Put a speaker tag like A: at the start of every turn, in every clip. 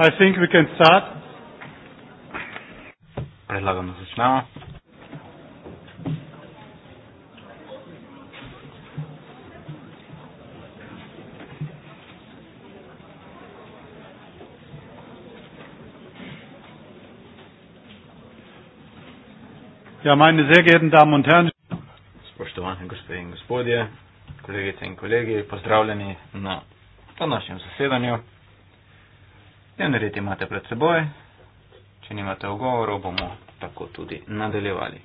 A: I think we can start.
B: Predlagam, da začnemo.
A: Ja, meine sehr geehrten Damen und Herren,
B: gospodje, kolegice in kolegi, pozdravljeni na današnjem zasedanju. Dnevni imate pred seboj, če nimate ogovorov, bomo tako tudi nadaljevali.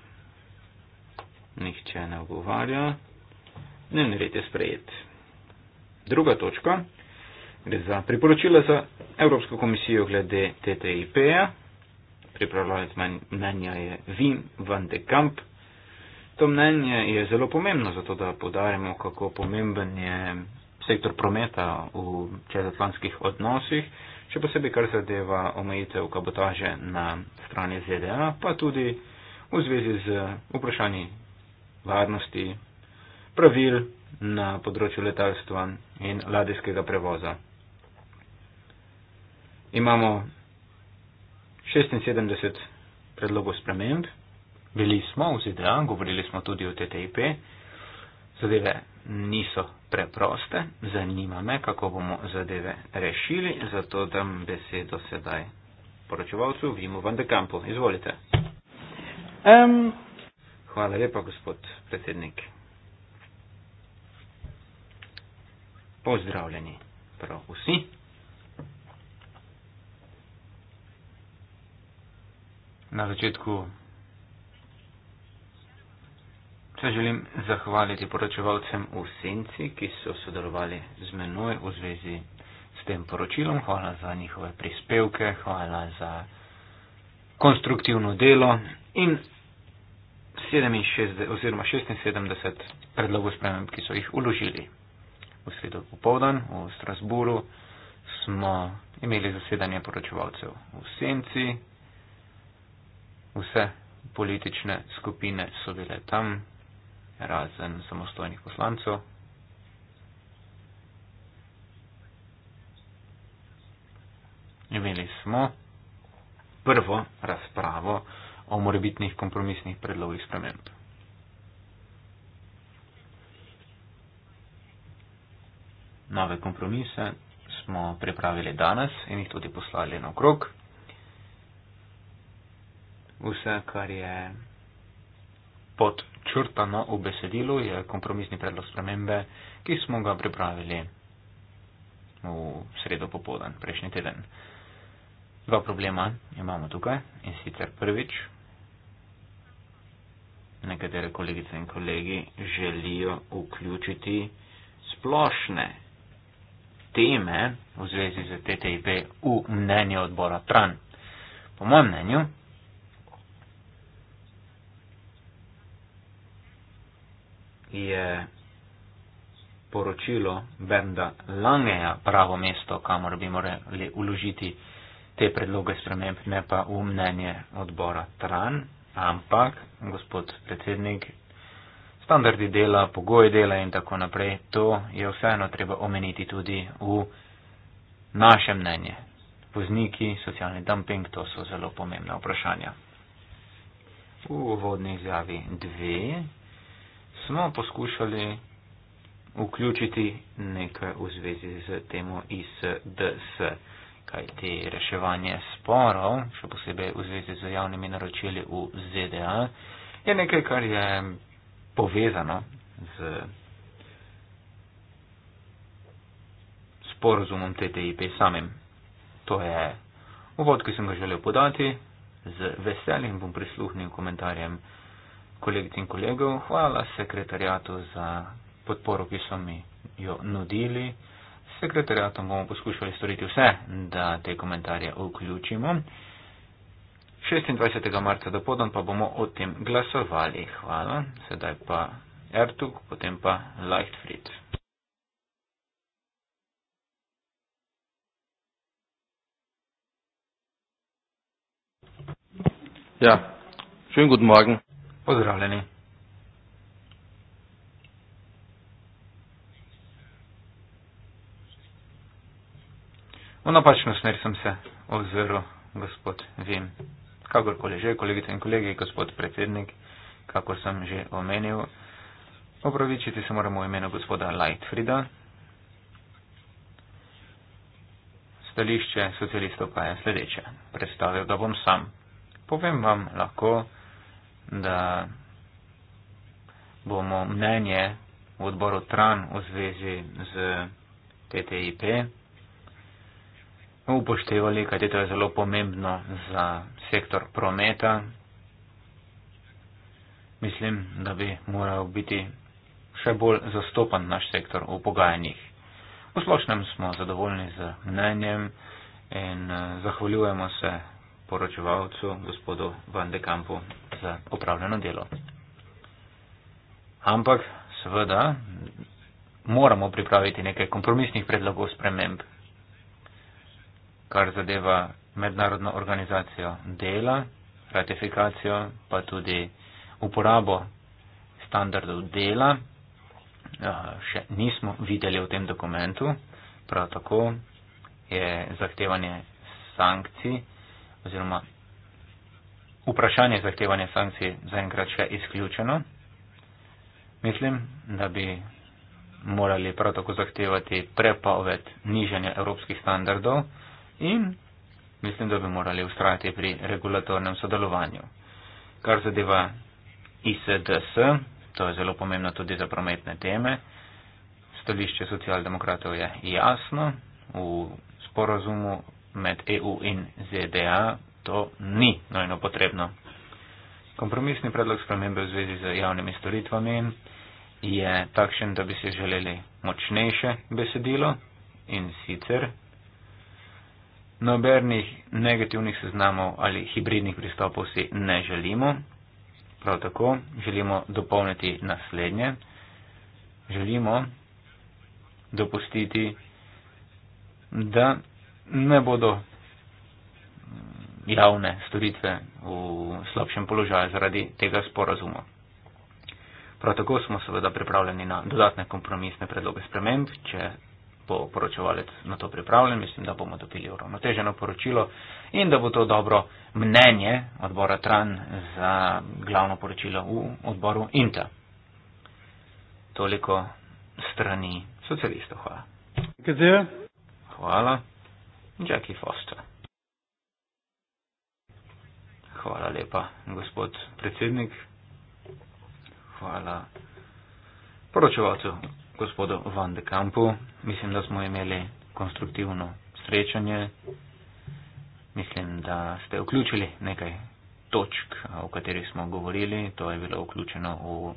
B: Nihče ne ogovarja, dnevni red je sprejet. Druga točka gre za priporočila za Evropsko komisijo glede TTIP-ja. Pripravljalec mnenja je Vin van de Kamp. To mnenje je zelo pomembno, zato da podarimo, kako pomemben je sektor prometa v čezatlantskih odnosih, še posebej kar zadeva omejitev kabotaže na strani ZDA, pa tudi v zvezi z vprašanji varnosti, pravil na področju letalstva in ladijskega prevoza. Imamo 76 predlogov sprememb, bili smo v ZDA, govorili smo tudi o TTIP, zadeve niso preproste, zanima me, kako bomo zadeve rešili, zato dam besedo sedaj poročevalcu Vimu van de Kampu. Izvolite. Um. Hvala lepa, gospod predsednik. Pozdravljeni prav vsi. Na začetku se želim zahvaliti poročevalcem v Senci, ki so sodelovali z menoj v zvezi s tem poročilom. Hvala za njihove prispevke, hvala za konstruktivno delo in 67, oziroma 76 predlogov sprememb, ki so jih uložili. V sredo popovdan v Strasburu smo imeli zasedanje poročevalcev v Senci. Vse politične skupine so bile tam, razen samostojnih poslancev. Imeli smo prvo razpravo o morebitnih kompromisnih predlogih sprememb. Nove kompromise smo pripravili danes in jih tudi poslali na okrog. Vse, kar je pod črtano v besedilu, je kompromisni predlog spremembe, ki smo ga pripravili v sredo popoldan, prejšnji teden. Dva problema imamo tukaj in sicer prvič, nekatere kolegice in kolegi želijo vključiti splošne teme v zvezi z TTIP v mnenje odbora TRAN. Po mojem mnenju je poročilo Benda Langeja pravo mesto, kamor bi morali uložiti te predloge sprememb, ne pa v mnenje odbora Tran. Ampak, gospod predsednik, standardi dela, pogoji dela in tako naprej, to je vseeno treba omeniti tudi v naše mnenje. Vozniki, socialni dumping, to so zelo pomembna vprašanja. V uvodni izjavi dve smo poskušali vključiti nekaj v zvezi z temo ISDS, kaj ti reševanje sporov, še posebej v zvezi z javnimi naročili v ZDA, je nekaj, kar je povezano z sporozumom TTIP samim. To je uvod, ki sem ga želel podati, z veseljem bom prisluhnil komentarjem kolegic in kolegov, hvala sekretarjatu za podporo, ki so mi jo nudili. Sekretarjatom bomo poskušali storiti vse, da te komentarje vključimo. 26. marca do podan pa bomo o tem glasovali. Hvala. Sedaj pa Ertug, potem pa Lightfried.
A: Ja, schönen guten Morgen. Pozdravljeni.
B: V napačno smer sem se ozrl, gospod Vim. Kakorkoli že, kolegice in kolegi, gospod predsednik, kako sem že omenil, opravičiti se moramo v imenu gospoda Lightfrida. Stališče socialistov pa je sledeče. Predstavil ga bom sam. Povem vam lahko, da bomo mnenje v odboru TRAN v zvezi z TTIP upoštevali, kajti to je zelo pomembno za sektor prometa. Mislim, da bi moral biti še bolj zastopan naš sektor v pogajanjih. V splošnem smo zadovoljni z mnenjem in eh, zahvaljujemo se poročevalcu, gospodu Van de Kampu, za opravljeno delo. Ampak, seveda, moramo pripraviti nekaj kompromisnih predlogov sprememb, kar zadeva mednarodno organizacijo dela, ratifikacijo, pa tudi uporabo standardov dela. Še nismo videli v tem dokumentu, prav tako je zahtevanje sankcij oziroma vprašanje zahtevanja sankcij zaenkrat še izključeno. Mislim, da bi morali prav tako zahtevati prepoved nižanja evropskih standardov in mislim, da bi morali ustrajati pri regulatornem sodelovanju. Kar zadeva ICDS, to je zelo pomembno tudi za prometne teme, stališče socialdemokratov je jasno, v sporazumu med EU in ZDA, to ni nojno potrebno. Kompromisni predlog spremembe v zvezi z javnimi storitvami je takšen, da bi si želeli močnejše besedilo in sicer nobenih negativnih seznamov ali hibridnih pristopov si ne želimo. Prav tako želimo dopolniti naslednje. Želimo dopustiti, da ne bodo mm, javne storitve v slabšem položaju zaradi tega sporazuma. Prav tako smo seveda pripravljeni na dodatne kompromisne predloge sprememb, če bo poročevalec na to pripravljen, mislim, da bomo dobili uravnoteženo poročilo in da bo to dobro mnenje odbora TRAN za glavno poročilo v odboru INTA. Toliko strani socialistov.
A: Hvala.
B: Hvala. Jackie Foster. Hvala lepa, gospod predsednik. Hvala poročevalcu, gospodu Van de Kampu. Mislim, da smo imeli konstruktivno srečanje. Mislim, da ste vključili nekaj točk, o katerih smo govorili. To je bilo vključeno v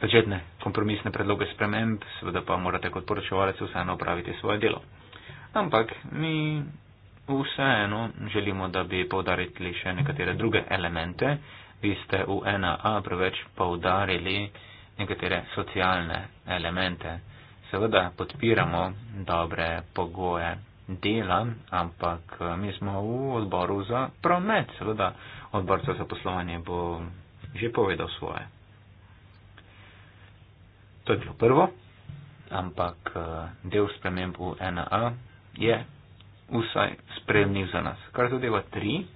B: začetne kompromisne predloge sprememb. Seveda pa morate kot poročevalec vseeno opraviti svoje delo ampak mi vseeno želimo, da bi povdarili še nekatere druge elemente. Vi ste v 1A preveč povdarili nekatere socialne elemente. Seveda podpiramo dobre pogoje dela, ampak eh, mi smo v odboru za promet. Seveda odbor za poslovanje bo že povedal svoje. To je bilo prvo, ampak eh, del sprememb v 1A je vsaj sprednji za nas. Kar zadeva tri,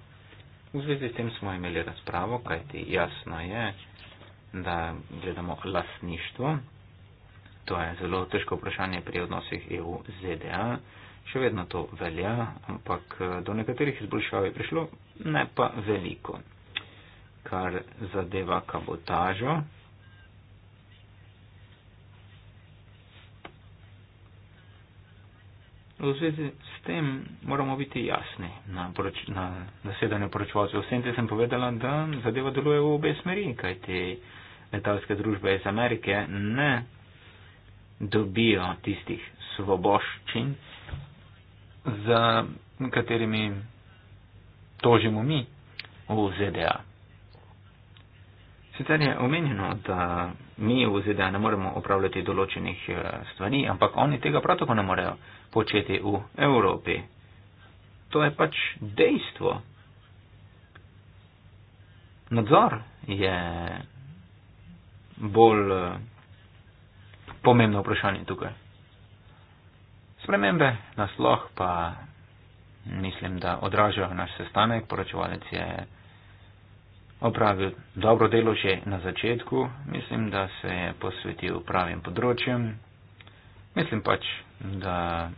B: v zvezi s tem smo imeli razpravo, kajti jasno je, da gledamo lasništvo. To je zelo težko vprašanje pri odnosih EU-ZDA. Še vedno to velja, ampak eh, do nekaterih izboljšav je prišlo, ne pa veliko. Kar zadeva kabotažo, V zvezi s tem moramo biti jasni na, poroč, na zasedanju poročevalcev. Vsem tem sem povedala, da zadeva deluje v obe smeri, kajti letalske družbe iz Amerike ne dobijo tistih svoboščin, za katerimi tožimo mi v ZDA. Sicer je omenjeno, da mi v ZDA ne moremo upravljati določenih eh, stvari, ampak oni tega prav tako ne morejo početi v Evropi. To je pač dejstvo. Nadzor je bolj eh, pomembno vprašanje tukaj. Spremembe nasloh pa mislim, da odražajo naš sestanek, poročevalec je opravil dobro delo že na začetku, mislim, da se je posvetil pravim področjem. Mislim pač, da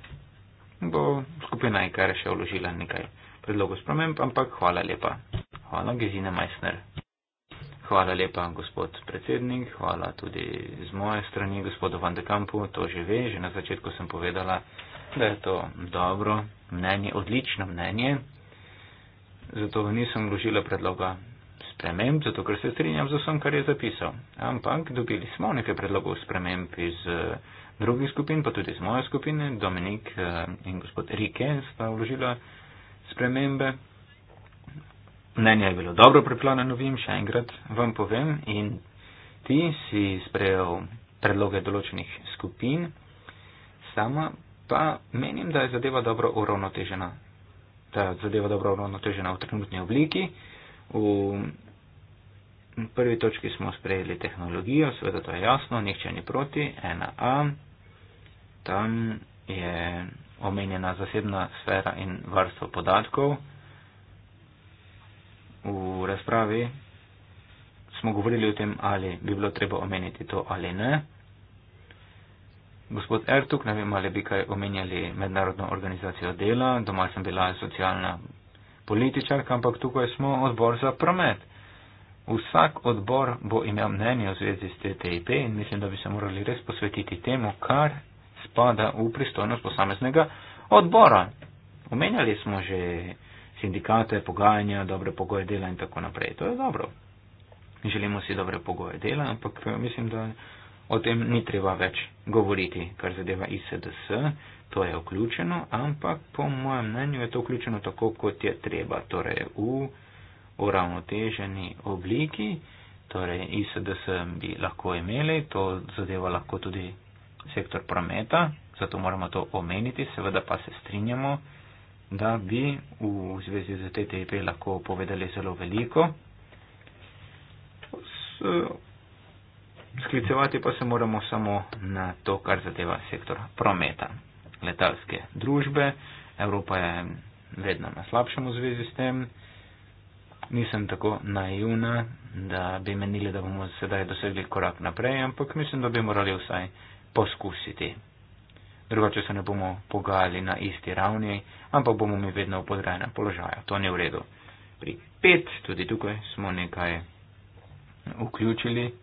B: bo skupina IKR še vložila nekaj predlogov sprememb, ampak hvala lepa. Hvala, Gezina Meissner. Hvala lepa, gospod predsednik, hvala tudi z moje strani, gospodu Van de Kampu, to že ve, že na začetku sem povedala, da je to dobro mnenje, odlično mnenje, zato nisem vložila predloga sprememb, zato ker se strinjam z vsem, kar je zapisal. Ampak dobili smo nekaj predlogov sprememb iz eh, drugih skupin, pa tudi iz moje skupine. Dominik eh, in gospod Rike sta vložila spremembe. Mnenje je bilo dobro priplaneno, vim, še enkrat vam povem. In ti si sprejel predloge določenih skupin, sama pa menim, da je zadeva dobro uravnotežena. Ta zadeva dobro uravnotežena v trenutni obliki. V V prvi točki smo sprejeli tehnologijo, seveda to je jasno, nihče ni proti, 1A. Tam je omenjena zasebna sfera in varstvo podatkov. V razpravi smo govorili o tem, ali bi bilo treba omeniti to ali ne. Gospod Ertuk, ne vem, ali bi kaj omenjali mednarodno organizacijo dela, doma sem bila socialna političarka, ampak tukaj smo odbor za promet. Vsak odbor bo imel mnenje o zvezi s TTIP in mislim, da bi se morali res posvetiti temu, kar spada v pristojnost posameznega odbora. Omenjali smo že sindikate, pogajanja, dobre pogoje dela in tako naprej. To je dobro. Želimo si dobre pogoje dela, ampak eh, mislim, da o tem ni treba več govoriti, kar zadeva ISDS. To je vključeno, ampak po mojem mnenju je to vključeno tako, kot je treba. Torej, v uravnoteženi obliki, torej ISDS bi lahko imeli, to zadeva lahko tudi sektor prometa, zato moramo to omeniti, seveda pa se strinjamo, da bi v zvezi z TTIP lahko povedali zelo veliko. S, Sklicevati pa se moramo samo na to, kar zadeva sektor prometa, letalske družbe. Evropa je vedno na slabšem v zvezi s tem nisem tako naivna, da bi menili, da bomo sedaj dosegli korak naprej, ampak mislim, da bi morali vsaj poskusiti. Drugače se ne bomo pogajali na isti ravni, ampak bomo mi vedno v podrejenem položaju. To ni v redu. Pri pet, tudi tukaj smo nekaj vključili.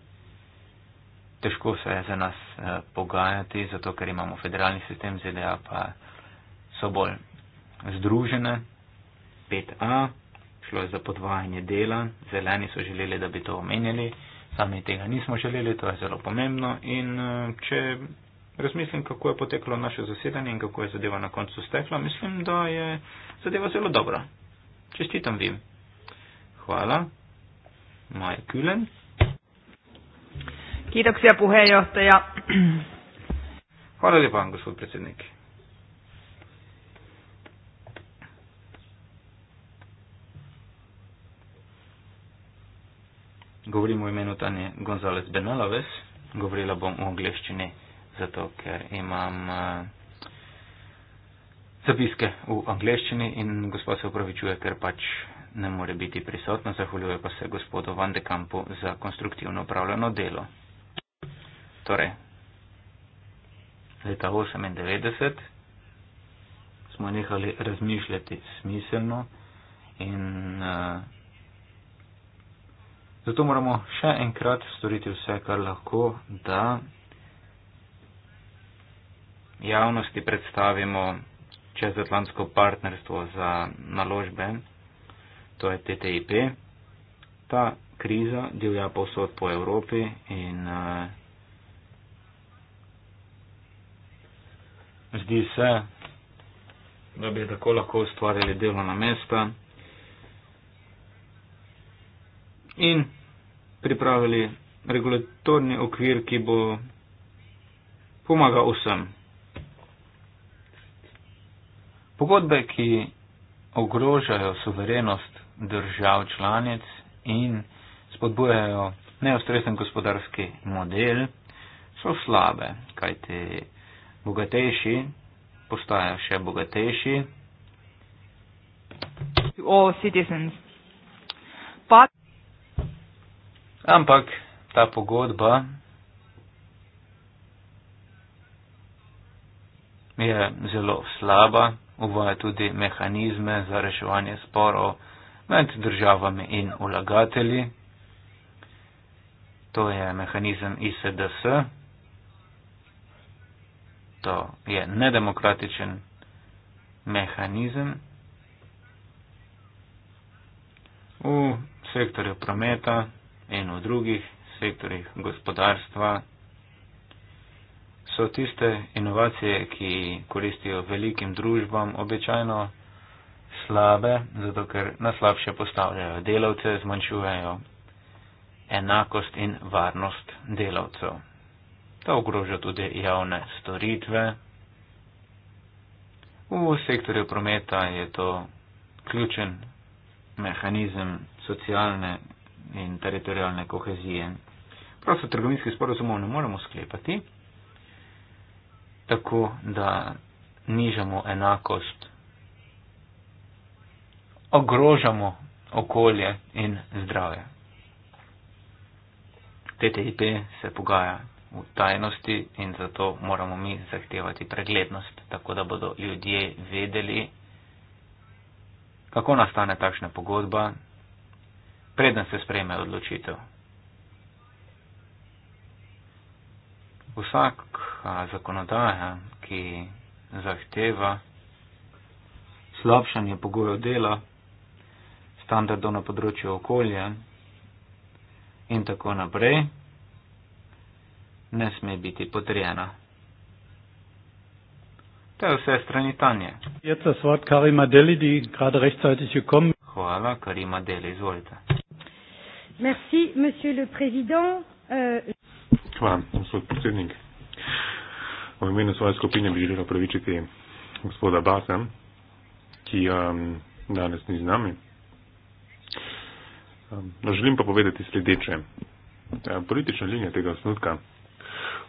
B: Težko se je za nas eh, pogajati, zato ker imamo federalni sistem ZDA, pa so bolj združene. 5A, šlo je za podvajanje dela, zeleni so želeli, da bi to omenjali, sami tega nismo želeli, to je zelo pomembno in eh, če razmislim, kako je poteklo naše zasedanje in kako je zadeva na koncu stekla, mislim, da je zadeva zelo dobra. Čestitam vi. Hvala. Maja Külen.
C: Kiitoksia puheenjohtaja.
B: Hvala lepa, gospod predsednik. Govorim o imenu Tanje Gonzalez Benalaves, govorila bom v angleščini, zato ker imam uh, zapiske v angleščini in gospod se upravičuje, ker pač ne more biti prisotna, zahvaljuje pa se gospodu Van de Kampu za konstruktivno upravljeno delo. Torej, leta 1998 smo nehali razmišljati smiselno in uh, Zato moramo še enkrat storiti vse, kar lahko, da javnosti predstavimo čezatlantsko partnerstvo za naložbe, to je TTIP. Ta kriza divja povsod po Evropi in uh, zdi se, da bi tako lahko ustvarjali delovna mesta. in pripravili regulatorni okvir, ki bo pomagal vsem. Pogodbe, ki ogrožajo suverenost držav članic in spodbujajo neostresen gospodarski model, so slabe, kajti bogatejši postajajo še bogatejši.
C: To all citizens
B: Ampak ta pogodba je zelo slaba, uvaja tudi mehanizme za reševanje sporov med državami in ulagatelji. To je mehanizem ICDS. To je nedemokratičen mehanizem. V sektorju prometa in v drugih sektorjih gospodarstva so tiste inovacije, ki koristijo velikim družbam, običajno slabe, zato ker naslabše postavljajo delavce, zmanjšujejo enakost in varnost delavcev. To ogroža tudi javne storitve. V sektorju prometa je to ključen mehanizem socialne in teritorijalne kohezije. Prosto trgovinskih sporozumov ne moremo sklepati tako, da nižamo enakost, ogrožamo okolje in zdravje. TTIP se pogaja v tajnosti in zato moramo mi zahtevati preglednost, tako da bodo ljudje vedeli, kako nastane takšna pogodba, preden se sprejme odločitev. Vsak zakonodaja, ki zahteva slabšanje pogojev dela, standardov na področju okolja in tako naprej, ne sme biti potrjena. To je vse strani Tanje.
A: Hvala,
D: Karima Deli, izvolite.
C: Merci, Monsieur le Président. Euh...
D: Hvala, gospod predsednik. V imenu svoje skupine bi želela pravičiti gospoda Basa, ki um, danes ni z nami. Um, no, želim pa povedati sledeče. Ja, politična linija tega osnutka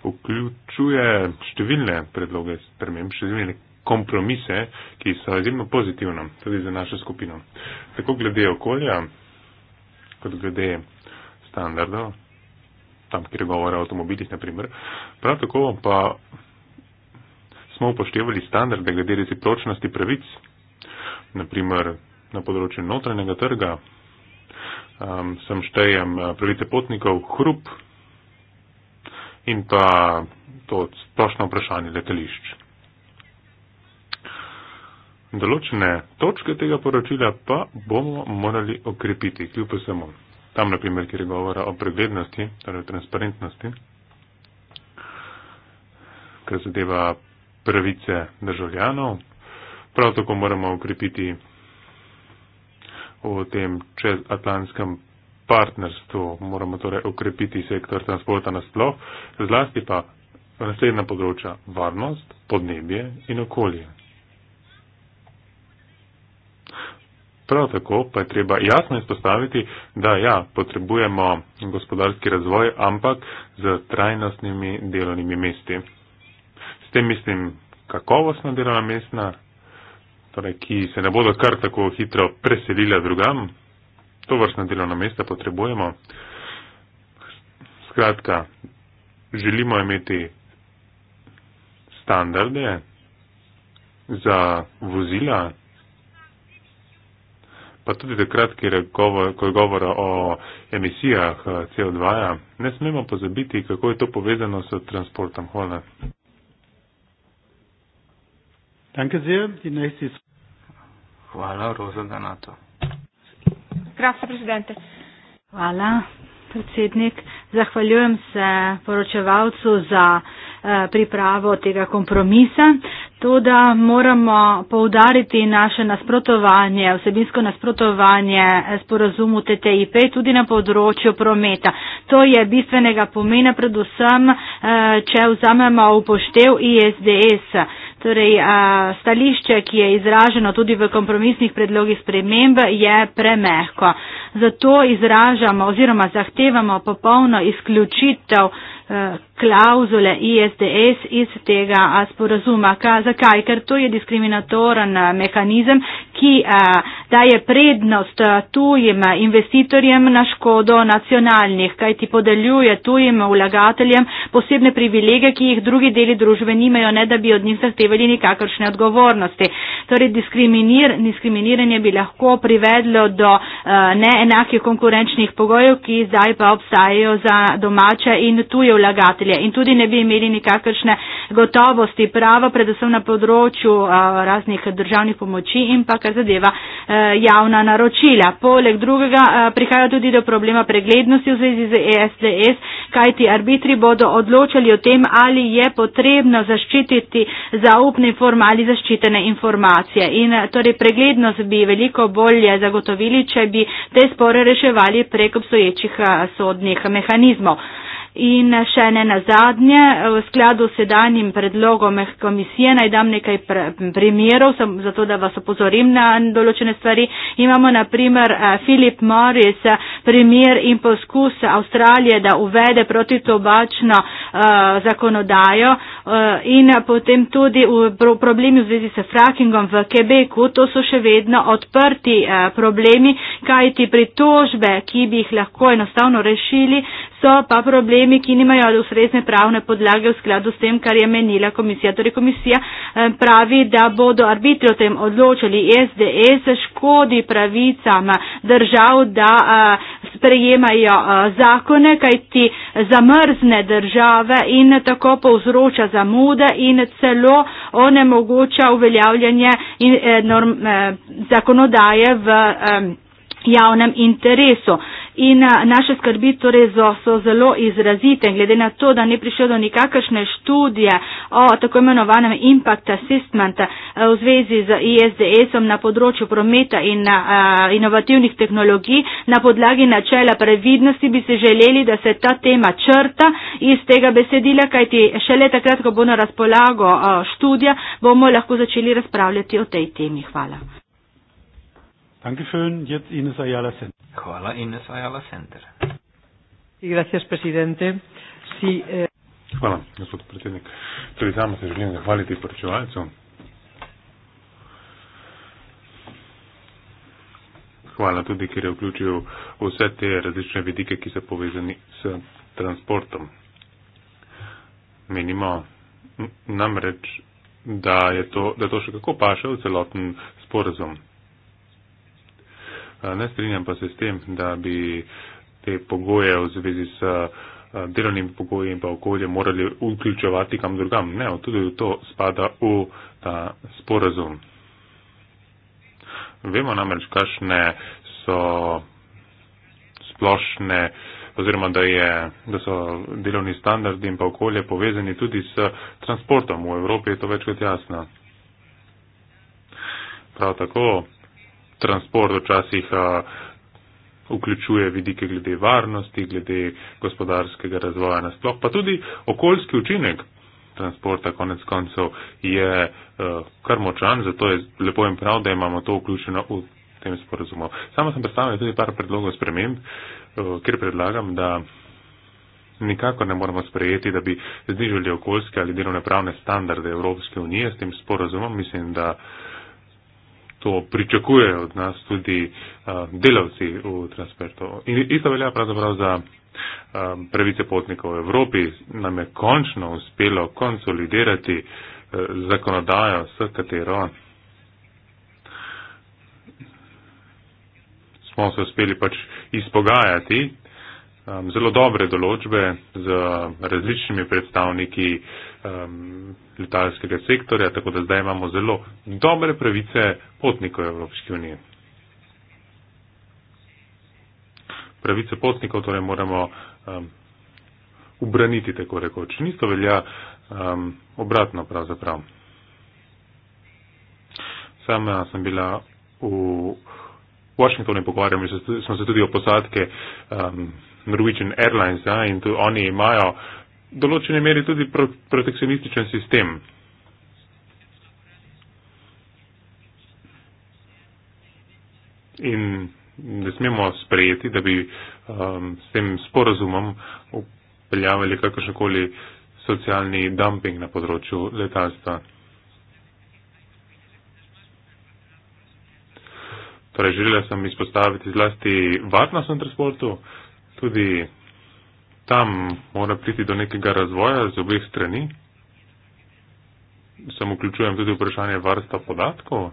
D: vključuje številne predloge sprememb, številne kompromise, ki so izjemno pozitivne tudi za našo skupino. Tako glede okolja, kot glede standardov, tam, kjer govore o avtomobilih, naprimer. Prav tako pa smo upoštevali standarde glede recipročnosti pravic, naprimer na področju notranjega trga, um, sem štejem uh, pravice potnikov, hrup in pa to splošno vprašanje letališča določene točke tega poročila pa bomo morali okrepiti, kljub vsemu. Tam, na primer, kjer je govora o preglednosti, torej o transparentnosti, kar zadeva pravice državljanov, prav tako moramo okrepiti v tem čezatlantskem partnerstvu, moramo torej okrepiti sektor transporta nasploh, zlasti pa naslednja področja varnost, podnebje in okolje. Prav tako pa je treba jasno izpostaviti, da ja, potrebujemo gospodarski razvoj, ampak z trajnostnimi delovnimi mesti. S tem mislim kakovostna delovna mesta, torej, ki se ne bodo kar tako hitro preselila drugam. To vrstna delovna mesta potrebujemo. Skratka, želimo imeti standarde za vozila, pa tudi takrat, ko je govora o emisijah eh, CO2, -ja, ne smemo pozabiti, kako je to povezano s transportom. Hvala. Hvala, Roza Danato.
C: Hvala, predsednik. Hvala, predsednik. Zahvaljujem se poročevalcu za eh, pripravo tega kompromisa. To, da moramo poudariti naše nasprotovanje, vsebinsko nasprotovanje eh, sporazumu TTIP tudi na področju prometa. To je bistvenega pomena, predvsem, eh, če vzamemo upoštev ISDS. Torej, eh, stališče, ki je izraženo tudi v kompromisnih predlogih sprememb, je premehko. Zato izražamo oziroma zahtevamo popolno izključitev Eh, klauzule ISDS iz tega sporazuma. Zakaj? Ker to je diskriminatoren eh, mehanizem, ki eh, daje prednost tujim investitorjem na škodo nacionalnih, kaj ti podeljuje tujim vlagateljem posebne privilege, ki jih drugi deli družbe nimajo, ne da bi od njih zahtevali nikakršne odgovornosti. Torej, diskriminir, diskriminiranje bi lahko privedlo do neenakih konkurenčnih pogojev, ki zdaj pa obstajajo za domača in tuje vlagatelje in tudi ne bi imeli nikakršne gotovosti prava, predvsem na področju raznih državnih pomoči in pa kar zadeva e, javna naročila. Poleg drugega prihaja tudi do problema preglednosti v zvezi z ESDS, kajti arbitri bodo odločali o tem, ali je potrebno zaščititi zaupne informacije ali zaščitene informacije. In e, torej preglednost bi veliko bolje zagotovili, če bi te spore reševali prek obstoječih sodnih mehanizmov. In še ne nazadnje, v skladu s sedanjim predlogom komisije naj dam nekaj pr primerov, zato da vas opozorim na določene stvari. Imamo na primer eh, Philip Morris eh, primer in poskus Avstralije, da uvede protitobačno uh, zakonodajo uh, in potem tudi v pro problemi v zvezi s frackingom v Quebecu. To so še vedno odprti uh, problemi, kajti pritožbe, ki bi jih lahko enostavno rešili, so pa problemi, ki nimajo ustrezne pravne podlage v skladu s tem, kar je menila komisija. Torej komisija eh, pravi, da bodo arbitri o tem odločili. SDS škodi pravicam držav, da eh, sprejemajo eh, zakone, kaj ti zamrzne države in tako povzroča zamude in celo onemogoča uveljavljanje in, norm, zakonodaje v javnem interesu. In naše skrbi torej so zelo izrazite, glede na to, da ni prišlo do nikakršne študije o tako imenovanem impact assessment v zvezi z ISDS-om na področju prometa in a, inovativnih tehnologij. Na podlagi načela previdnosti bi se želeli, da se ta tema črta iz tega besedila, kajti šele takrat, ko bo na razpolago študija, bomo lahko začeli razpravljati o tej temi. Hvala.
A: Dankeschön. Jetzt Ines Ayala Center. Hvala Ines Ayala Center.
C: Sí, gracias, presidente.
A: Sí, eh...
D: Hvala, gospod predsednik. Tudi sam se želim zahvaliti poročevalcu. Hvala tudi, ker je vključil vse te različne vidike, ki so povezani s transportom. Menimo namreč, da je to, da to še kako paše v celoten sporazum. Eh, ne strinjam pa se s tem, da bi te pogoje v zvezi s eh, delovnim pogoji in pa okolje morali vključevati kam drugam. Ne, tudi to spada v ta sporazum. Vemo namreč, kakšne so splošne oziroma da, je, da so delovni standardi in pa okolje povezani tudi s transportom. V Evropi je to večkrat jasno. Prav tako transport včasih vključuje vidike glede varnosti, glede gospodarskega razvoja nasploh, pa tudi okoljski učinek transporta konec koncev je uh, kar močan, zato je lepo in prav, da imamo to vključeno v tem sporozumu. Sama sem predstavila tudi par predlogov sprememb, uh, kjer predlagam, da nikako ne moramo sprejeti, da bi znižali okoljske ali delovne pravne standarde Evropske unije s tem sporozumom. Mislim, da uh, to pričakujejo od nas tudi uh, delavci v transportu. In isto velja pravzaprav za um, pravice potnikov v Evropi. Nam je končno uspelo konsolidirati uh, zakonodajo, s katero smo se uspeli pač izpogajati um, zelo dobre določbe z različnimi predstavniki uh, um, letalskega sektorja, tako da zdaj imamo zelo dobre pravice potnikov Evropske unije. Pravice potnikov torej moramo um, ubraniti, tako rekoč. Nisto velja um, obratno pravzaprav. Sama sem bila v Washingtonu in pogovarjali smo se tudi o posadke um, Norwegian Airlines ja, in tu oni imajo določene meri tudi pro, protekcionističen sistem. In ne smemo sprejeti, da bi um, s tem sporozumom upeljavali kakršnokoli socialni dumping na področju letalstva. Torej, želela sem izpostaviti zlasti varnost na transportu, tudi tam mora priti do nekega razvoja z obeh strani. Sem vključujem tudi vprašanje varstva podatkov.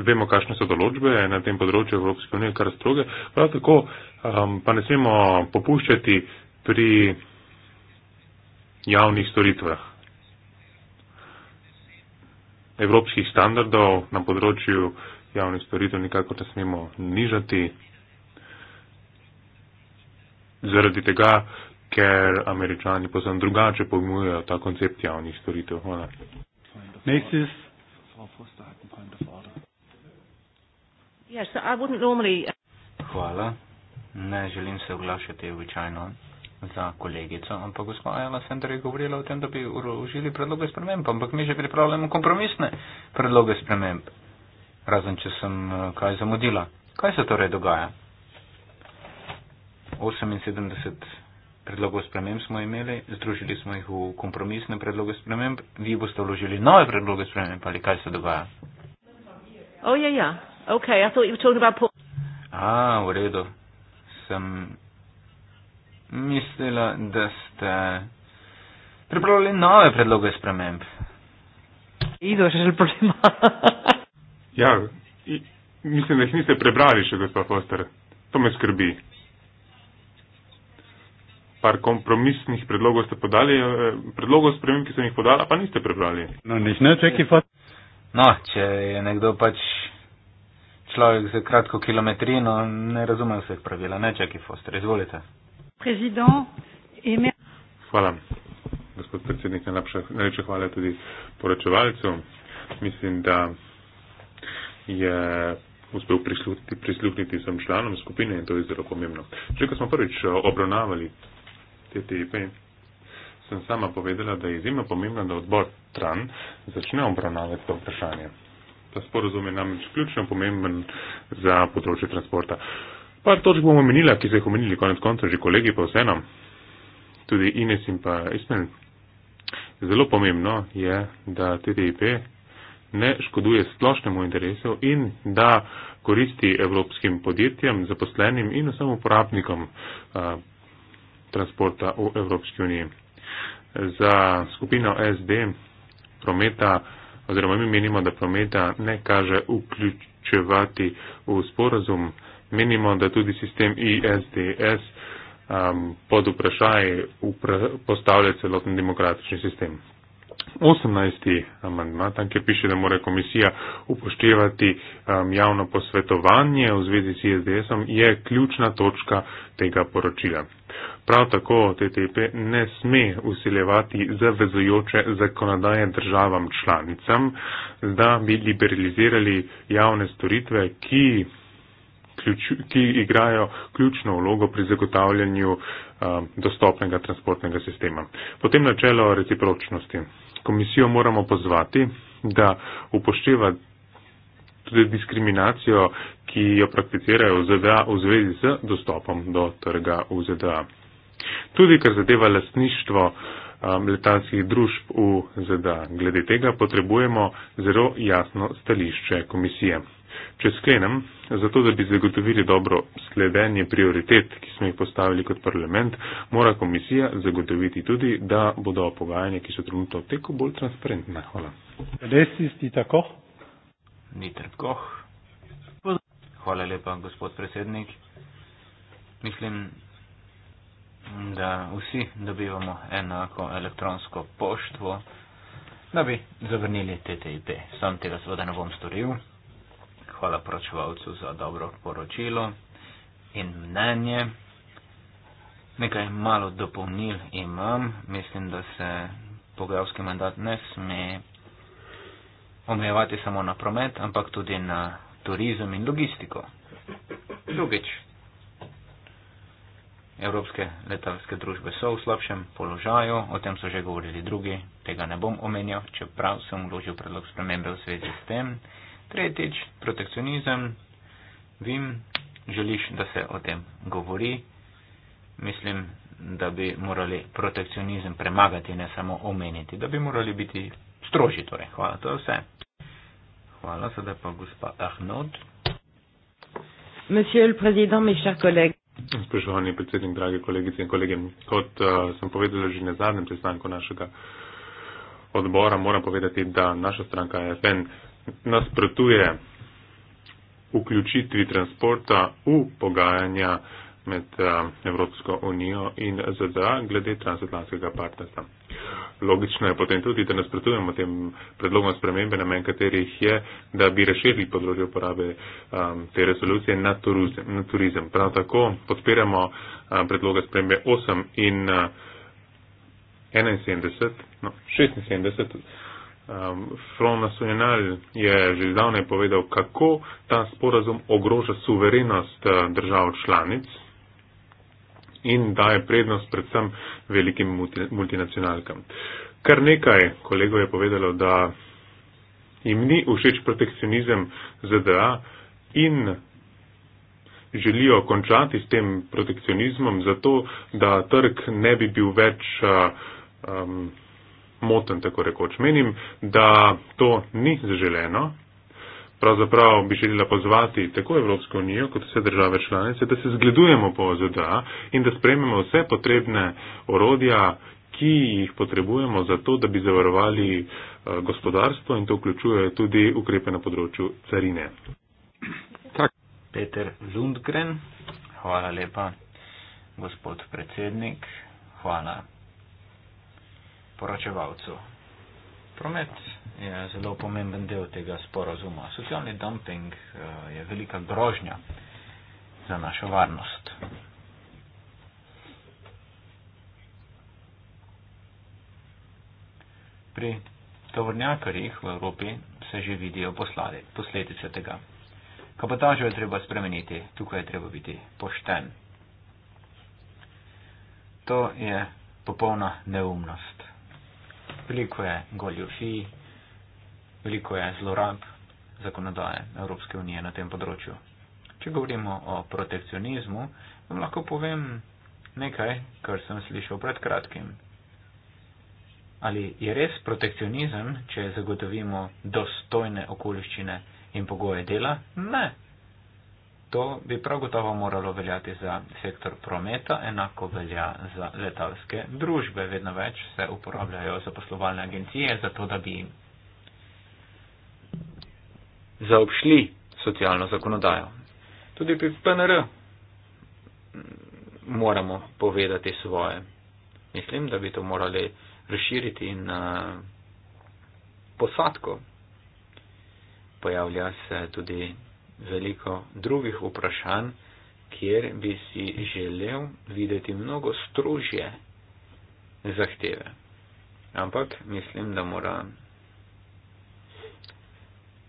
D: Vemo, kakšne so določbe na tem področju Evropske unije, kar stroge. Prav tako um, pa ne smemo popuščati pri javnih storitvah evropskih standardov na področju javnih storitev nikako ne smemo nižati. Zaradi tega, ker američani posebno drugače pojmujejo ta koncept javnih storitev. Hvala.
B: Hvala. Ne želim se oglašati običajno za kolegico, ampak gospod Ajala Sender je govorila o tem, da bi uložili predloge sprememb, ampak mi že pripravljamo kompromisne predloge sprememb, razen če sem eh, kaj zamudila. Kaj se torej dogaja? 78 predlogov sprememb smo imeli, združili smo jih v kompromisne predloge sprememb, vi boste vložili nove predloge sprememb ali kaj se dogaja?
C: Oh, ja, ja. Okay, I thought you were talking about...
B: Ah, v redu. Sem mislila, da ste pripravili nove predloge
D: sprememb.
A: Ido, še želim problema.
D: ja, mislim, da jih niste prebrali še, gospod Foster. To me skrbi. Par kompromisnih predlogov ste podali, eh, predlogov sprememb, ki sem jih podala, pa niste prebrali.
A: No, nič ne, čekaj, pa.
D: No, če je nekdo pač
B: človek za kratko kilometrino, ne razume vseh pravila. Ne, čekaj, Foster, izvolite.
C: Predsednik, ime...
D: Hvala, gospod predsednik, najlepša hvala tudi poročevalcu. Mislim, da je uspel prisluhniti, prisluhniti sem članom skupine in to je zelo pomembno. Že ko smo prvič obravnavali TTIP, sem sama povedala, da je izjemno pomembno, da odbor TRAN začne obravnavati to vprašanje. Ta sporozum je namreč ključno pomemben za področje transporta. Uh, Par točk bomo menila, ki se jih omenili konec koncev že kolegi, pa vseeno, tudi Ines in pa Ismen. Zelo pomembno je, da TTIP ne škoduje splošnemu interesu in da koristi evropskim podjetjem, zaposlenim in vsem uporabnikom a, transporta v Evropski uniji. Za skupino SD prometa, oziroma mi menimo, da prometa ne kaže vključevati v sporazum. Menimo, da tudi sistem ISDS um, pod vprašaj upra postavlja celoten demokratični sistem. 18. amandma, tam, kjer piše, da mora komisija upoštevati um, javno posvetovanje v zvezi s ISDS-om, je ključna točka tega poročila. Prav tako TTP ne sme usiljevati zavezujoče zakonodaje državam članicam, da bi liberalizirali javne storitve, ki ključ, ki igrajo ključno vlogo pri zagotavljanju um, dostopnega transportnega sistema. Potem načelo recipročnosti. Komisijo moramo pozvati, da upošteva tudi diskriminacijo, ki jo prakticirajo v ZDA v zvezi z dostopom do trga v ZDA. Tudi kar zadeva lastništvo um, letalskih družb v ZDA. Glede tega potrebujemo zelo jasno stališče komisije. Če sklenem, zato da bi zagotovili dobro sledenje prioritet, ki smo jih postavili kot parlament, mora komisija zagotoviti tudi, da bodo pogajanja, ki so trenutno v teku, bolj transparentna. Hvala.
A: Res isti tako? Ni tako.
B: Hvala lepa, gospod predsednik. Mislim, da vsi dobivamo enako elektronsko poštvo, da bi zavrnili TTIP. Sam tega seveda ne bom storil hvala poročevalcu za dobro poročilo in mnenje. Nekaj malo dopolnil imam. Mislim, da se pogajalski mandat ne sme omejevati samo na promet, ampak tudi na turizem in logistiko. Drugič, evropske letalske družbe so v slabšem položaju, o tem so že govorili drugi, tega ne bom omenjal, čeprav sem vložil predlog spremembe v zvezi s tem. Tretjič, protekcionizem. Vim, želiš, da se o tem govori. Mislim, da bi morali protekcionizem premagati, ne samo omeniti, da bi morali biti strožji. Torej. Hvala, to je vse. Hvala, sedaj pa gospa Ahnod.
D: Spoštovani predsednik, dragi kolegice in kolege, kot uh, sem povedala že na zadnjem pristanku našega odbora, moram povedati, da naša stranka FN uh, nasprotuje vključitvi transporta v pogajanja med eh, Evropsko unijo in ZDA glede transatlantskega partnerstva. Logično je potem tudi, da nasprotujemo tem predlogom spremembe, namen katerih je, da bi razširili področje uporabe um, te resolucije na turizem. Na turizem. Prav tako podpiramo um, predloge spremembe 8 in uh, 71, no, 76 um, Front National je že zdavne povedal, kako ta sporazum ogroža suverenost uh, držav članic in daje prednost predvsem velikim multinacionalkam. Kar nekaj kolego je povedalo, da jim ni všeč protekcionizem ZDA in želijo končati s tem protekcionizmom, zato da trg ne bi bil več uh, um, moten, tako rekoč. Menim, da to ni zaželeno. Pravzaprav bi želela pozvati tako Evropsko unijo kot vse države članice, da se zgledujemo po ZDA in da sprejmemo vse potrebne orodja, ki jih potrebujemo za to, da bi zavarovali eh, gospodarstvo in to vključuje tudi ukrepe na področju carine.
B: Tak. Peter Zundgren, hvala lepa, gospod predsednik, hvala poročevalcu. Promet je zelo pomemben del tega sporozuma. Socialni dumping eh, je velika grožnja za našo varnost. Pri tovornjakarjih v Evropi se že vidijo poslade, posledice tega. Kapotažo je treba spremeniti, tukaj je treba biti pošten. To je popolna neumnost veliko je goljofij, veliko je zlorab zakonodaje Evropske unije na tem področju. Če govorimo o protekcionizmu, vam lahko povem nekaj, kar sem slišal pred kratkim. Ali je res protekcionizem, če zagotovimo dostojne okoliščine in pogoje dela? Ne, To bi prav gotovo moralo veljati za sektor prometa, enako velja za letalske družbe. Vedno več se uporabljajo zaposlovalne agencije za to, da bi zaobšli socialno zakonodajo. Tudi pri PNR moramo povedati svoje. Mislim, da bi to morali razširiti in eh, posadko. Pojavlja se tudi veliko drugih vprašanj, kjer bi si želel videti mnogo stružje zahteve. Ampak mislim, da mora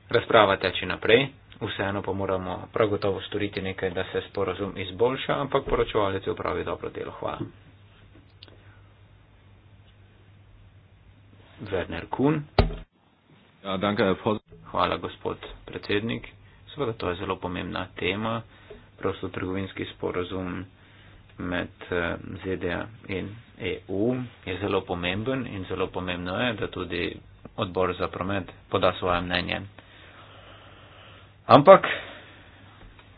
B: razprava teči naprej, vseeno pa moramo prav gotovo storiti nekaj, da se sporozum izboljša, ampak poročevalec je upravil dobro delo. Hvala. Werner Kuhn. Ja, danke, Hvala, gospod predsednik. Seveda to je zelo pomembna tema, prosto trgovinski sporozum med eh, ZDA in EU je zelo pomemben in zelo pomembno je, da tudi odbor za promet poda svoje mnenje. Ampak,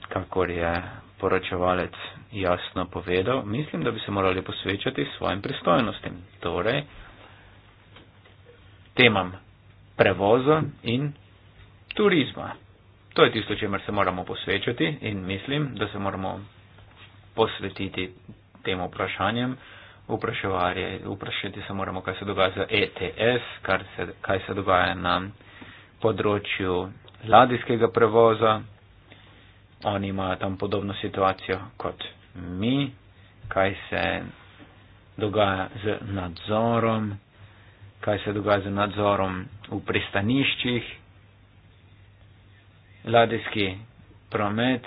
B: kakor je poročevalec jasno povedal, mislim, da bi se morali posvečati svojim pristojnostim, torej temam prevoza in turizma to je tisto, čemer se moramo posvečati in mislim, da se moramo posvetiti tem vprašanjem. Vprašati se moramo, kaj se dogaja z ETS, se, kaj se dogaja na področju ladijskega prevoza. Oni imajo tam podobno situacijo kot mi, kaj se dogaja z nadzorom, kaj se dogaja z nadzorom v pristaniščih ladijski promet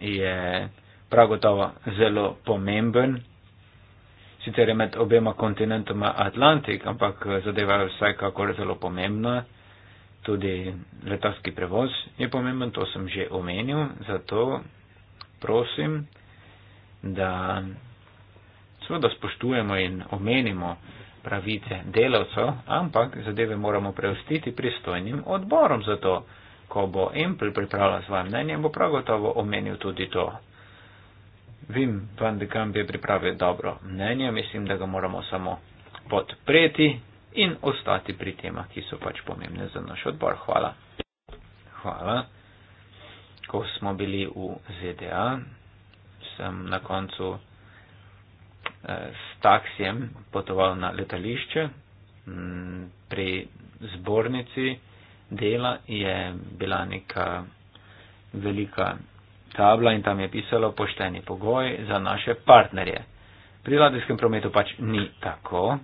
B: je prav gotovo zelo pomemben. Sicer je med obema kontinentoma Atlantik, ampak zadeva je vsekakor zelo pomembna. Tudi letalski prevoz je pomemben, to sem že omenil. Zato prosim, da seveda spoštujemo in omenimo pravice delavcev, ampak zadeve moramo preustiti pristojnim odborom za to ko bo Ample pripravljal svoje mnenje, bo prav gotovo omenil tudi to. Vim, Van de Gamp je pripravil dobro mnenje, mislim, da ga moramo samo podpreti in ostati pri temah, ki so pač pomembne za naš odbor. Hvala. Hvala. Ko smo bili v ZDA, sem na koncu eh, s taksijem potoval na letališče m, pri zbornici dela je bila neka velika tabla in tam je pisalo pošteni pogoj za naše partnerje. Pri ladijskem prometu pač ni tako.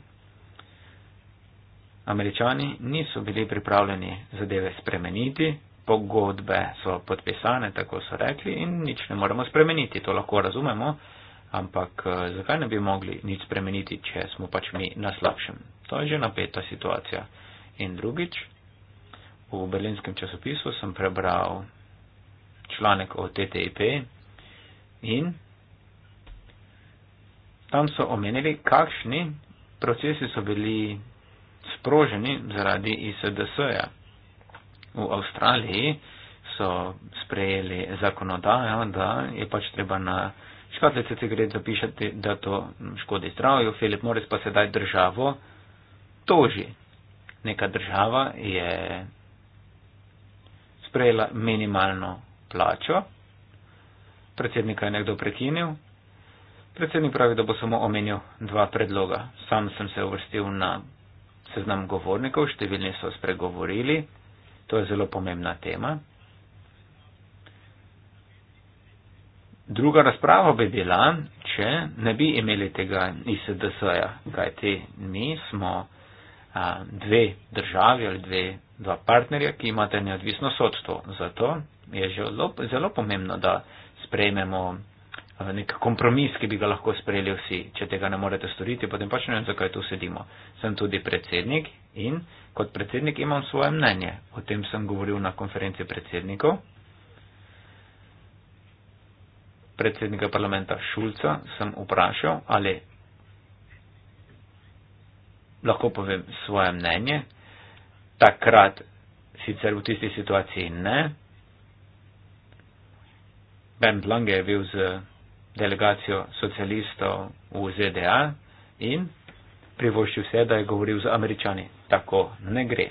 B: Američani niso bili pripravljeni zadeve spremeniti, pogodbe so podpisane, tako so rekli, in nič ne moremo spremeniti, to lahko razumemo, ampak eh, zakaj ne bi mogli nič spremeniti, če smo pač mi na slabšem? To je že napeta situacija. In drugič, v berlinskem časopisu sem prebral članek o TTIP in tam so omenili, kakšni procesi so bili sproženi zaradi ISDS-ja. V Avstraliji so sprejeli zakonodajo, da je pač treba na škatlice cigaret zapišati, da to škodi zdravju. Filip Morris pa sedaj državo toži. Neka država je sprejela minimalno plačo. Predsednika je nekdo prekinil. Predsednik pravi, da bo samo omenil dva predloga. Sam sem se uvrstil na seznam govornikov, številni so spregovorili. To je zelo pomembna tema. Druga razprava bi bila, če ne bi imeli tega ISDS-ja, kajti mi smo a, dve državi ali dve dva partnerja, ki imata neodvisno sodstvo. Zato je zelo, zelo pomembno, da sprejmemo eh, nek kompromis, ki bi ga lahko sprejeli vsi. Če tega ne morete storiti, potem pač ne vem, zakaj tu sedimo. Sem tudi predsednik in kot predsednik imam svoje mnenje. O tem sem govoril na konferenci predsednikov. Predsednika parlamenta Šulca sem vprašal, ali lahko povem svoje mnenje takrat sicer v tisti situaciji ne. Bernd Lange je bil z delegacijo socialistov v ZDA in privoščil se, da je govoril z američani. Tako ne gre.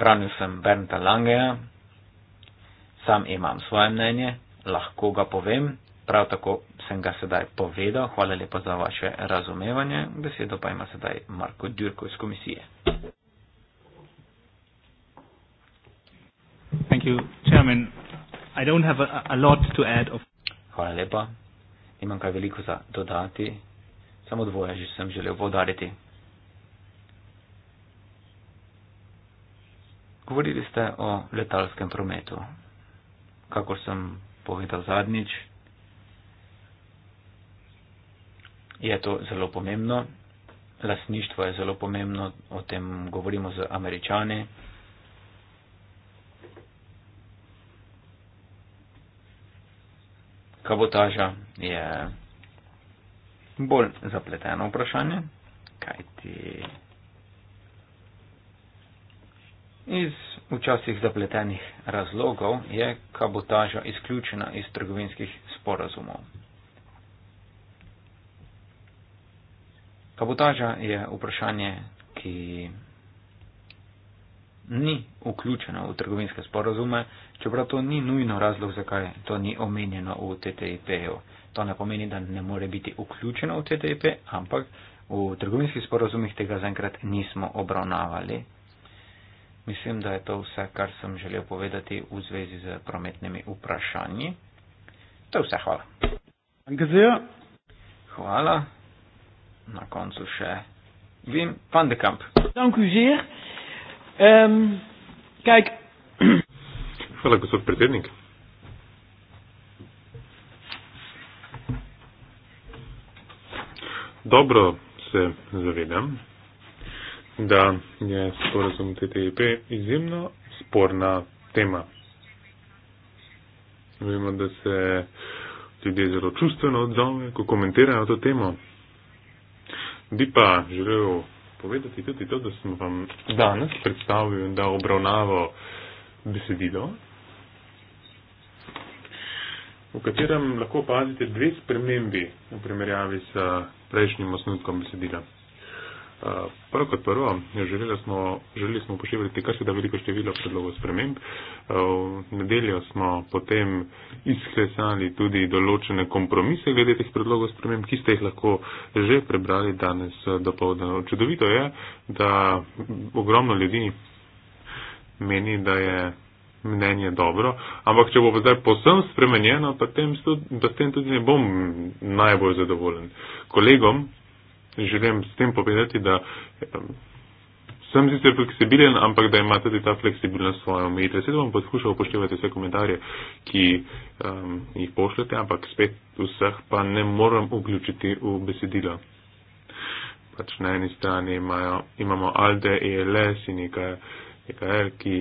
B: Branil sem Bernda Langeja, sam imam svoje mnenje, lahko ga povem, Prav tako sem ga sedaj povedal. Hvala lepa za vaše razumevanje. Besedo pa ima sedaj Marko Djurko iz komisije. Hvala lepa. Imam kaj veliko za dodati. Samo dvoje že sem želel povdariti. Govorili ste o letalskem prometu. Kako sem povedal zadnjič, je to zelo pomembno. Lasništvo je zelo pomembno, o tem govorimo z američani. Kabotaža je bolj zapleteno vprašanje, kajti iz včasih zapletenih razlogov je kabotaža izključena iz trgovinskih sporazumov. Kabotaža je vprašanje, ki ni vključeno v trgovinske sporazume, čeprav to ni nujno razlog, zakaj to ni omenjeno v TTIP-ju. To ne pomeni, da ne more biti vključeno v TTIP, e, ampak v trgovinskih sporazumih tega zaenkrat nismo obravnavali. Mislim, da je to vse, kar sem želel povedati v zvezi z prometnimi vprašanji. To je vse, hvala. Hvala na koncu še Wim van de Kamp.
A: Dank u zeer. Um, kijk.
D: Hvala, gospod predsednik. Dobro se zavedam, da je sporazum TTIP izjemno sporna tema. Vemo, da se ljudje zelo čustveno odzovejo, ko komentirajo to temo. Bi pa želel povedati tudi to, da sem vam danes predstavil in dal obravnavo besedilo, v katerem lahko opazite dve spremembi v primerjavi s prejšnjim osnutkom besedila. Prvo kot prvo, smo, želeli smo upoštevati kar se da veliko število predlogov sprememb. Eh, v nedeljo smo potem izklesali tudi določene kompromise glede teh predlogov sprememb, ki ste jih lahko že prebrali danes eh, do povdana. Čudovito je, da ogromno ljudi meni, da je mnenje dobro, ampak če bo zdaj posem spremenjeno, potem tudi, tudi ne bom najbolj zadovoljen. Kolegom In želim s tem povedati, da sem sicer fleksibilen, ampak da imate tudi ta fleksibilnost svoje omejitve. Sedaj bom poskušal upoštevati vse komentarje, ki um, jih pošljete, ampak spet vseh pa ne moram vključiti v besedilo. Pač na eni strani imajo, imamo Alde, ELS in nekaj, nekaj, ki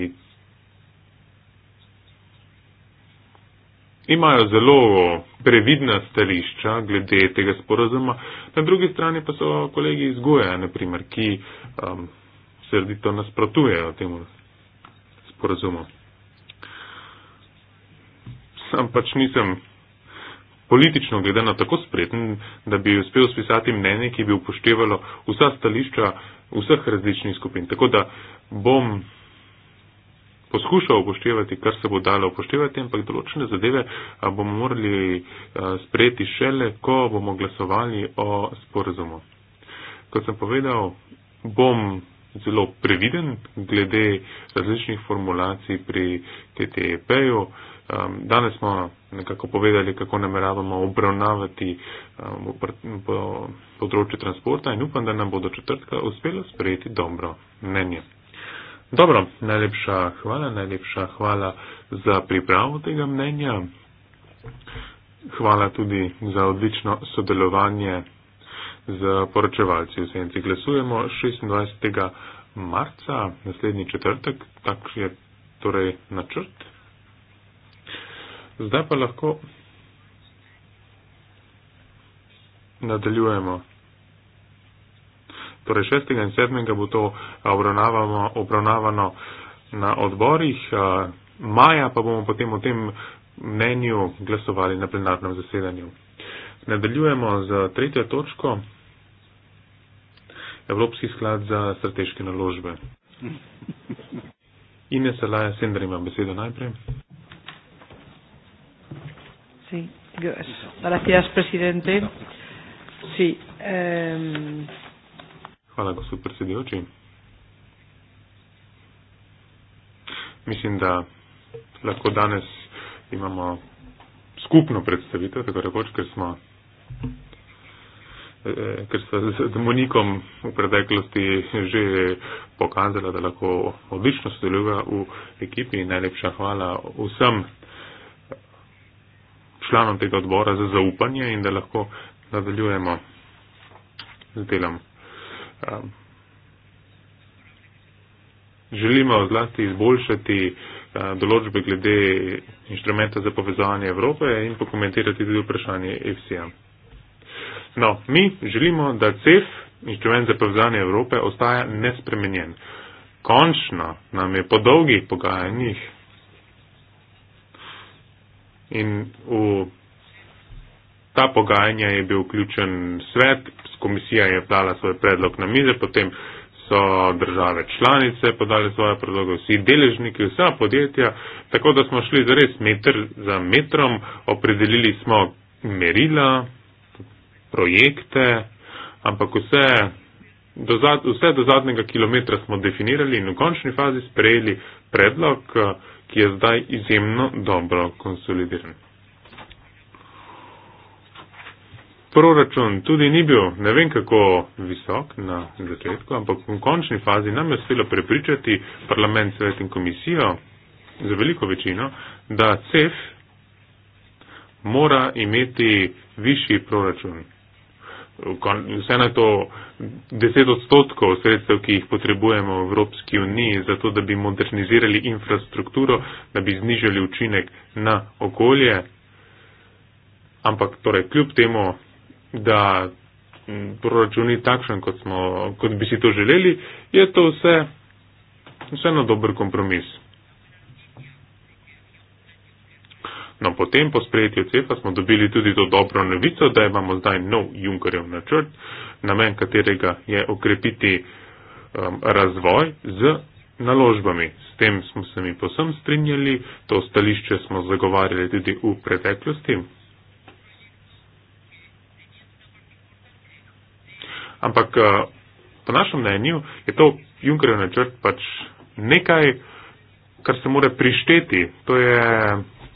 D: imajo zelo previdna stališča glede tega sporozuma. Na drugi strani pa so kolegi iz Goja, naprimer, ki um, srdito nasprotujejo temu sporozumu. Sam pač nisem politično gledano tako spreten, da bi uspel spisati mnenje, ki bi upoštevalo vsa stališča vseh različnih skupin. Tako da bom poskušal upoštevati, kar se bo dalo upoštevati, ampak določene zadeve bomo morali sprejeti šele, ko bomo glasovali o sporazumu. Kot sem povedal, bom zelo previden glede različnih formulacij pri TTIP-ju. E danes smo nekako povedali, kako nameravamo obravnavati področje transporta in upam, da nam bo do četrtka uspelo sprejeti dobro mnenje. Dobro, najlepša hvala, najlepša hvala za pripravo tega mnenja. Hvala tudi za odlično sodelovanje z poročevalci. Vse enci glasujemo 26. marca, naslednji četrtek, tak je torej načrt. Zdaj pa lahko nadaljujemo torej 6. in 7. bo to obravnavano na odborih, maja pa bomo potem o tem mnenju glasovali na plenarnem zasedanju. Nadaljujemo z tretjo točko. Evropski sklad za strateške naložbe. Ine Salaja Sendra ima besedo najprej.
A: Sí, gracias, presidente. Sí, eh,
D: Hvala, gospod predsedujoči. Mislim, da lahko danes imamo skupno predstavitev, tako rekoč, ker smo eh, ker sta z Monikom v preteklosti že pokazala, da lahko odlično sodeluje v ekipi. Najlepša hvala vsem članom tega odbora za zaupanje in da lahko nadaljujemo z delom um, želimo zlasti izboljšati uh, določbe glede inštrumenta za povezovanje Evrope in pokomentirati tudi vprašanje FCM. No, mi želimo, da CEF, inštrument za povezanje Evrope, ostaja nespremenjen. Končno nam je po dolgih pogajanjih in v ta pogajanja je bil vključen svet, komisija je dala svoj predlog na mize, potem so države članice podali svoje predloge, vsi deležniki, vsa podjetja, tako da smo šli zares metr za metrom, opredelili smo merila, projekte, ampak vse do, zad, vse do zadnjega kilometra smo definirali in v končni fazi sprejeli predlog, ki je zdaj izjemno dobro konsolidiran. proračun tudi ni bil ne vem kako visok na začetku, ampak v končni fazi nam je uspelo prepričati parlament, svet in komisijo za veliko večino, da CEF mora imeti višji proračun. Vseeno je to 10 odstotkov sredstev, ki jih potrebujemo v Evropski uniji, zato da bi modernizirali infrastrukturo, da bi znižali učinek na okolje. Ampak torej, kljub temu da proračun ni takšen, kot, smo, kot bi si to želeli, je to vse, vse na dober kompromis. No, potem po sprejetju CEFA smo dobili tudi to dobro novico, da imamo zdaj nov Junkerjev načrt, namen katerega je okrepiti um, razvoj z naložbami. S tem smo se mi posem strinjali, to stališče smo zagovarjali tudi v preteklosti, ampak eh, po našem mnenju je to Junkerjev načrt pač nekaj, kar se more prišteti, to je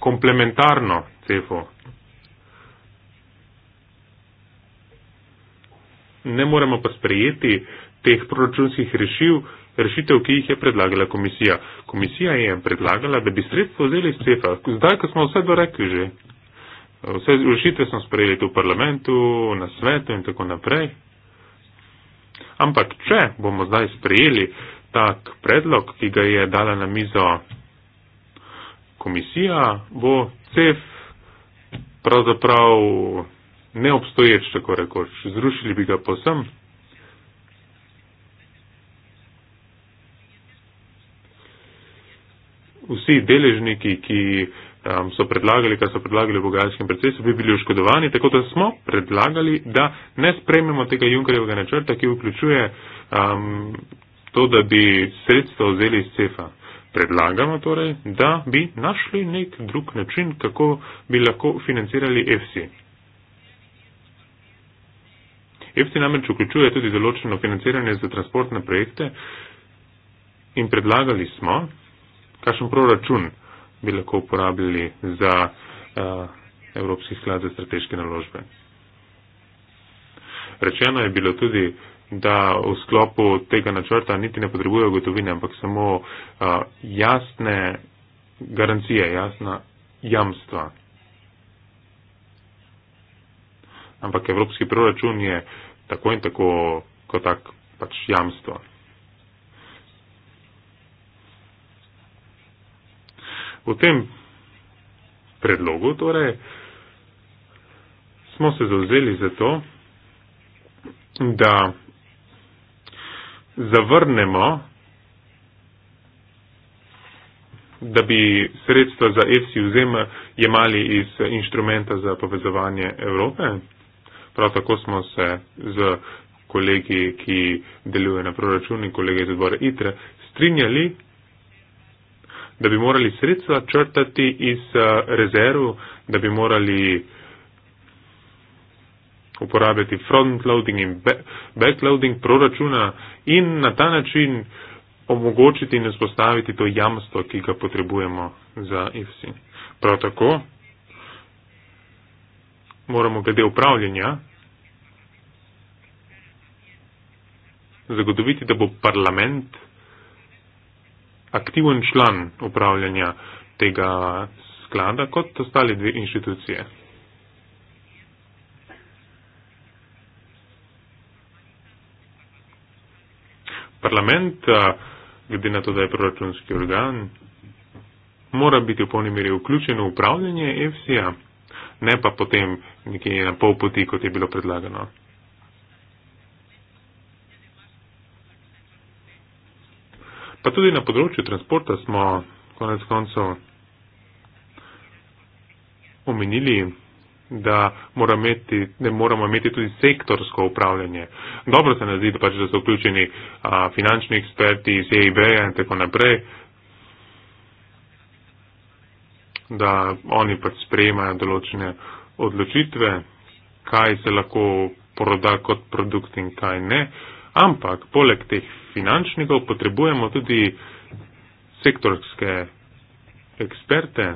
D: komplementarno cefo. Ne moremo pa sprejeti teh proračunskih rešil, rešitev, ki jih je predlagala komisija. Komisija je predlagala, da bi sredstvo vzeli iz cefa. Zdaj, ko smo vse dorekli že, vse rešitve smo sprejeli tu v parlamentu, na svetu in tako naprej, Ampak, če bomo zdaj sprejeli tak predlog, ki ga je dala na mizo komisija, bo CEF pravzaprav neobstoječ, tako rekoč. Zrušili bi ga posem. Vsi deležniki, ki um, so predlagali, kar so predlagali v bogajskem procesu, bi bili oškodovani, tako da smo predlagali, da ne sprememo tega Junkerjevega načrta, ki vključuje um, to, da bi sredstva vzeli iz cefa. Predlagamo torej, da bi našli nek drug način, kako bi lahko financirali EFSI. EFSI namreč vključuje tudi določeno financiranje za transportne projekte in predlagali smo, kakšen proračun bi lahko uporabljali za uh, Evropski sklad za strateške naložbe. Rečeno je bilo tudi, da v sklopu tega načrta niti ne potrebujejo gotovine, ampak samo uh, jasne garancije, jasna jamstva. Ampak evropski proračun je tako in tako kot tak pač jamstvo. V tem predlogu torej smo se zauzeli za to, da zavrnemo, da bi sredstva za EFSI vzem jemali iz inštrumenta za povezovanje Evrope. Prav tako smo se z kolegi, ki delujejo na proračuni, kolege iz odbora ITRE, strinjali, da bi morali sredstva črtati iz eh, rezerv, da bi morali uporabljati frontloading in backloading proračuna in na ta način omogočiti in vzpostaviti to jamstvo, ki ga potrebujemo za IFSI. Prav tako moramo glede upravljanja zagotoviti, da bo parlament aktiven član upravljanja tega sklada kot ostale dve inštitucije? Parlament, glede na to, da je proračunski organ, mora biti v polni meri vključen v upravljanje EFSI-ja, ne pa potem nekje na pol poti, kot je bilo predlagano. Pa tudi na področju transporta smo konec konco omenili, da, mora imeti, da moramo imeti tudi sektorsko upravljanje. Dobro se nam zdi, da, pač, da so vključeni a, finančni eksperti iz EIB in tako naprej, da oni pač sprejemajo določene odločitve, kaj se lahko proda kot produkt in kaj ne. Ampak poleg teh finančnikov, potrebujemo tudi sektorske eksperte,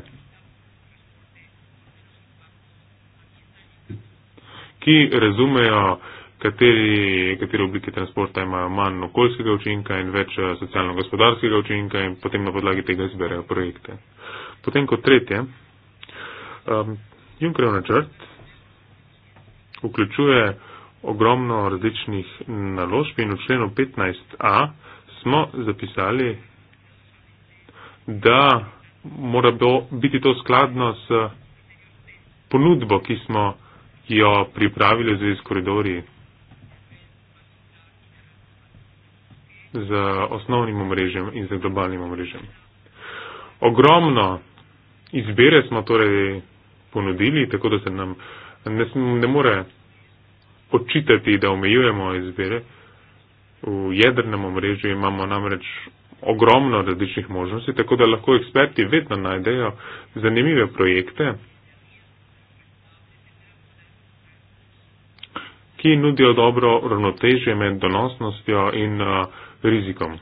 D: ki razumejo, kateri, kateri oblike transporta imajo manj okoljskega učinka in več eh, socialno-gospodarskega učinka in potem na podlagi tega izberejo projekte. Potem kot tretje, um, Junkerjev načrt vključuje ogromno različnih naložb in v členu 15a smo zapisali, da mora biti to skladno s ponudbo, ki smo jo pripravili v zvezi s koridori z osnovnim omrežjem in z globalnim omrežjem. Ogromno izbire smo torej ponudili, tako da se nam ne, ne more počitati da omejujemo izbire. V jedrnem omrežju imamo namreč ogromno različnih možnosti, tako da lahko eksperti vedno najdejo zanimive projekte, ki nudijo dobro ravnotežje med donosnostjo in uh, rizikom.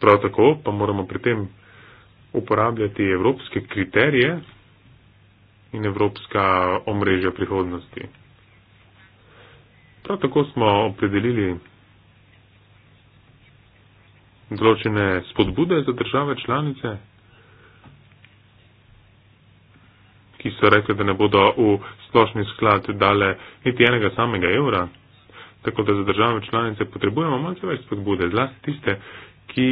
D: Prav tako pa moramo pri tem uporabljati evropske kriterije, in evropska omrežja prihodnosti. Prav tako smo opredelili določene spodbude za države članice, ki so rekli, da ne bodo v splošni sklad dale niti enega samega evra. Tako da za države članice potrebujemo malce več spodbude, zlasti tiste, ki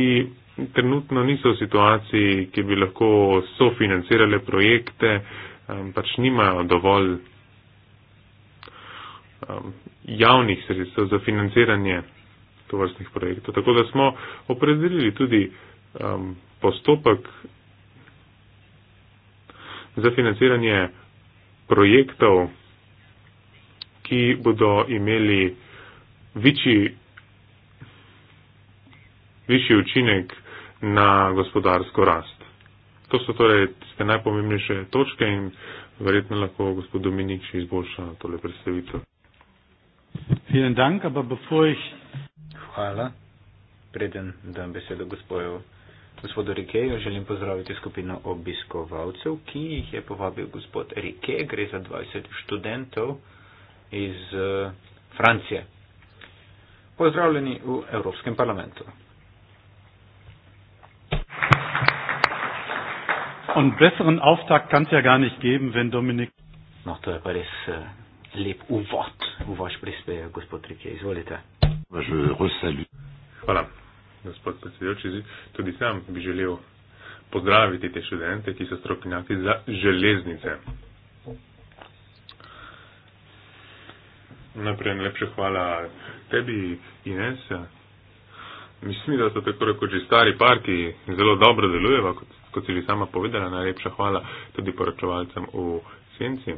D: trenutno niso v situaciji, ki bi lahko sofinancirale projekte, uh, um, pač nimajo dovolj um, javnih sredstev za financiranje tovrstnih projektov. Tako da smo opredelili tudi um, postopek za financiranje projektov, ki bodo imeli večji, višji učinek na gospodarsko rast. To so torej tiste najpomembnejše točke in verjetno lahko gospod Dominik še izboljša na tole predstavitev.
A: Vielen Dank, aber bevor ich... Hvala. Preden dam besedo
B: gospodu, gospodu Rikeju, želim pozdraviti skupino obiskovalcev, ki jih je povabil gospod Rike. Gre za 20 študentov iz uh, Francije. Pozdravljeni v Evropskem parlamentu.
A: und besseren Auftakt kann es ja gar nicht geben, wenn Dominik. No, to je pa res uh, lep uvod v vaš
D: prispevek, gospod Rike. Izvolite. Hvala, gospod predsedujoči. Tudi sam bi želel pozdraviti te študente, ki so strokovnjaki za železnice. Najprej najlepša hvala tebi, Inesa. Mislim, da so tako rekoč že stari parki zelo dobro delujejo, kot kot si že sama povedala, najlepša hvala tudi poročevalcem v senci.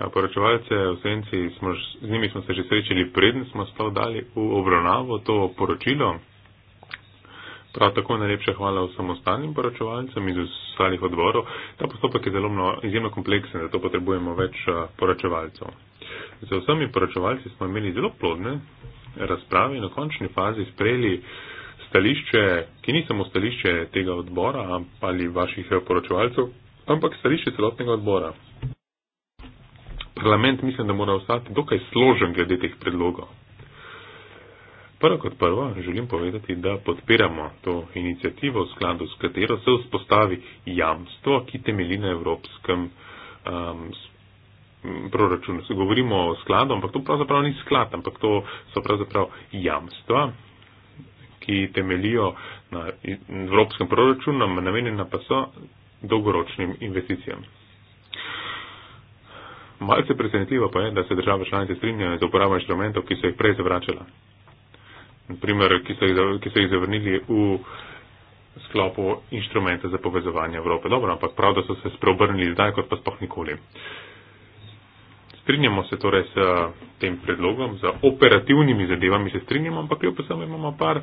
D: Poročevalce v senci, smo, z njimi smo se že srečili, preden smo sploh dali v obravnavo to poročilo. Prav tako najlepša hvala vsem ostalim poročevalcem iz ostalih odborov. Ta postopek je zelo mno, izjemno kompleksen, zato potrebujemo več poročevalcev. Z vsemi poročevalci smo imeli zelo plodne razprave in na končni fazi sprejeli uh, stališče, ki ni samo stališče tega odbora ali vaših poročevalcev, ampak stališče celotnega odbora. Parlament mislim, da mora ostati dokaj složen glede teh predlogov. Prvo kot prvo želim povedati, da podpiramo to inicijativo, v skladu s katero se vzpostavi jamstvo, ki temeli na evropskem um, proračunu. Se govorimo o skladu, ampak to pravzaprav ni sklad, ampak to so pravzaprav jamstva, ki temelijo na evropskem proračunu, namenjena pa so dolgoročnim investicijam. Malce presenetljivo pa je, da se države članice strinjajo za uporabo inštrumentov, ki so jih prej zavračala. Naprimer, ki so, jih, ki so jih zavrnili v sklopu inštrumenta za povezovanje Evrope. Dobro, ampak prav, da so se spreobrnili zdaj, kot pa spoh nikoli. Uh, strinjamo se torej s eh, tem predlogom, z operativnimi zadevami se strinjamo, ampak kljub vsemu imamo par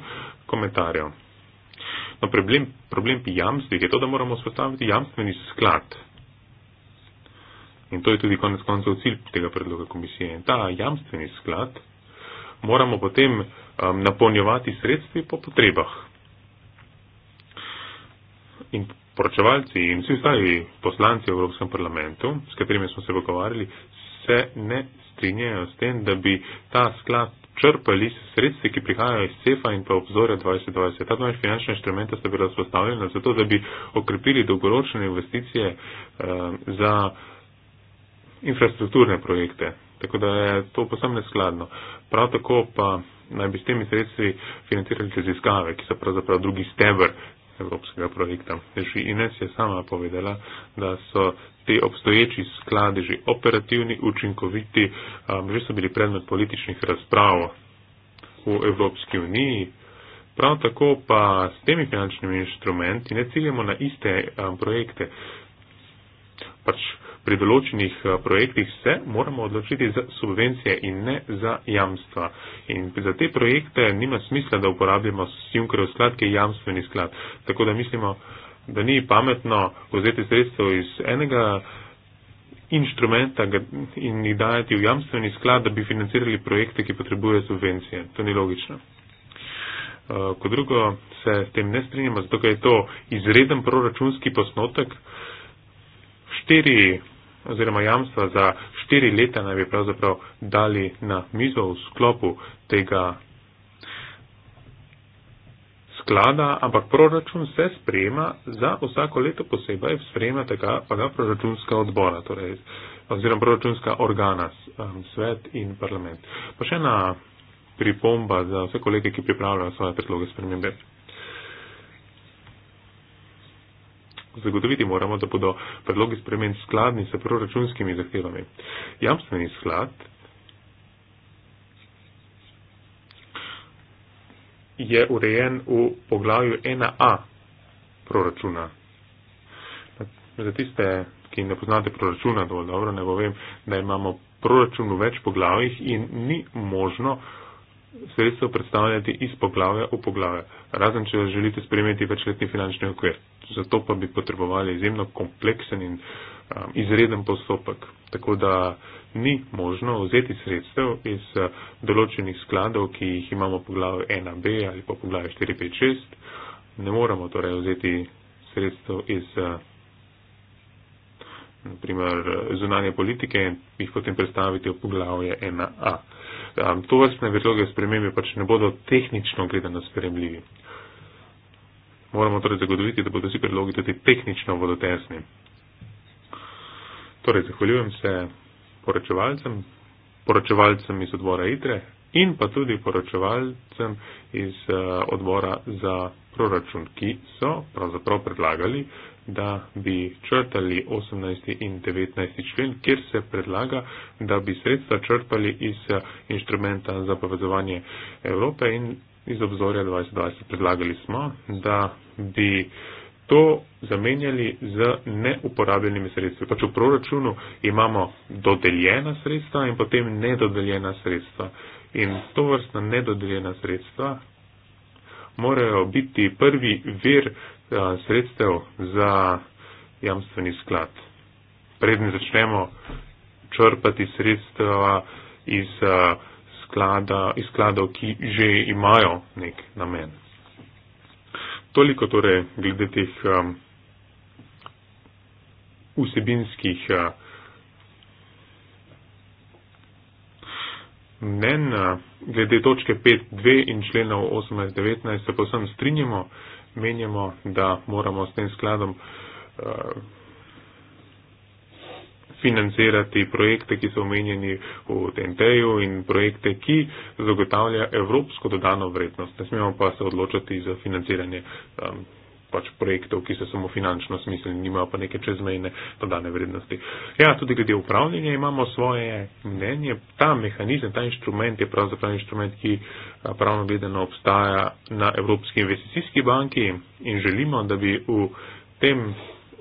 D: komentarjev. No, problem, problem pri jamstvih je to, da moramo spostaviti jamstveni sklad. In to je tudi konec koncev cilj tega predloga komisije. In ta jamstveni sklad moramo potem um, napolnjevati sredstvi po potrebah. In poročevalci in vsi ostali poslanci v Evropskem parlamentu, s katerimi smo se pogovarjali, se ne strinjajo s tem, da bi ta sklad črpali s sredstvi, ki prihajajo iz CEFA in pa obzorja 2020. Ta dva finančna inštrumenta sta bila spostavljena zato, da bi okrepili dolgoročne investicije eh, za infrastrukturne projekte. Tako da je to posebno neskladno. Prav tako pa naj bi s temi sredstvi financirali raziskave, ki so pravzaprav drugi stebr evropskega projekta. Ines je sama povedala, da so ti obstoječi skladi že operativni, učinkoviti, um, že so bili predmet političnih razprav v Evropski uniji. Prav tako pa s temi finančnimi inštrumenti ne ciljamo na iste um, projekte. Pač pri določenih uh, projektih se moramo odločiti za subvencije in ne za jamstva. In za te projekte nima smisla, da uporabljamo Junckerjev sklad, ki je jamstveni sklad. Tako da mislimo, da ni pametno vzeti sredstvo iz enega inštrumenta in jih dajati v jamstveni sklad, da bi financirali projekte, ki potrebujejo subvencije. To ni logično. Eh, kot drugo, se s tem ne strinjamo, zato ker je to izreden proračunski posnotek, štiri oziroma jamstva za štiri leta naj bi pravzaprav dali na mizo v sklopu tega sklada, ampak proračun se sprejema za vsako leto posebej, sprejema tega pa ga proračunska odbora, torej, oziroma proračunska organa, um, svet in parlament. Pa še ena pripomba za vse kolege, ki pripravljajo svoje predloge spremembe. Zagotoviti moramo, da bodo predlogi spremen skladni s proračunskimi zahtevami. Jamstveni sklad je urejen v poglavju 1a proračuna. Za tiste, ki ne poznate proračuna dovolj dobro, ne povem, da imamo proračun v več poglavjih in ni možno sredstvo predstavljati iz poglavja v poglavje, razen če želite spremeti večletni finančni okvir. Zato pa bi potrebovali izjemno kompleksen in um, izreden postopek. Tako da uh, ni možno vzeti sredstev iz eh, določenih skladov, ki jih imamo poglavje 1b ali pa poglavje 456. Ne moramo torej vzeti sredstev iz eh, naprimer eh, zunanje politike in jih potem predstaviti v poglavje 1a. To vrstne predloge spremembe pač ne bodo tehnično gledano spremljivi. Moramo torej zagotoviti, da bodo vsi predlogi tudi tehnično vodotesni. Torej, zahvaljujem se poročevalcem, poročevalcem iz odbora ITRE in pa tudi poročevalcem iz eh, odbora za proračun, ki so pravzaprav predlagali, da bi črtali 18. in 19. člen, kjer se predlaga, da bi sredstva črpali iz eh, inštrumenta za povezovanje Evrope in iz obzorja 2020. Predlagali smo, da bi to zamenjali z neuporabljenimi sredstvi. Pač v proračunu imamo dodeljena sredstva in potem nedodeljena sredstva. In to vrstna nedodeljena sredstva morajo biti prvi vir a, eh, sredstev za jamstveni sklad. Predn začnemo črpati sredstva iz, a, eh, sklada, iz skladov, ki že imajo nek namen. Toliko torej glede teh um, vsebinskih uh, mnen, uh, glede točke 5.2 in členov 18.19 se povsem strinjamo, menjamo, da moramo s tem skladom uh, financirati projekte, ki so omenjeni v TNT-ju in projekte, ki zagotavlja evropsko dodano vrednost. Ne smemo pa se odločiti za financiranje um, pač projektov, ki so samo finančno smiselni, nimajo pa neke čezmejne dodane vrednosti. Ja, tudi glede upravljanja imamo svoje mnenje. Ta mehanizem, ta inštrument je pravzaprav inštrument, ki pravno gledano obstaja na Evropski investicijski banki in želimo, da bi v tem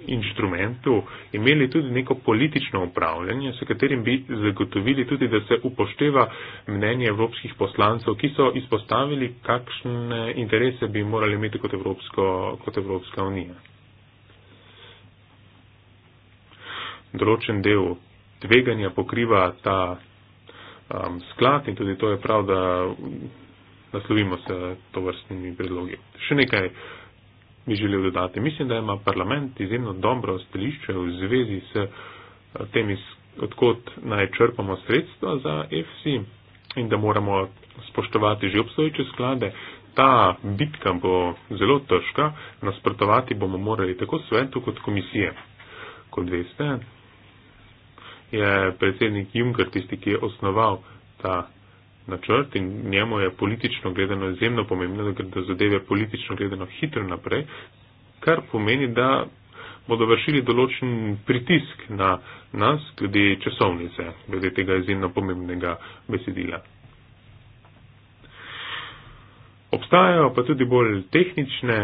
D: inštrumentu imeli tudi neko politično upravljanje, s katerim bi zagotovili tudi, da se upošteva mnenje evropskih poslancev, ki so izpostavili, kakšne interese bi morali imeti kot, Evropsko, kot Evropska unija. Določen del tveganja pokriva ta um, sklad in tudi to je prav, da naslovimo se to vrstnimi predlogi. Še nekaj uh, bi želel dodati. Mislim, da ima parlament izjemno dobro stališče v zvezi s eh, tem, odkot naj črpamo sredstva za FC in da moramo spoštovati že obstoječe sklade. Ta bitka bo zelo težka, nasprotovati bomo morali tako svetu kot komisije. Kot veste, je predsednik Juncker tisti, ki je osnoval ta načrt in njemu je politično gledano izjemno pomembno, da gredo zadeve politično gledano hitro naprej, kar pomeni, da bodo vršili določen pritisk na nas glede časovnice, glede tega izjemno pomembnega besedila. Obstajajo pa tudi bolj tehnične,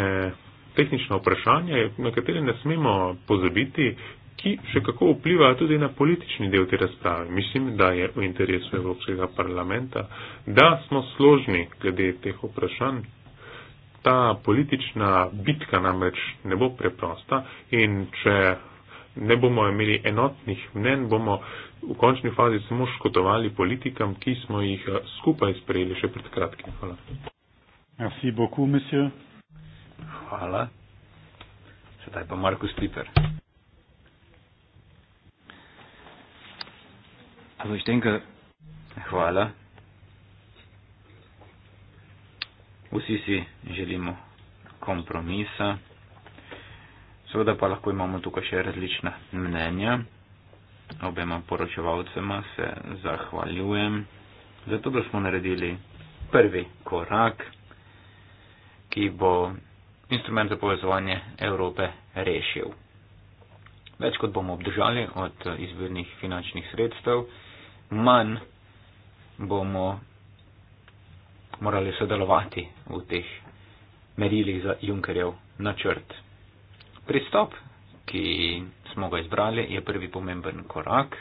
D: tehnične vprašanja, na katere ne smemo pozabiti, ki še kako vplivajo tudi na politični del te razprave. Mislim, da je v interesu Evropskega parlamenta, da smo složni glede teh vprašanj. Ta politična bitka namreč ne bo preprosta in če ne bomo imeli enotnih mnen, bomo v končni fazi samo škotovali politikam, ki smo jih eh, skupaj sprejeli še pred kratkim. Hvala.
A: Merci beaucoup, monsieur.
D: Hvala. Sedaj pa Markus Piper.
B: Also ich denke. Hvala. Vsi si želimo kompromisa, seveda pa lahko imamo tukaj še različna mnenja. Obema poročevalcema se zahvaljujem za to, da smo naredili prvi korak, ki bo instrument za povezovanje Evrope rešil. Več kot bomo obdržali od izvirnih finančnih sredstev, manj bomo morali sodelovati v teh merilih za Junkerjev načrt. Pristop, ki smo ga izbrali, je prvi pomemben korak.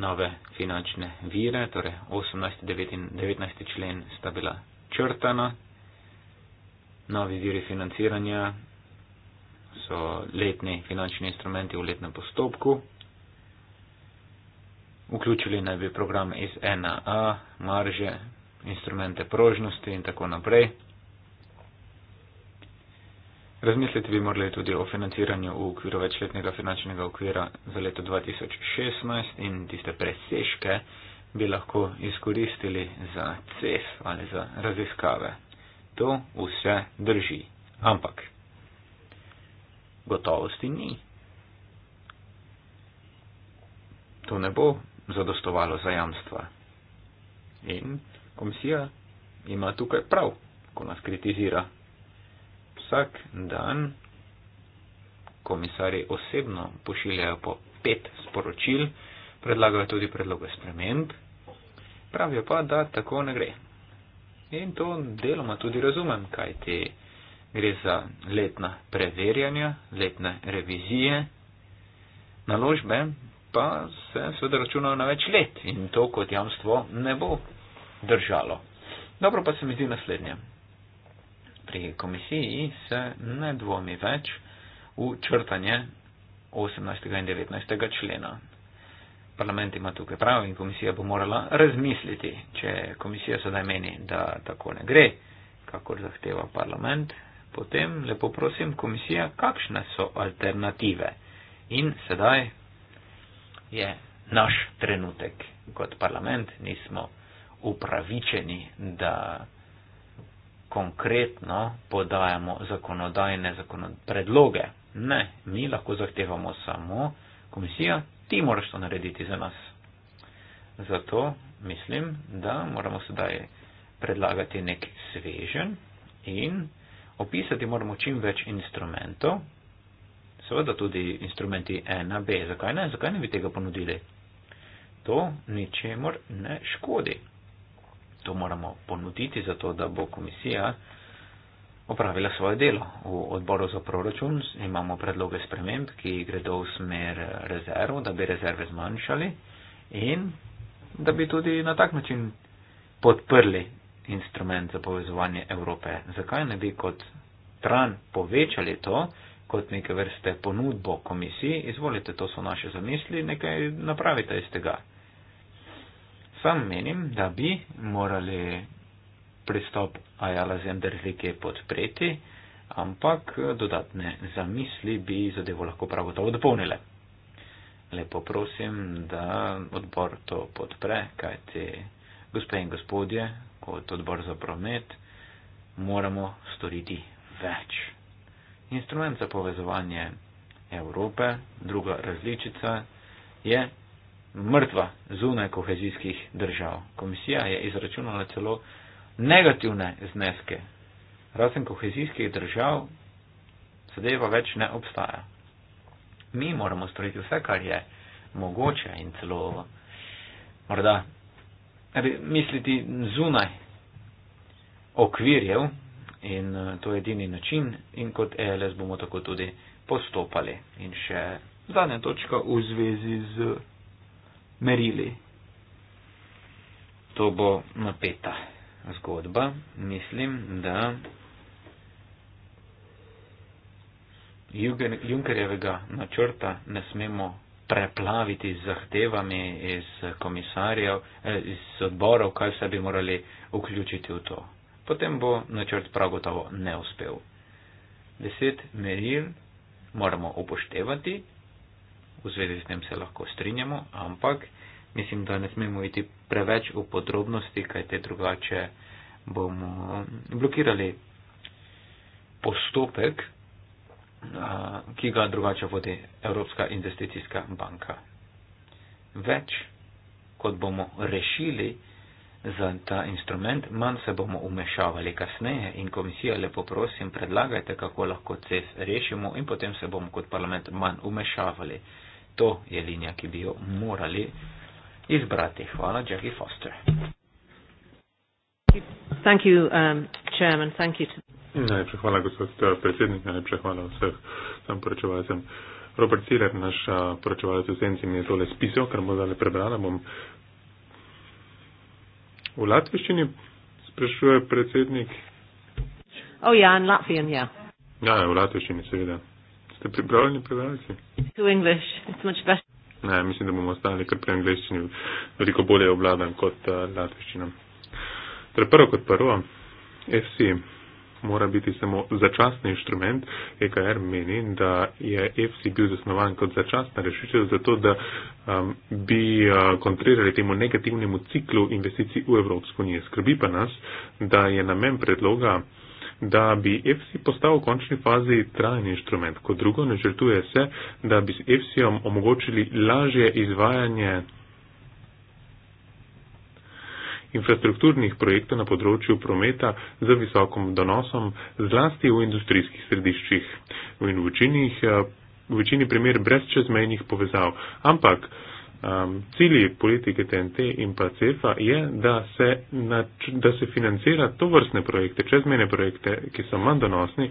B: Nove finančne vire, torej 18. in 19. člen sta bila črtana. Novi viri financiranja so letni finančni instrumenti v letnem postopku, Vključili naj bi program iz 1A, marže, instrumente prožnosti in tako naprej. Razmisliti bi morali tudi o financiranju v okviru večletnega finančnega okvira za leto 2016 in tiste presežke bi lahko izkoristili za CES ali za raziskave. To vse drži. Ampak gotovosti ni. To ne bo zadostovalo za jamstva. In komisija ima tukaj prav, ko nas kritizira. Vsak dan komisari osebno pošiljajo po pet sporočil, predlagajo tudi predloge sprememb, pravijo pa, da tako ne gre. In to deloma tudi razumem, kaj ti gre za letna preverjanja, letne revizije, naložbe, pa se seveda računajo na več let in to kot jamstvo ne bo držalo. Dobro pa se mi zdi naslednje. Pri komisiji se ne dvomi več v črtanje 18. in 19. člena. Parlament ima tukaj prav in komisija bo morala razmisliti, če komisija sedaj meni, da tako ne gre, kakor zahteva parlament. Potem lepo prosim, komisija, kakšne so alternative? In sedaj je naš trenutek kot parlament, nismo upravičeni, da konkretno podajamo zakonodajne zakonod predloge. Ne, mi lahko zahtevamo samo komisijo, ti moraš to narediti za nas. Zato mislim, da moramo sedaj predlagati nek svežen in opisati moramo čim več instrumentov, seveda tudi instrumenti 1B. Zakaj ne? Zakaj ne bi tega ponudili? To ničemor ne škodi. To moramo ponuditi, zato da bo komisija opravila svoje delo. V odboru za proračun imamo predloge sprememb, ki gredo v smer rezerv, da bi rezerve zmanjšali in da bi tudi na tak način podprli instrument za povezovanje Evrope. Zakaj ne bi kot tran povečali to? kot neke vrste ponudbo komisiji, izvolite, to so naše zamisli, nekaj napravite iz tega. Sam menim, da bi morali pristop Ajala Zenderlike podpreti, ampak eh, dodatne zamisli bi zadevo lahko pravotno odpolnile. Lepo prosim, da odbor to podpre, kajti gospe in gospodje, kot odbor za promet, moramo storiti več. Instrument za povezovanje Evrope, druga različica, je mrtva zunaj kohezijskih držav. Komisija je izračunala celo negativne zneske. Razen kohezijskih držav zadeva več ne obstaja. Mi moramo storiti vse, kar je mogoče in celo morda misliti zunaj okvirjev, in eh, to je edini način in kot ELS bomo tako tudi postopali. In še zadnja točka v zvezi z merili. To bo napeta zgodba. Mislim, da Junkerjevega načrta ne smemo preplaviti z zahtevami iz komisarjev, eh, iz odborov, kaj vse bi morali vključiti v to potem bo načrt prav gotovo ne uspel. Deset meril moramo upoštevati, v zvezi s tem se lahko strinjamo, ampak mislim, da ne smemo iti preveč v podrobnosti, kaj te drugače bomo blokirali postopek, ki ga drugače vodi Evropska investicijska banka. Več, kot bomo rešili, za ta instrument, manj se bomo umešavali kasneje in komisija lepo prosim predlagajte, kako lahko CEF rešimo in potem se bomo kot parlament manj umešavali. To je linija, ki bi jo morali izbrati.
D: Hvala, Jackie Foster.
C: Thank you, um, chairman. Thank you to...
D: Najlepša hvala, gospod eh, predsednik, najlepša hvala vseh sam poročevalcem. Robert Ciler, naš eh, poročevalec v senci, mi je tole spisal, kar bom zdaj prebrala, bom V latviščini sprašuje predsednik.
C: Oh, ja, in latvijan, ja.
D: Ja, ja v latviščini, seveda. Ste pripravljeni prevajalci?
C: To je English, it's much better.
D: Ne, mislim, da bomo ostali kar pri angliščini veliko bolje obladan kot uh, eh, latviščina. Torej, prvo kot prvo, FC mora biti samo začasni inštrument. EKR meni, da je EFSI bil zasnovan kot začasna rešitev zato, da um, bi uh, kontrirali temu negativnemu ciklu investicij v Evropsko unijo. Skrbi pa nas, da je namen predloga, da bi EFSI postal v končni fazi trajni inštrument. Kot drugo, ne žrtuje se, da bi s EFSI-om omogočili lažje izvajanje infrastrukturnih projektov na področju prometa z visokim donosom, zlasti v industrijskih središčih. In v, učinih, eh, v večini primer brez čezmejnih povezav. Ampak um, cilji politike TNT in pa CEFA je, da se, na, da se financira to vrstne projekte, čezmejne projekte, ki so manj donosni,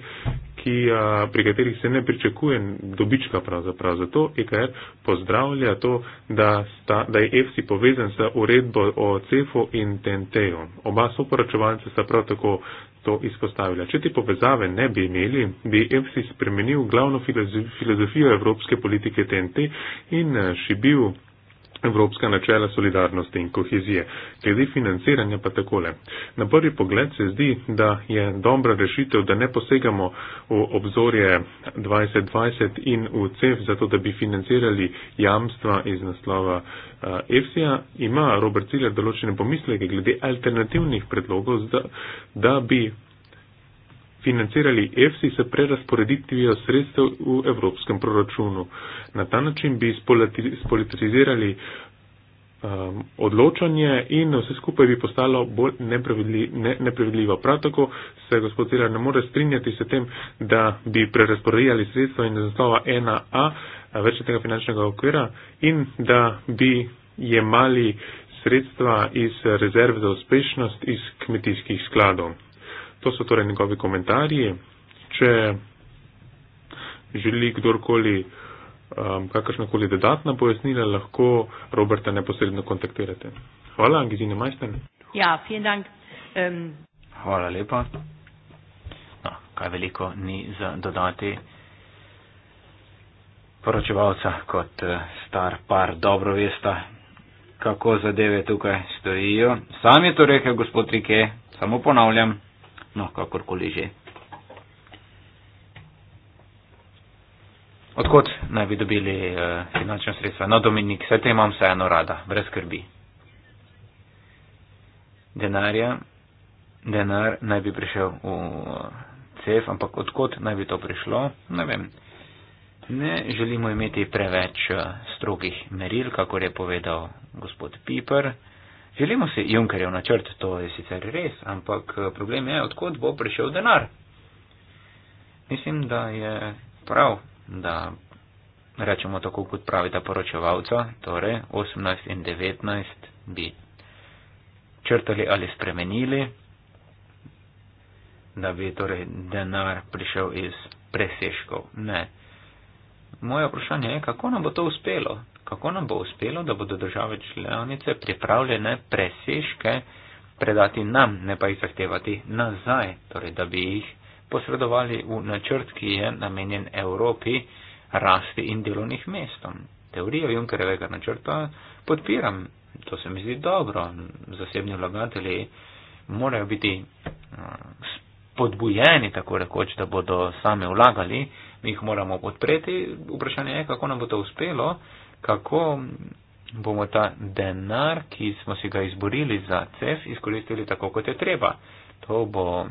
D: ki, a, pri katerih se ne pričakuje dobička pravzaprav. Zato EKR pozdravlja to, da, sta, da je EFSI povezan s uredbo o CEFO in TNT-ju. Oba soporočevalca sta prav tako to izpostavila. Če te povezave ne bi imeli, bi EFSI spremenil glavno filozofijo evropske politike TNT in šibil Evropska načela solidarnosti in kohezije. Glede financiranja pa takole. Na prvi pogled se zdi, da je dobra rešitev, da ne posegamo v obzorje 2020 in v CEF, zato da bi financirali jamstva iz naslova eh, EFSI-a. Ima Robert Ciller določene pomisleke glede alternativnih predlogov, da, da bi financirali EFSI s prerasporeditvijo sredstev v evropskem proračunu. Na ta način bi spolitizirali um, odločanje in vse skupaj bi postalo bolj neprevedljivo. Ne, Prav tako se gospod Zelar ne more strinjati s tem, da bi prerasporedili sredstva in zaslova 1A večnega finančnega okvira in da bi jemali sredstva iz rezerv za uspešnost iz kmetijskih skladov. To so torej njegovi komentarji. Če želi kdorkoli um, kakršnakoli dodatna pojasnila, lahko Roberta neposredno kontaktirate. Hvala, Angizine Majsten.
C: Ja, vielen Dank. Um...
D: Hvala
B: lepa. No, kaj veliko ni za dodati poročevalca kot eh, star par dobro vesta, kako zadeve tukaj stojijo. Sam je to rekel gospod Rike, samo ponavljam no, kakorkoli že. Odkot naj bi dobili eh, finančne sredstva? No, Dominik, vse te imam vseeno rada, brez skrbi. Denarja, denar naj bi prišel v eh, cef, ampak odkot naj bi to prišlo, ne vem. Ne želimo imeti preveč eh, strogih meril, kako je povedal gospod Piper. Želimo si Junkerjev načrt, to je sicer res, ampak eh, problem je, odkot bo prišel denar. Mislim, da je prav, da rečemo tako, kot pravita poročevalca, torej 18 in 19 bi črtali ali spremenili, da bi torej denar prišel iz preseškov. Ne. Moje vprašanje je, kako nam bo to uspelo? Kako nam bo uspelo, da bodo države članice pripravljene preseške predati nam, ne pa jih zahtevati nazaj, torej da bi jih posredovali v načrt, ki je namenjen Evropi, rasti in delovnih mestom. Teorijo Junckerjevega načrta podpiram, to se mi zdi dobro, zasebni vlagatelji morajo biti uh, podbujeni, tako rekoč, da bodo same vlagali, mi jih moramo podpreti. Vprašanje je, kako nam bo to uspelo, kako bomo ta denar, ki smo si ga izborili za CEF, izkoristili tako, kot je treba. To bo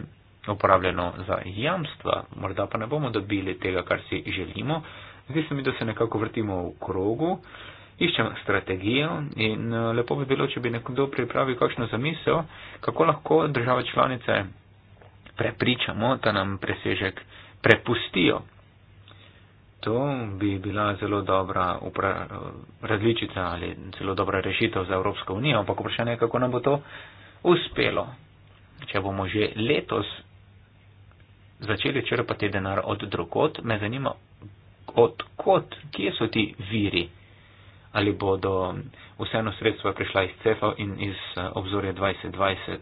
B: upravljeno za jamstva, morda pa ne bomo dobili tega, kar si želimo. Zdi se mi, da se nekako vrtimo v krogu, iščem strategijo in eh, lepo bi bilo, če bi nekdo pripravil kakšno zamisel, kako lahko države članice prepričamo, da nam presežek prepustijo. To bi bila zelo dobra različica ali zelo dobra rešitev za Evropsko unijo, ampak vprašanje je, kako nam bo to uspelo, če bomo že letos začeli črpati denar od drugot, me zanima, odkot, kje so ti viri, ali bodo vseeno sredstva prišla iz CEFA in iz eh, obzorja 2020,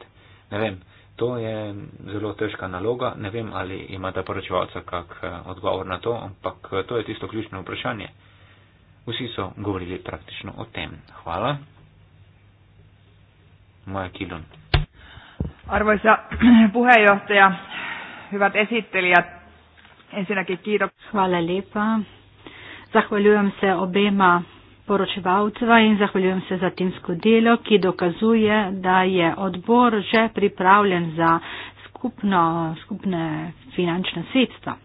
B: ne vem. To je zelo težka naloga. Ne vem, ali imate poročevalca kak eh, odgovor na to, ampak eh, to je tisto ključno vprašanje. Vsi so govorili praktično o tem. Hvala. Moja Kidon.
C: Arvoisa puheenjohtaja, hyvät esittelijät, ensinnäkin kiitos. Hvala lepa. Zahvaljujem se obema poročevalceva in zahvaljujem se za timsko delo, ki dokazuje, da je odbor že pripravljen za skupno, skupne finančne sredstva.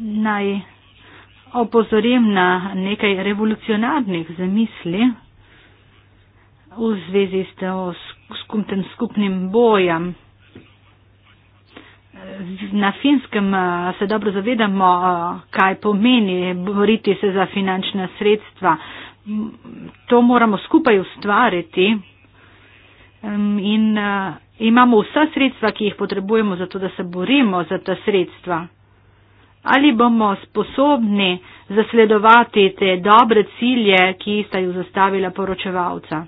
C: Naj opozorim na nekaj revolucionarnih zamisli v zvezi s tem skupnim bojem. Na finskem eh, se dobro zavedamo, eh, kaj pomeni boriti se za finančna sredstva. To moramo skupaj ustvariti in eh, imamo vsa sredstva, ki jih potrebujemo za to, da se borimo za ta sredstva. Ali bomo sposobni zasledovati te dobre cilje, ki sta jih zastavila poročevalca?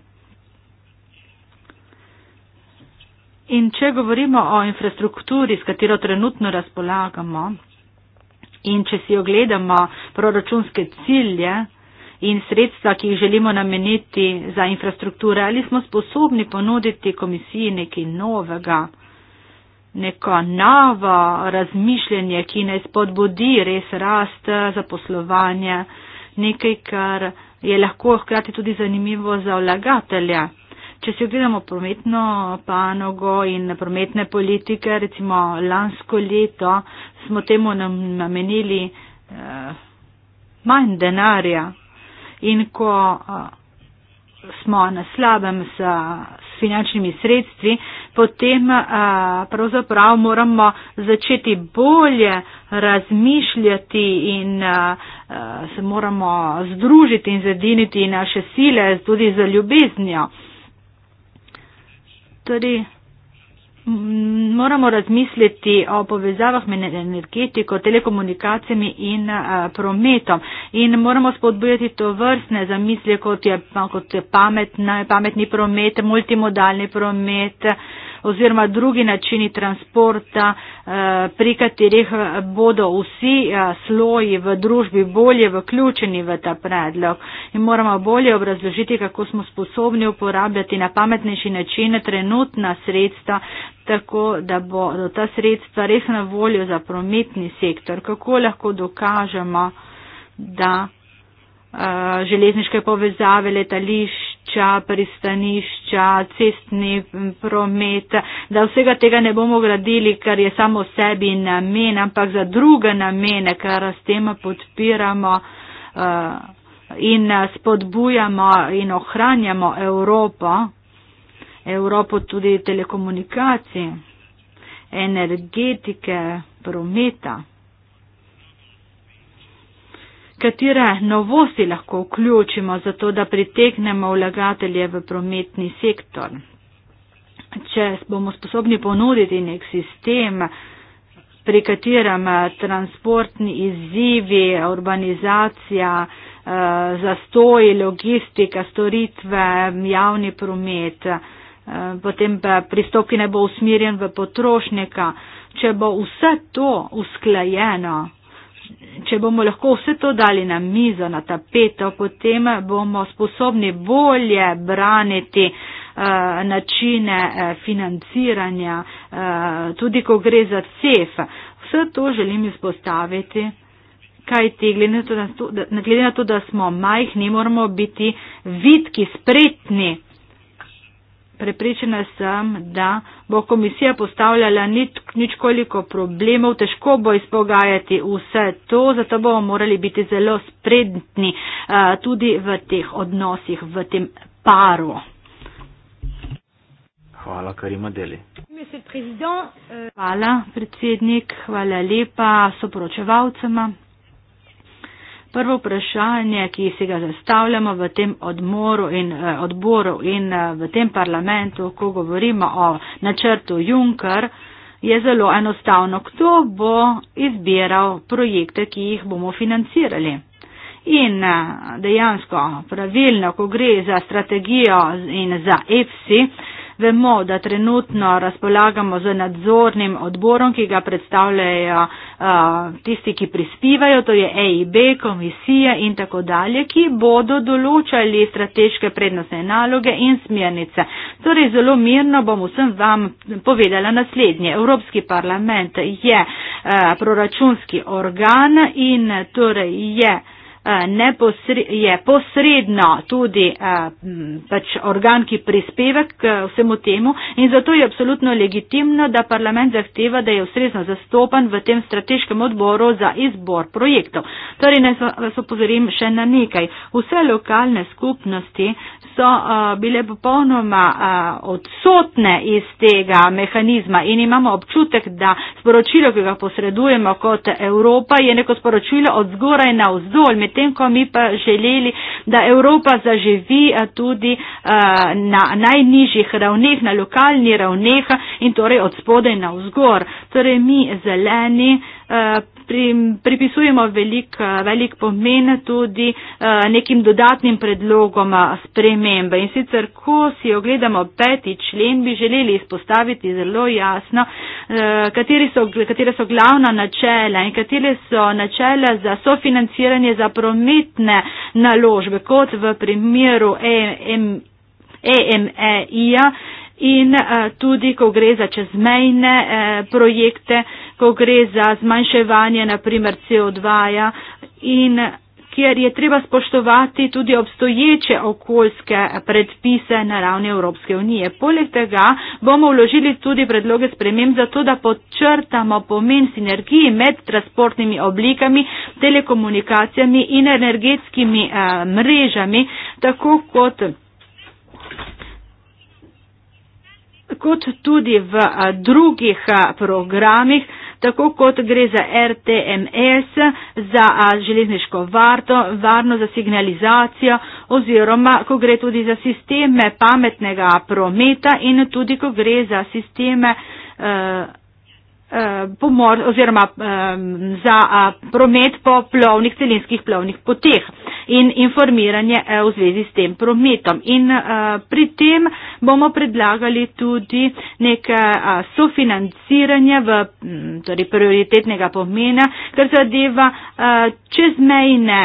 C: In če govorimo o infrastrukturi, s katero trenutno razpolagamo, in če si ogledamo proračunske cilje in sredstva, ki jih želimo nameniti za infrastrukture, ali smo sposobni ponuditi komisiji nekaj novega, neko novo razmišljanje, ki naj spodbudi res rast za poslovanje, nekaj, kar je lahko hkrati tudi zanimivo za vlagatelja. Če se ogledamo prometno panogo in prometne politike, recimo lansko leto smo temu namenili uh, manj denarja in ko uh, smo na slabem s, s finančnimi sredstvi, potem uh, pravzaprav moramo začeti bolje razmišljati in uh, se moramo združiti in zediniti naše sile tudi za ljubeznjo torej, moramo razmisliti o povezavah med energetiko, telekomunikacijami in a, prometom in moramo spodbujati to vrstne zamisle, kot je, kot je pametna, pametni promet, multimodalni promet. A, oziroma drugi načini transporta, eh, pri katerih eh, bodo vsi eh, sloji v družbi bolje vključeni v ta predlog. In moramo bolje obrazložiti, kako smo sposobni uporabljati na pametnejši način trenutna sredstva, tako da bodo ta sredstva res na voljo za prometni sektor. Kako lahko dokažemo, da železniške povezave, letališče, vozišča, pristanišča, cestni promet, da vsega tega ne bomo gradili, kar je samo sebi namen, ampak za druge namene, kar s tem podpiramo eh, in spodbujamo in ohranjamo Evropo, Evropo tudi telekomunikacij, energetike, prometa. Katere novosti lahko vključimo, zato da pritegnemo vlagatelje v prometni sektor? Če bomo sposobni ponuditi nek sistem, pri katerem eh, transportni izzivi, urbanizacija, eh, zastoji, logistika, storitve, javni promet, eh, potem pa pristop, ki ne bo usmirjen v potrošnika, če bo vse to usklajeno, če bomo lahko vse to dali na mizo, na tapeto, potem bomo sposobni bolje braniti eh, načine eh, financiranja, eh, tudi ko gre za CEF. Vse to želim izpostaviti, kaj ti, glede na to, da smo majhni, moramo biti vidki, spretni, prepričana sem, da bo komisija postavljala ničkoliko nič problemov, težko bo izpogajati vse to, zato bomo morali biti zelo sprednitni uh, eh, tudi v teh odnosih, v tem paru.
B: Hvala, kar ima deli.
C: Euh, hvala, predsednik, hvala lepa soporočevalcema. Prvo vprašanje, ki si ga zastavljamo v tem odmoru in eh, odboru in eh, v tem parlamentu, ko govorimo o načrtu Juncker, je zelo enostavno. Kdo bo izbiral projekte, ki jih bomo financirali? In eh, dejansko pravilno, ko gre za strategijo in za EFSI, Vemo, da trenutno razpolagamo z nadzornim odborom, ki ga predstavljajo uh, tisti, ki prispivajo, to je EIB, komisija in tako dalje, ki bodo določali strateške prednostne naloge in smernice. Torej, zelo mirno bom vsem vam povedala naslednje. Evropski parlament je uh, proračunski organ in torej je uh, Eh, je posredno tudi eh, pač organ, ki prispeva k vsemu temu in zato je absolutno legitimno, da parlament zahteva, da je ustrezno zastopan v tem strateškem odboru za izbor projektov. Torej, naj vas upozorim še na nekaj. Vse lokalne skupnosti so eh, bile popolnoma odsotne iz tega mehanizma in imamo občutek, da sporočilo, ki ga posredujemo kot Evropa, je neko sporočilo od zgoraj na vzdolj medtem ko mi pa želeli, da Evropa zaživi tudi na najnižjih ravneh, na lokalni ravneh in torej od spodaj na vzgor. Torej mi zeleni Eh, pri, pripisujemo velik, eh, velik pomen tudi eh, nekim dodatnim predlogom spremembe. In sicer, ko si ogledamo peti člen, bi želeli izpostaviti zelo jasno, katere so, katere so glavna načela in katere so načela za sofinanciranje za prometne naložbe, kot v primeru EMEI-ja. E in uh, tudi, ko gre za čezmejne uh, projekte, uh, ko gre za zmanjševanje, naprimer CO2, -ja in kjer je treba spoštovati tudi obstoječe okoljske predpise na ravni Evropske unije. Poleg tega bomo vložili tudi predloge spremem za to, da podčrtamo pomen sinergiji med transportnimi oblikami, telekomunikacijami in energetskimi eh, mrežami, tako kot kot tudi v eh, drugih eh, programih, tako kot gre za RTMS, za železniško varto, varno za signalizacijo oziroma ko gre tudi za sisteme pametnega prometa in tudi ko gre za sisteme uh, Eh, pomor oziroma za promet po plovnih, celinskih plovnih poteh in informiranje eh, v zvezi s tem prometom. In eh, pri tem bomo predlagali tudi neke sofinanciranje v, torej prioritetnega pomena, kar zadeva čezmejne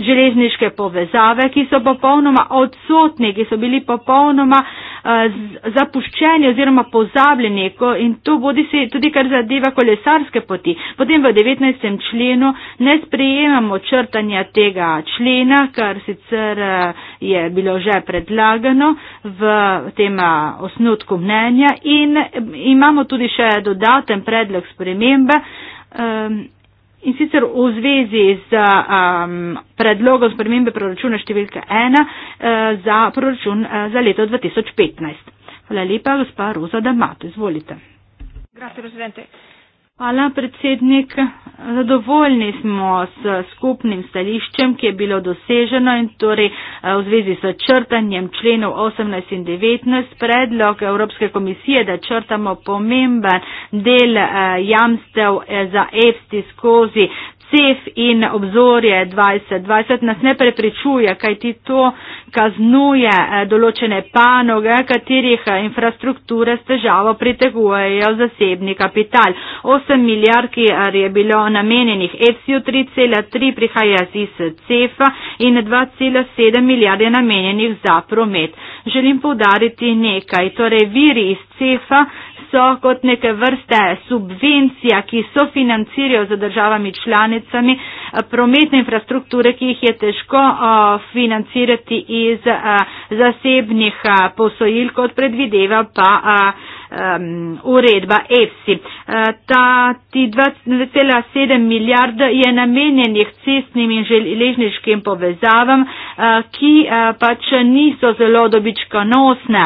C: železniške povezave, ki so popolnoma odsotni, ki so bili popolnoma eh, zapuščeni oziroma pozabljeni in to bodi se tudi kar zadeva kolesarske poti. Potem v 19. členu ne sprejemamo črtanja tega člena, kar sicer eh, je bilo že predlagano v tem eh, osnutku mnenja in imamo tudi še dodaten predlog spremembe. Ehm, In sicer v zvezi z um, predlogom spremembe proračuna številka 1 uh, eh, za proračun uh, za leto 2015. Hvala lepa, gospa Roza Damato, izvolite. Grazie, Hvala, predsednik. Zadovoljni smo s skupnim stališčem, ki je bilo doseženo in torej eh, v zvezi s črtanjem členov 18 in 19 predlog Evropske komisije, da črtamo pomemben del eh, jamstev eh, za EFSTI skozi cef in obzorje 2020 nas ne prepričuje, kaj ti to kaznuje eh, določene panoge, katerih eh, infrastrukture s težavo pritegujejo zasebni kapital. 8 milijard, ki eh, je bilo namenjenih FCU 3,3, prihaja iz CEF-a in 2,7 milijarde namenjenih za promet. Želim povdariti nekaj. Torej, viri iz UNICEF-a so kot neke vrste subvencija, ki so financirajo za državami članicami eh, prometne infrastrukture, ki jih je težko eh, financirati iz eh, zasebnih posojil, kot predvideva pa um, uredba EFSI. Uh, ta 2,7 milijard je namenjenih cestnim in železniškim povezavam, uh, ki uh, pač niso zelo dobičkonosne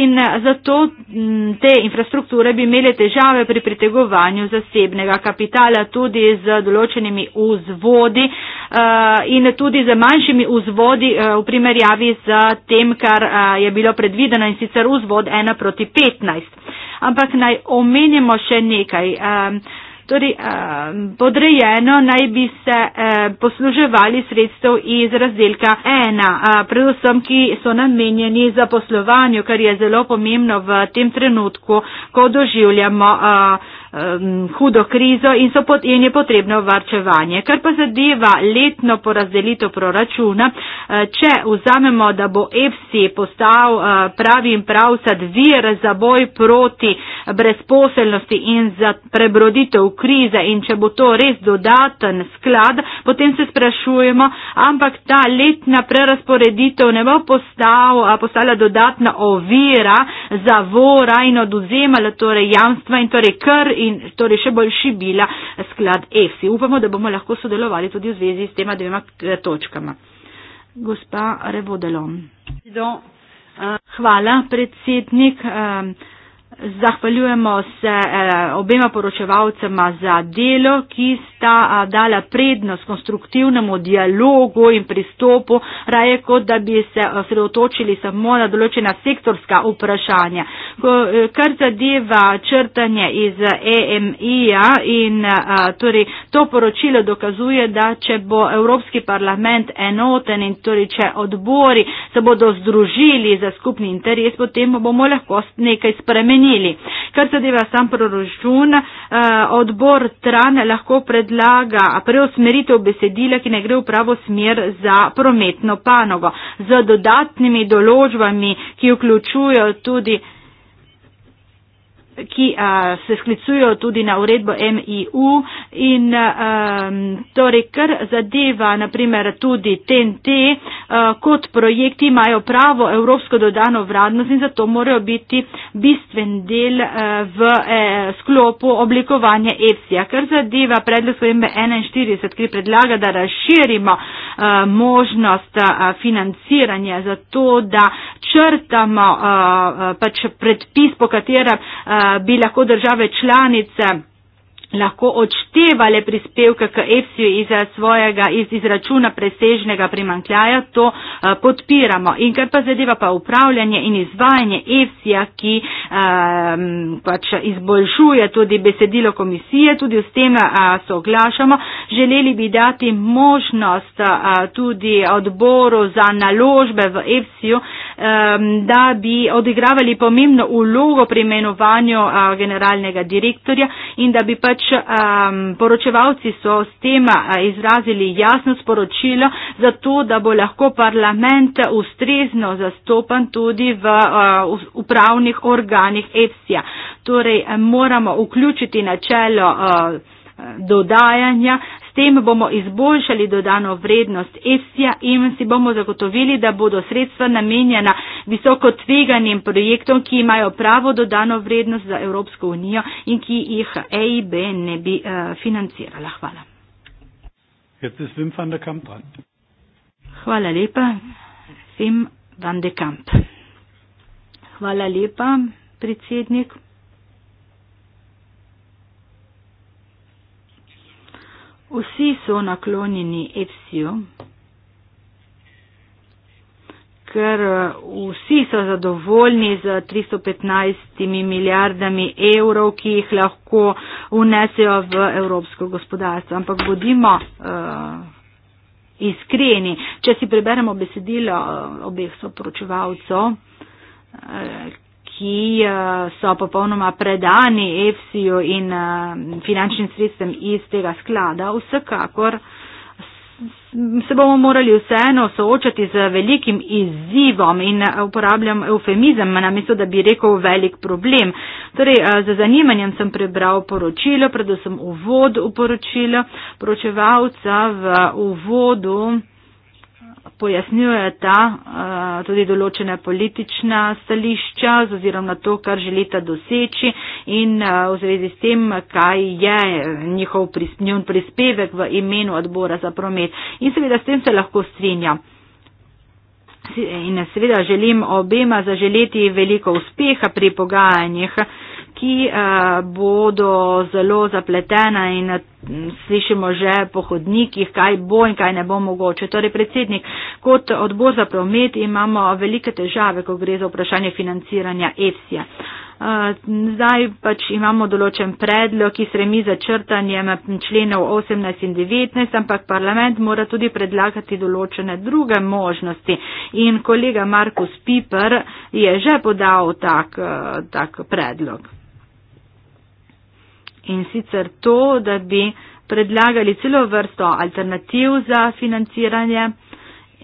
C: in uh, zato m, mm, te infrastrukture bi imele težave pri pritegovanju zasebnega kapitala tudi z določenimi vzvodi uh, in tudi z manjšimi vzvodi uh, v primerjavi z tem, kar je bilo predvideno in sicer vzvod 1 proti 15. Ampak naj omenimo še nekaj. Torej, podrejeno naj bi se posluževali sredstev iz razdelka 1, predvsem, ki so namenjeni za poslovanje, kar je zelo pomembno v tem trenutku, ko doživljamo um, hudo krizo in, pot, in je potrebno varčevanje. Kar pa zadeva letno porazdelitev proračuna, uh, če vzamemo, da bo EFSI postal uh, pravi in pravcat vir za boj proti brezposelnosti in za prebroditev krize in če bo to res dodaten sklad, potem se sprašujemo, ampak ta letna prerasporeditev ne bo postal, uh, postala dodatna ovira, zavora in oduzemala torej jamstva in torej kr in torej še bolj šibila sklad EFSI. Upamo, da bomo lahko sodelovali tudi v zvezi s tema dvema eh, točkama. Gospa Revodelom. Eh, Hvala, predsednik. Um, Zahvaljujemo se eh, obema poročevalcema za delo, ki sta eh, dala prednost konstruktivnemu dialogu in pristopu, raje kot da bi se sredotočili samo na določena sektorska vprašanja. Eh, kar zadeva črtanje iz EMI-ja in torej, to poročilo dokazuje, da če bo Evropski parlament enoten in torej, če odbori se bodo združili za skupni interes, potem bomo lahko nekaj spremenili spremenili. Kar zadeva sam proračun, eh, odbor TRAN lahko predlaga preusmeritev besedila, ki ne gre v pravo smer za prometno panogo, z dodatnimi določbami, ki vključujejo tudi ki a, se sklicujo tudi na uredbo MIU in a, torej, kar zadeva naprimer tudi TNT, a, kot projekti imajo pravo evropsko dodano vrednost in zato morajo biti bistven del a, v a, e, sklopu oblikovanja EPSI-ja. Kar zadeva predlog spremembe 41, ki predlaga, da razširimo a, možnost a, financiranja za to, da črtamo a, a, pač predpis, po katerem a, bi lahko države članice lahko odštevale prispevke k EFSI-ju iz eh, svojega iz izračuna presežnega primankljaja, to uh, podpiramo. In kar pa zadeva pa upravljanje in izvajanje EFSI-ja, ki um, pač izboljšuje tudi besedilo komisije, tudi s tem uh, soglašamo. Želeli bi dati možnost uh, tudi odboru za naložbe v EFSI-ju, uh, da bi odigravali pomembno ulogo pri imenovanju generalnega direktorja in da bi pač poročevalci so s tem izrazili jasno sporočilo, zato da bo lahko parlament ustrezno zastopan tudi v upravnih organih EFSI-ja. Torej moramo vključiti načelo dodajanja, tem bomo izboljšali dodano vrednost ESIA in si bomo zagotovili, da bodo sredstva namenjena visoko tveganim projektom, ki imajo pravo dodano vrednost za Evropsko unijo in ki jih EIB ne bi uh, financirala. Hvala. Hvala lepa. Vim van de Kamp. Hvala lepa, predsednik. Vsi so naklonjeni Epsiju, ker eh, vsi so zadovoljni z 315 milijardami evrov, ki jih lahko unesejo v evropsko gospodarstvo. Ampak bodimo uh, iskreni, če si preberemo besedilo eh, obeh soporočevalcev, uh, ki eh, so popolnoma predani EFSI-ju in eh, finančnim sredstvom iz tega sklada, vsekakor se bomo morali vseeno soočati z velikim izzivom in eh, uporabljam eufemizem, namesto da bi rekel velik problem. Torej, z zanimanjem sem prebral poročilo, predvsem uvod v poročilo, poročevalca v uvodu pojasnjuje ta eh, tudi določene politična stališča z ozirom na to, kar želita doseči in eh, v zvezi s tem, kaj je njihov njun prispevek v imenu odbora za promet. In seveda s tem se lahko strinja. In seveda želim obema zaželeti veliko uspeha pri pogajanjih ki eh, bodo zelo zapletena in eh, slišimo že po hodnikih, kaj bo in kaj ne bo mogoče. Torej, predsednik, kot odbor za promet imamo velike težave, ko gre za vprašanje financiranja EFSI-ja. Eh, zdaj pač imamo določen predlog, ki sremi za črtanjem členov 18 in 19, ampak parlament mora tudi predlagati določene druge možnosti. In kolega Markus Piper je že podal tak, tak predlog in sicer to, da bi predlagali celo vrsto alternativ za financiranje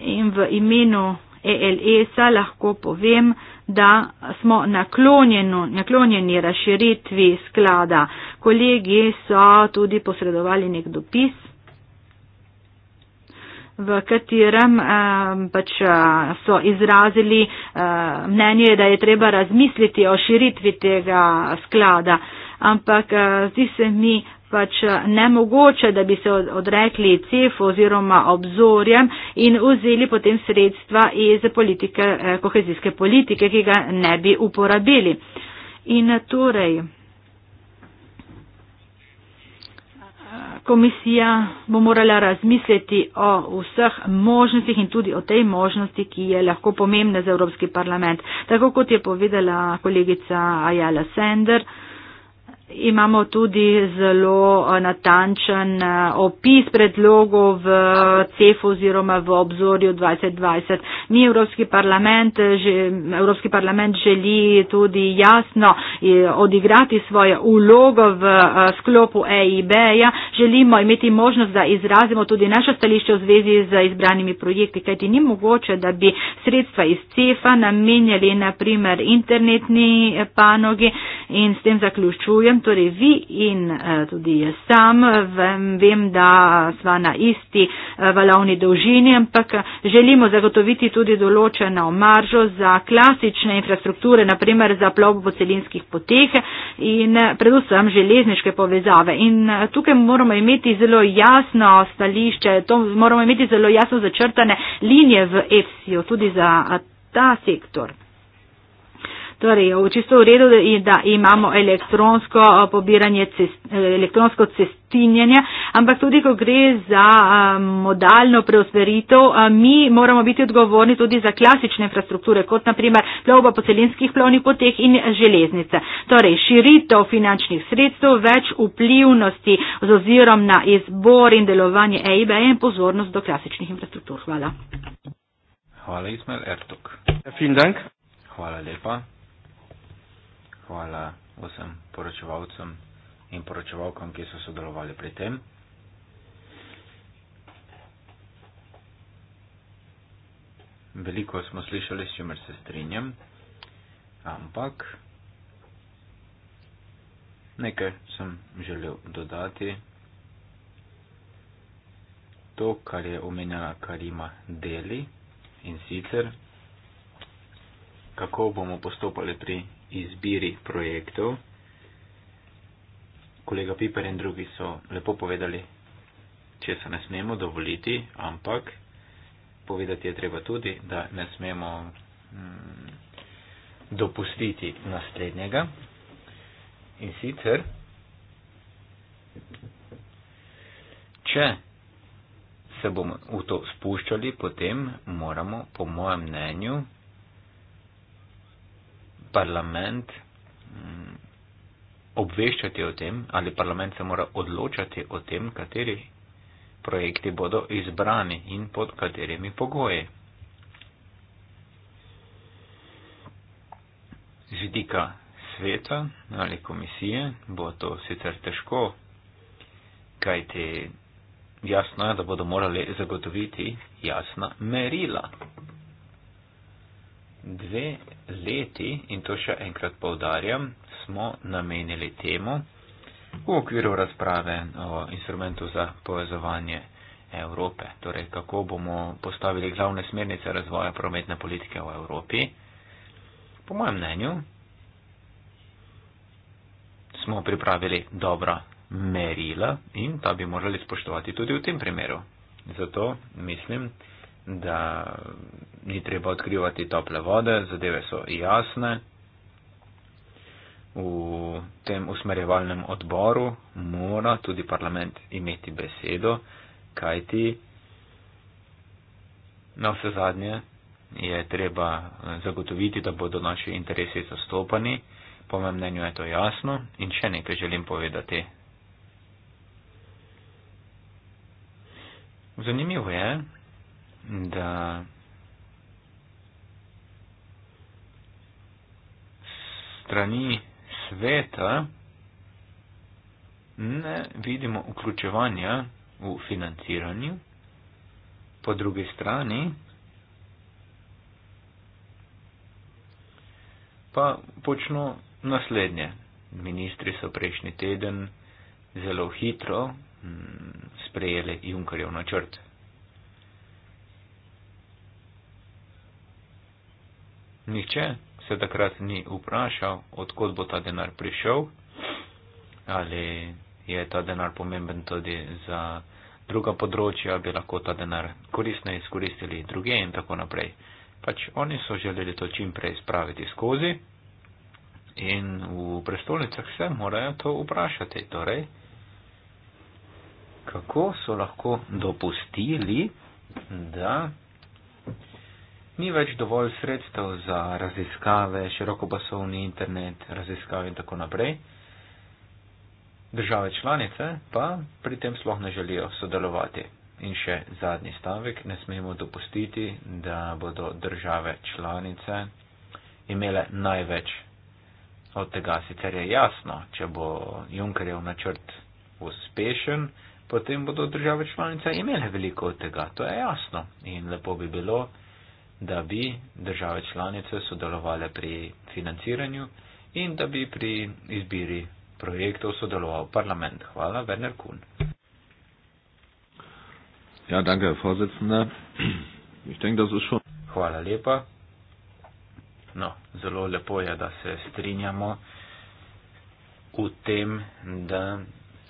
C: in v imenu ELS-a lahko povem, da smo naklonjeni razširitvi sklada. Kolegi so tudi posredovali nek dopis, v katerem eh, pač so izrazili eh, mnenje, da je treba razmisliti o širitvi tega sklada. Eh, ampak eh, zdi se mi pač eh, nemogoče, da bi se odrekli CEF oziroma obzorjem in vzeli potem sredstva iz politike, eh, kohezijske politike, ki ga ne bi uporabili. In torej, komisija bo morala razmisliti o vseh možnostih in tudi o tej možnosti, ki je lahko pomembna za Evropski parlament. Tako kot je povedala kolegica Ajala Sender, Imamo tudi zelo eh, natančen eh, opis predlogov v CEF-u oziroma v obzorju 2020. Mi Evropski parlament, eh, že, Evropski parlament želi tudi jasno odigrati svojo ulogo v sklopu EIB-ja. Želimo imeti možnost, da izrazimo tudi naše stališče v zvezi z izbranimi projekti, kajti ni mogoče, da bi sredstva iz CEF-a namenjali na primer internetni panogi in s tem zaključujem torej vi in eh, tudi jaz sam, vem, vem da sva na isti eh, valovni dolžini, ampak eh, želimo zagotoviti tudi določeno maržo za klasične infrastrukture, naprimer za plov po celinskih poteh in predvsem železniške povezave. In tukaj moramo imeti zelo jasno stališče, moramo imeti zelo jasno začrtane linije v EFSI-u, tudi za ta sektor. Torej, v čisto v redu je, da imamo elektronsko eh, pobiranje, cest, eh, elektronsko cestinjenje, ampak tudi, ko gre za eh, modalno preusmeritev, mi moramo biti odgovorni tudi za klasične infrastrukture, kot naprimer plovba po celinskih plovnih poteh in železnice. Torej, širitev finančnih sredstev, več vplivnosti z ozirom na izbor in delovanje EIB in pozornost do klasičnih infrastruktur. Hvala.
B: Hvala, Ismail Ertok. Ja, Hvala lepa zahvala vsem poročevalcem in poročevalkam, ki so sodelovali pri tem. Veliko smo slišali, s čimer se strinjam,
A: ampak
B: nekaj sem želel dodati. To, kar je omenjala Karima Deli in sicer, kako bomo postopali pri izbiri projektov. Kolega Piper in drugi so lepo povedali, če se ne smemo dovoliti, ampak povedati je treba tudi, da ne smemo mm, dopustiti naslednjega. In sicer, če se bomo v to spuščali, potem moramo, po mojem mnenju, parlament mm, obveščati o tem ali parlament se mora odločati o tem, kateri projekti bodo izbrani in pod katerimi pogoji. Z vidika sveta ali komisije bo to sicer težko, kajti jasno je, da bodo morali zagotoviti jasna merila. Dve leti, in to še enkrat povdarjam, smo namenili temu v okviru razprave o instrumentu za povezovanje Evrope, torej kako bomo postavili glavne smernice razvoja prometne politike v Evropi. Po mojem mnenju smo pripravili dobra merila in ta bi morali spoštovati tudi v tem primeru. Zato mislim, da ni treba odkrivati tople vode, zadeve so jasne. V tem usmerjevalnem odboru mora tudi parlament imeti besedo, kajti na vse zadnje je treba zagotoviti, da bodo naši interesi zastopani. Po mojem mnenju je to jasno in še nekaj želim povedati. Zanimivo je, da strani sveta ne vidimo vključevanja v financiranju, po drugi strani pa počno naslednje. Ministri so prejšnji teden zelo hitro mm, sprejeli Junkarjev načrt. Nihče se takrat ni vprašal, odkot bo ta denar prišel, ali je ta denar pomemben tudi za druga področja, bi lahko ta denar koristno izkoristili druge in tako naprej. Pač oni so želeli to čim prej spraviti skozi in v prestolnicah se morajo to vprašati. Torej, kako so lahko dopustili, da ni več dovolj sredstev za raziskave, širokopasovni internet, raziskave in tako naprej. Države članice pa pri tem sploh ne želijo sodelovati. In še zadnji stavek, ne smemo dopustiti, da bodo države članice imele največ od tega. Sicer je jasno, če bo Junkerjev načrt uspešen, potem bodo države članice imele veliko od tega. To je jasno. In lepo bi bilo, da bi države članice sodelovali pri financiranju in da bi pri izbiri projektov sodeloval parlament. Hvala, Werner Kuhn.
C: Ja, danke, ich denk, das ist schon...
B: Hvala lepa. No, zelo lepo je, da se strinjamo v tem, da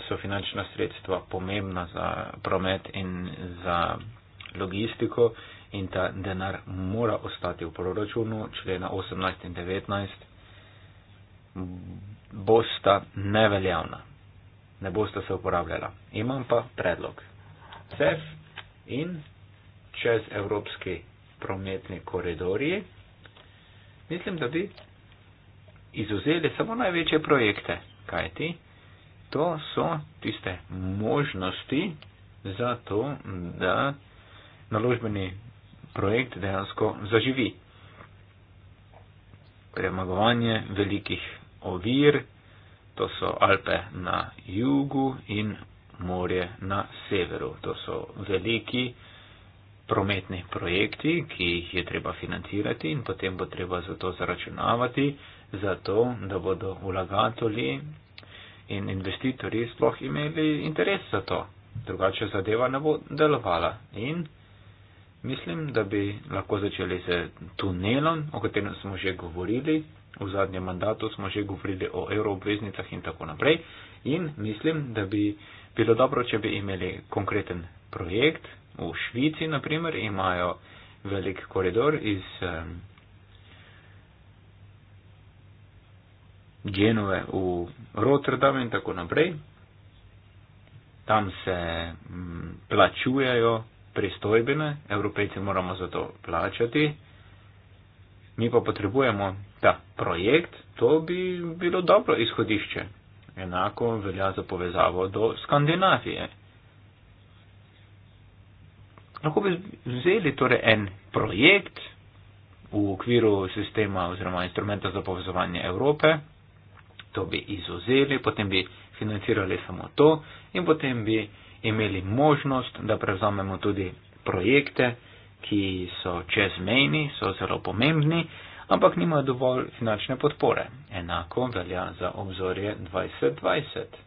B: so finančna sredstva pomembna za promet in za logistiko in ta denar mora ostati v proračunu, člena 18 in 19, bosta neveljavna, ne bosta se uporabljala. Imam pa predlog. CEF in čez evropski prometni koridorji, mislim, da bi izuzeli samo največje projekte, kajti to so tiste možnosti za to, da naložbeni projekt dejansko zaživi. Premagovanje velikih ovir, to so Alpe na jugu in morje na severu. To so veliki prometni projekti, ki jih je treba financirati in potem bo treba za to zaračunavati, zato da bodo vlagatelji in investitorji sploh imeli interes za to. Drugače zadeva ne bo delovala. In Mislim, da bi lahko začeli z tunelom, o katerem smo že govorili. V zadnjem mandatu smo že govorili o euroobveznicah in tako naprej. In mislim, da bi bilo dobro, če bi imeli konkreten projekt. V Švici, na primer, imajo velik koridor iz um, Genove v Rotterdam in tako naprej. Tam se um, plačujajo pristojbine, evropejci moramo za to plačati, mi pa potrebujemo ta projekt, to bi bilo dobro izhodišče. Enako velja za povezavo do Skandinavije. Lahko bi vzeli torej en projekt v okviru sistema oziroma instrumenta za povezovanje Evrope, to bi izuzeli, potem bi financirali samo to in potem bi imeli možnost, da prevzamemo tudi projekte, ki so čezmejni, so zelo pomembni, ampak nimajo dovolj finančne podpore. Enako velja za obzorje 2020.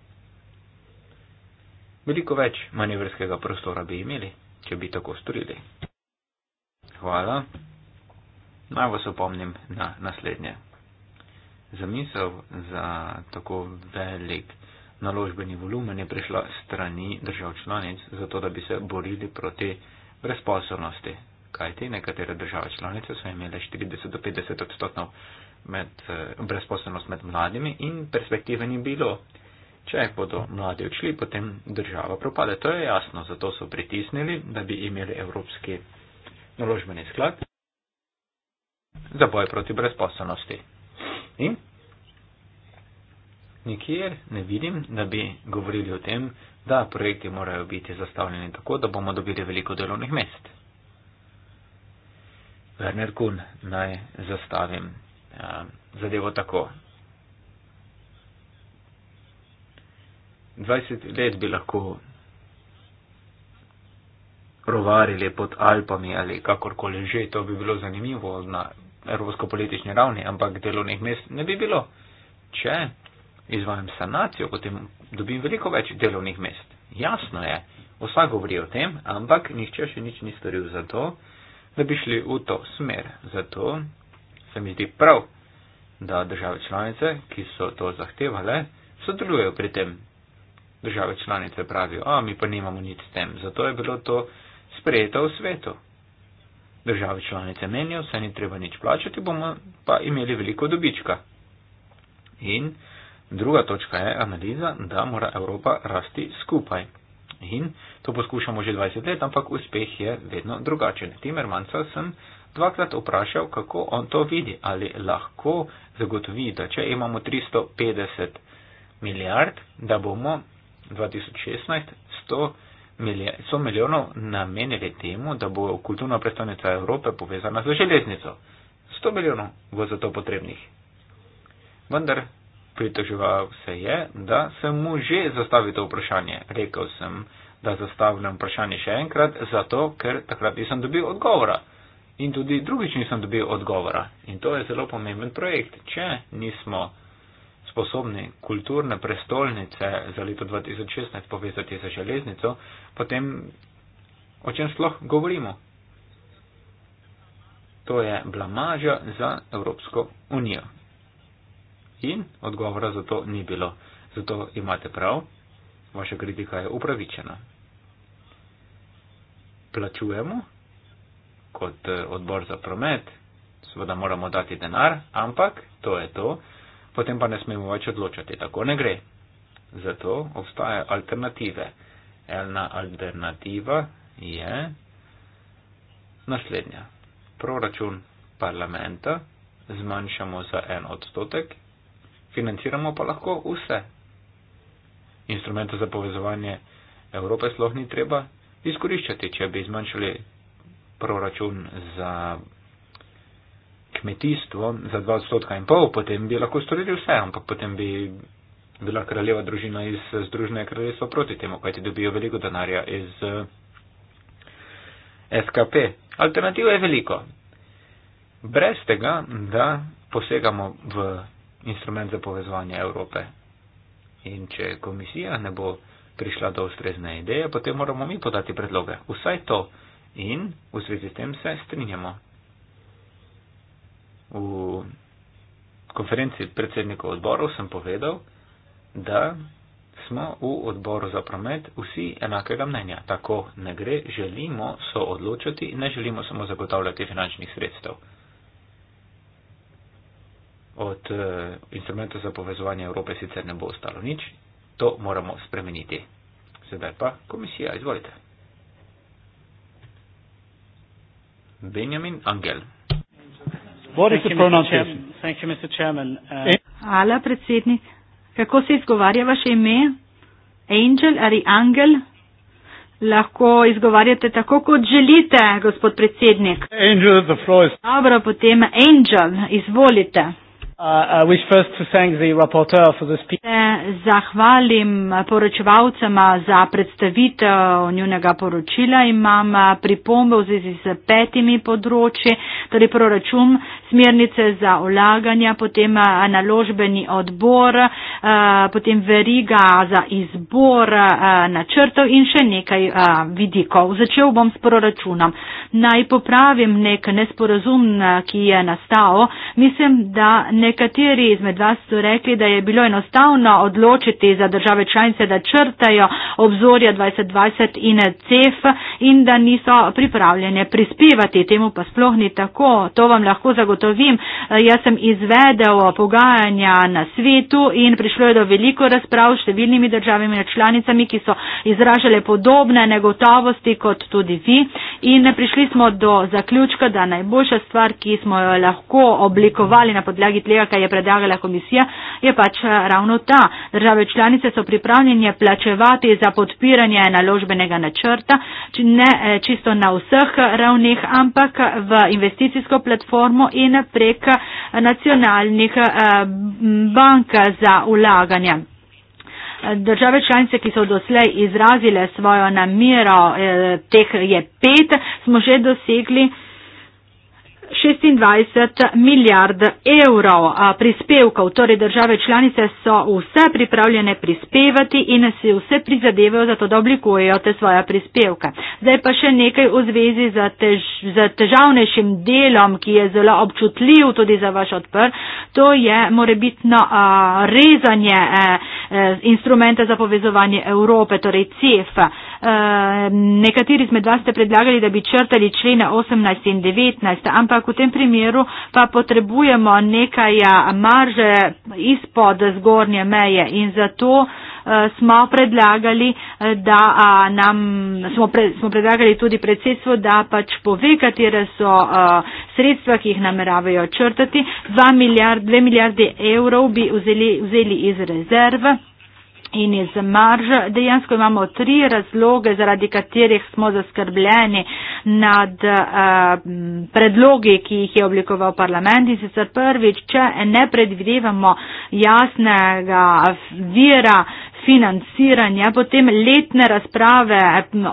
B: Veliko več manevrskega prostora bi imeli, če bi tako storili. Hvala. Naj vas opomnim na naslednje. Zamisel za tako velik naložbeni volumen je prišla strani držav članic, zato da bi se borili proti brezposobnosti. Kaj te nekatere države članice so imele 40 do 50 odstotkov eh, brezposobnost med mladimi in perspektive ni bilo. Če bodo mladi odšli, potem država propade. To je jasno, zato so pritisnili, da bi imeli Evropski naložbeni sklad za boj proti brezposobnosti. In nikjer ne vidim, da bi govorili o tem, da projekti morajo biti zastavljeni tako, da bomo dobili veliko delovnih mest. Werner Kuhn, naj zastavim uh, zadevo tako. 20 let bi lahko rovarili pod Alpami ali kakorkoli že, to bi bilo zanimivo na evropsko-politični ravni, ampak delovnih mest ne bi bilo, če izvajam sanacijo, potem dobim veliko več delovnih mest. Jasno je, vsa govori o tem, ampak nihče še nič ni storil za to, da bi šli v to smer. Zato se mi zdi prav, da države članice, ki so to zahtevale, sodelujejo pri tem. Države članice pravijo, a mi pa nimamo nič s tem, zato je bilo to sprejeto v svetu. Države članice menijo, saj ni treba nič plačati, bomo pa imeli veliko dobička. In Druga točka je analiza, da mora Evropa rasti skupaj. In to poskušamo že 20 let, ampak uspeh je vedno drugačen. Timermansa sem dvakrat vprašal, kako on to vidi, ali lahko zagotovi, da če imamo 350 milijard, da bomo 2016 100 milijonov namenili temu, da bo kulturna predstavnica Evrope povezana z železnico. 100 milijonov bo za to potrebnih. Vendar pritoževal se je, da sem mu že zastavil to vprašanje. Rekl sem, da zastavljam vprašanje še enkrat, zato ker takrat nisem dobil odgovora. In tudi drugič nisem dobil odgovora. In to je zelo pomemben projekt. Če nismo sposobni kulturne prestolnice za leto 2016 povezati za železnico, potem o čem sploh govorimo? To je blamaža za Evropsko unijo. In odgovora za to ni bilo. Zato imate prav, vaša kritika je upravičena. Plačujemo kot eh, odbor za promet, seveda moramo dati denar, ampak to je to, potem pa ne smemo več odločati, tako ne gre. Zato obstaje alternative. Ena alternativa je naslednja. Proračun parlamenta zmanjšamo za en odstotek financiramo pa lahko vse. Instrumenta za povezovanje Evrope sloh ni treba izkoriščati, če bi zmanjšali proračun za kmetijstvo za 2 odstotka in pol, potem bi lahko storili vse, ampak potem bi bila kraljeva družina iz Združene kraljestva proti temu, kajti dobijo veliko denarja iz eh, SKP. Alternativa je veliko. Brez tega, da posegamo v instrument za povezovanje Evrope. In če komisija ne bo prišla do ustrezne ideje, potem moramo mi podati predloge. Vsaj to. In v zvezi s tem se strinjamo. V konferenci predsednikov odborov sem povedal, da smo v odboru za promet vsi enakega mnenja. Tako ne gre, želimo so odločiti, ne želimo samo zagotavljati finančnih sredstev od eh, instrumentov za povezovanje Evrope sicer ne bo ostalo nič, to moramo spremeniti. Sedaj pa komisija, izvolite. Benjamin Angel. Uh,
C: Hvala, predsednik. Kako se izgovarja vaše ime? Angel ali Angel? Lahko izgovarjate tako, kot želite, gospod predsednik. Angel, Dobro, potem Angel, izvolite. Uh, zahvalim poročevalcema za predstavitev njunega poročila. Imam uh, pripombe v zvezi z petimi področji. Torej, proračun smernice za ulaganja, potem eh, naložbeni odbor, eh, potem veriga za izbor eh, načrtov in še nekaj vidikov. Začel bom s proračunom. Naj popravim nek nesporazum, ki je nastal. Mislim, da nekateri izmed vas so rekli, da je bilo enostavno odločiti za države članice, da črtajo obzorja 2020 in CEF in da niso pripravljene prispevati. Temu pa sploh ni tako. To vam lahko zagotovim ugotovim. Eh, jaz sem izvedel pogajanja na svetu in prišlo je do veliko razprav s številnimi državami in članicami, ki so izražale podobne negotovosti kot tudi vi. In prišli smo do zaključka, da najboljša stvar, ki smo jo lahko oblikovali na podlagi tega, kar je predlagala komisija, je pač eh, ravno ta. Države članice so pripravljene plačevati za podpiranje naložbenega načrta, ne eh, čisto na vseh ravneh, ampak v investicijsko platformo in in prek eh, nacionalnih eh, bank za ulaganje. Države članice, ki so doslej izrazile svojo namero, eh, teh je pet, smo že dosegli 26 milijard evrov prispevkov. Torej države članice so vse pripravljene prispevati in si vse prizadevajo za to, da oblikujejo te svoje prispevke. Zdaj pa še nekaj v zvezi z tež, težavnejšim delom, ki je zelo občutljiv tudi za vaš odprt. To je morebitno rezanje e, e, instrumenta za povezovanje Evrope, torej CEF. Ehm, nekateri izmed vas ste predlagali, da bi črtali člene 18 in 19, ampak v tem primeru pa potrebujemo nekaj marže izpod zgornje meje in zato e, smo predlagali, e, da nam, smo, pre, smo predlagali tudi predsedstvo, da pač pove, katere so e, sredstva, ki jih nameravajo črtati. 2 milijard, 2 milijarde evrov bi vzeli, vzeli iz rezerve in iz marž. Dejansko imamo tri razloge, zaradi katerih smo zaskrbljeni nad uh, predlogi, ki jih je oblikoval parlament. In sicer prvič, če ne predvidevamo jasnega vira, uh, financiranje, potem letne razprave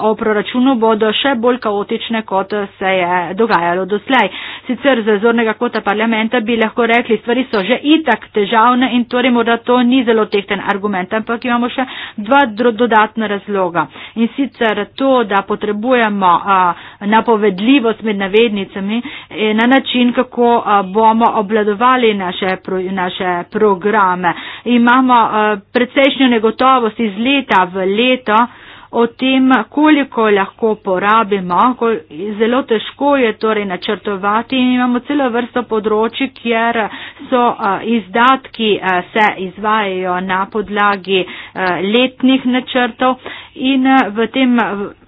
C: o proračunu bodo še bolj kaotične, kot se je dogajalo doslej. Sicer z zornega kota parlamenta bi lahko rekli, stvari so že itak težavne in torej morda to ni zelo tehten argument, ampak imamo še dva dodatna razloga. In sicer to, da potrebujemo a, napovedljivost med navednicami eh, na način, kako eh, bomo obladovali naše, naše programe. Imamo eh, precejšnjo negotovost iz leta v leto o tem, koliko lahko porabimo. Zelo težko je torej načrtovati in imamo celo vrsto področji, kjer so izdatki se izvajajo na podlagi letnih načrtov in v tem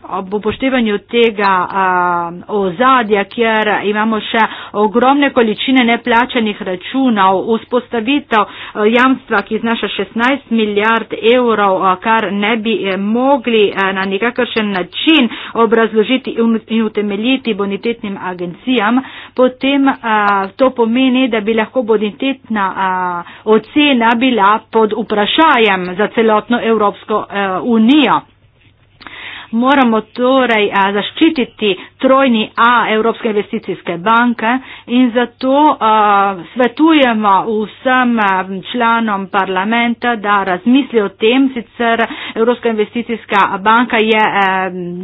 C: ob upoštevanju tega eh, ozadja, kjer imamo še ogromne količine neplačanih računov, vzpostavitev eh, jamstva, ki znaša 16 milijard evrov, eh, kar ne bi mogli na nekakršen način obrazložiti in utemeljiti bonitetnim agencijam, potem to pomeni, da bi lahko bonitetna ocena bila pod vprašanjem za celotno Evropsko unijo moramo torej zaščititi trojni A Evropske investicijske banke in zato svetujemo vsem članom parlamenta, da razmislijo o tem, sicer Evropska investicijska banka je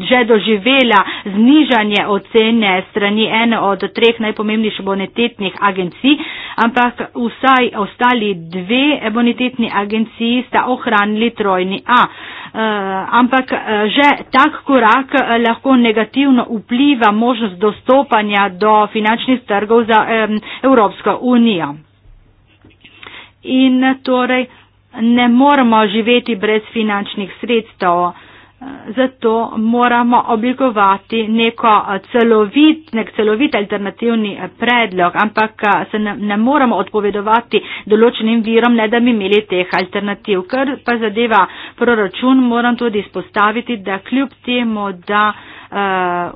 C: že doživela znižanje ocene strani ene od treh najpomembnejših bonitetnih agencij, ampak vsaj ostali dve bonitetni agenciji sta ohranili trojni A. Uh, ampak eh, že tak korak eh, lahko negativno vpliva možnost dostopanja do finančnih trgov za um, Evropsko unijo. In torej ne moremo živeti brez finančnih sredstev. Uh, Zato moramo oblikovati neko celovit, nek celovit alternativni predlog, ampak se ne, ne moramo odpovedovati določenim virom, ne da bi imeli teh alternativ. Ker pa zadeva proračun, moram tudi izpostaviti, da kljub temu, da. Eh,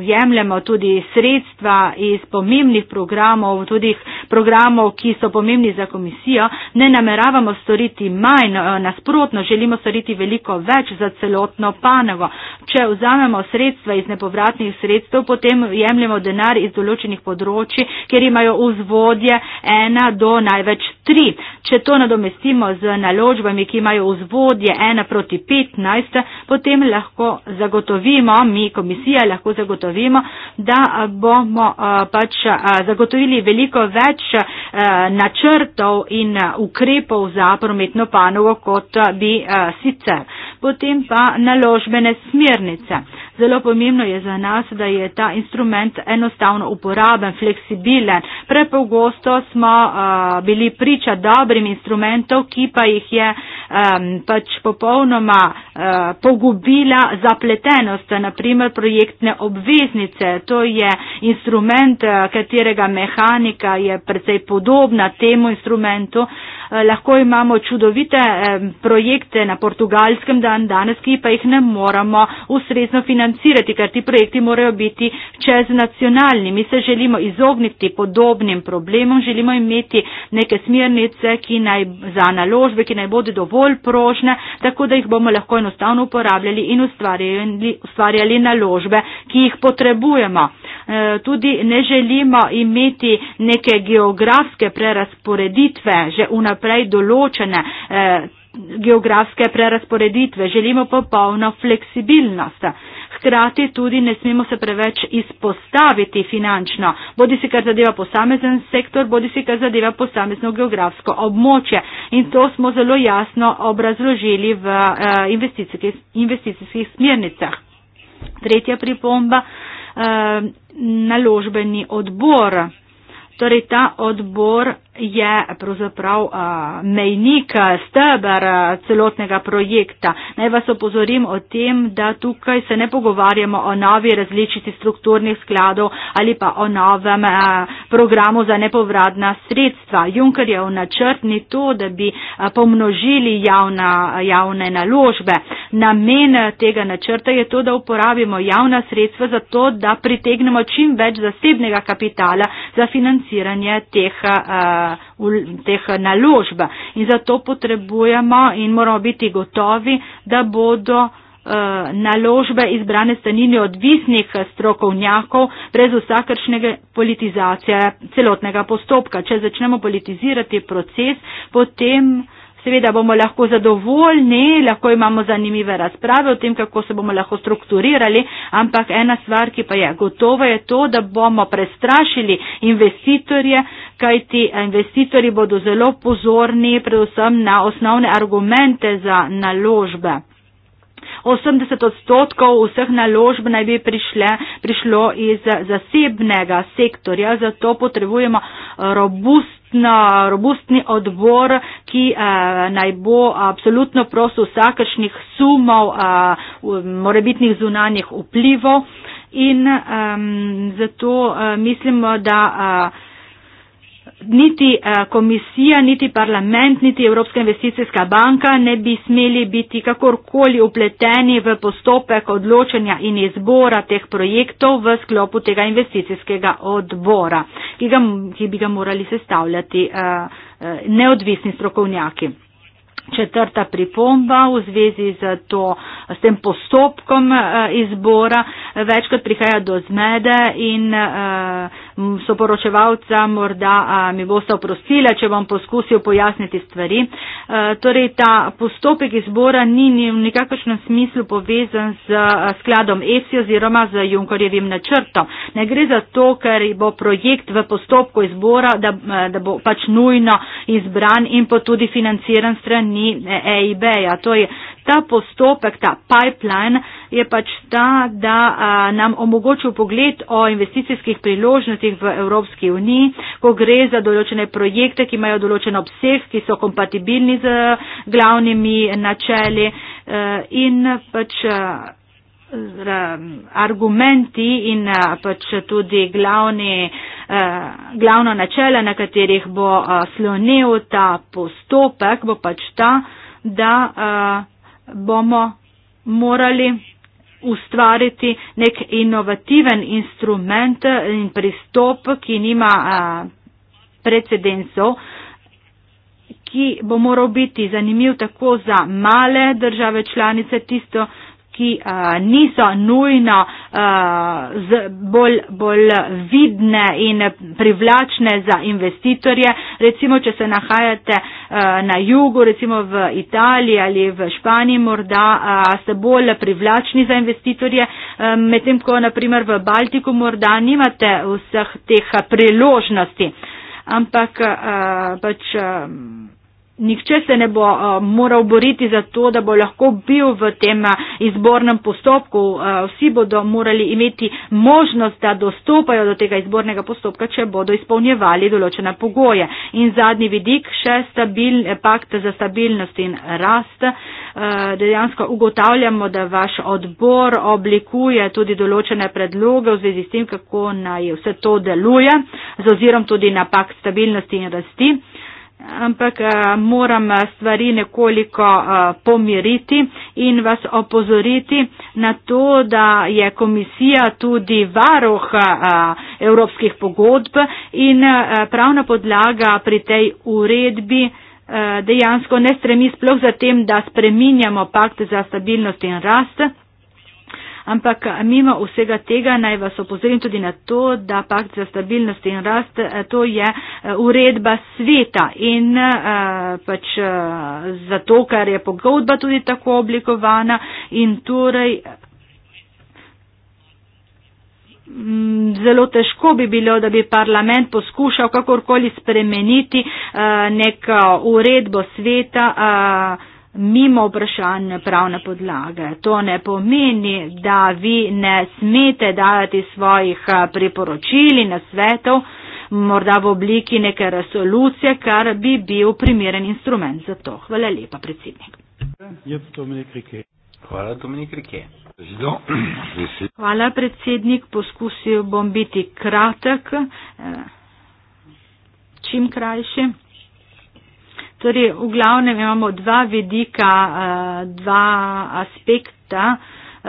C: jemljemo tudi sredstva iz pomembnih programov, tudi programov, ki so pomembni za komisijo, ne nameravamo storiti manj, eh, nasprotno, želimo storiti veliko več za celotno panovo. Če vzamemo sredstva iz nepovratnih sredstev, potem jemljemo denar iz določenih področji, kjer imajo vzvodje ena do največ tri. Če to nadomestimo z naložbami, ki imajo vzvodje ena proti petnajst, potem lahko zagotovimo želimo mi komisija, lahko zagotovimo, da bomo eh, pač eh, zagotovili veliko več eh, načrtov in ukrepov za prometno panovo, kot bi sicer. Potem pa naložbene smernice. Zelo pomembno je za nas, da je ta instrument enostavno uporaben, fleksibilen. Prepogosto smo uh, bili priča dobrim instrumentov, ki pa jih je um, pač popolnoma uh, pogubila zapletenost, naprimer projektne obveznice. To je instrument, uh, katerega mehanika je precej podobna temu instrumentu. Uh, lahko imamo čudovite um, projekte na portugalskem dan danes, ki pa jih ne moramo ustrezno financirati financirati, ker ti projekti morajo biti čeznacionalni. Mi se želimo izogniti podobnim problemom, želimo imeti neke smernice naj, za naložbe, ki naj bodo dovolj prožne, tako da jih bomo lahko enostavno uporabljali in ustvarjali, ustvarjali naložbe, ki jih potrebujemo. E, tudi ne želimo imeti neke geografske prerasporeditve, že unaprej določene e, geografske prerasporeditve, želimo popolno fleksibilnost. Hkrati tudi ne smemo se preveč izpostaviti finančno, bodi si kar zadeva posamezen sektor, bodi si kar zadeva posamezno geografsko območje. In to smo zelo jasno obrazložili v eh, investicijskih, investicijskih smernicah. Tretja pripomba, eh, naložbeni odbor. Torej ta odbor je pravzaprav uh, mejnik, eh, stebr eh, celotnega projekta. Naj vas opozorim o tem, da tukaj se ne pogovarjamo o novi različici strukturnih skladov ali pa o novem uh, programu za nepovratna sredstva. Junker je v načrtni to, da bi uh, pomnožili javna, javne naložbe. Namen tega načrta je to, da uporabimo javna sredstva za to, da pritegnemo čim več zasebnega kapitala za financiranje teh uh, teh naložb in zato potrebujemo in moramo biti gotovi, da bodo eh, naložbe izbrane stanini odvisnih strokovnjakov brez vsakršnega politizacije celotnega postopka. Če začnemo politizirati proces, potem seveda bomo lahko zadovoljni, lahko imamo zanimive razprave o tem, kako se bomo lahko strukturirali, ampak ena stvar, ki pa je gotova, je to, da bomo prestrašili investitorje, kajti investitorji bodo zelo pozorni predvsem na osnovne argumente za naložbe. 80 odstotkov vseh naložb naj bi prišle, prišlo iz zasebnega sektorja, zato potrebujemo eh, robustno, robustni odbor, ki eh, naj bo absolutno prost vsakršnih sumov, eh, morebitnih zunanjih vplivov in eh, zato eh, mislimo, da. Eh, niti eh, komisija, niti parlament, niti Evropska investicijska banka ne bi smeli biti kakorkoli upleteni v postopek odločanja in izbora teh projektov v sklopu tega investicijskega odbora, ki, ga, ki bi ga morali sestavljati eh, eh, neodvisni strokovnjaki. Četrta pripomba v zvezi z, to, z tem postopkom izbora, večkrat prihaja do zmede in soporočevalca morda mi boste oprostile, če bom poskusil pojasniti stvari. E, torej, ta postopek izbora ni v nekakšnem smislu povezan z skladom ESI oziroma z Junkorjevim načrtom. Ne gre za to, ker bo projekt v postopku izbora, da, da bo pač nujno izbran in pa tudi financiran strani EIB-ja. To je ta postopek, ta pipeline je pač ta, da a, nam omogočil pogled o investicijskih priložnostih v Evropski uniji, ko gre za določene projekte, ki imajo določen obseg, ki so kompatibilni z glavnimi načeli a, e, in pač. A, argumenti in pač tudi glavni, e, glavno načela, na katerih bo slonil ta postopek, bo pač ta, da bomo morali ustvariti nek inovativen instrument in pristop, ki nima precedencov, ki bo moral biti zanimiv tako za male države članice, tisto, ki uh, niso nujno uh, bolj, bolj vidne in privlačne za investitorje. Recimo, če se nahajate uh, na jugu, recimo v Italiji ali v Španiji, morda uh, ste bolj privlačni za investitorje, uh, medtem ko naprimer v Baltiku morda nimate vseh teh priložnosti. Ampak uh, pač. Uh, nihče se ne bo uh, moral boriti za to, da bo lahko bil v tem eh, izbornem postopku. Uh, vsi bodo morali imeti možnost, da dostopajo do tega izbornega postopka, če bodo izpolnjevali določena pogoje. In zadnji vidik, še stabiln pakt za stabilnost in rast. Uh, dejansko ugotavljamo, da vaš odbor oblikuje tudi določene predloge v zvezi s tem, kako naj vse to deluje, z ozirom tudi na pakt stabilnosti in rasti. Uh, ampak eh, moram eh, stvari nekoliko eh, pomiriti in vas opozoriti na to, da je komisija tudi varoh evropskih pogodb in pravna podlaga pri tej uredbi dejansko ne stremi sploh za tem, da spreminjamo pakt za stabilnost in rast. Ampak mimo vsega tega naj vas opozorim tudi na to, da pakt za stabilnost in rast eh, to je eh, uredba sveta in eh, pač zato, ker je pogodba tudi tako oblikovana in torej. Mm, zelo težko bi bilo, da bi parlament poskušal kakorkoli spremeniti uh, neko uredbo sveta. Uh, mimo vprašanj pravne podlage. To ne pomeni, da vi ne smete dajati svojih eh, priporočil in nasvetov, morda v obliki neke resolucije, kar bi bil primeren instrument za to. Hvala lepa, predsednik.
A: Hvala, Dominik Rike.
C: Hvala, predsednik. Poskusil bom biti kratek, eh, čim krajši. Torej, v glavnem imamo dva vedika, eh, dva aspekta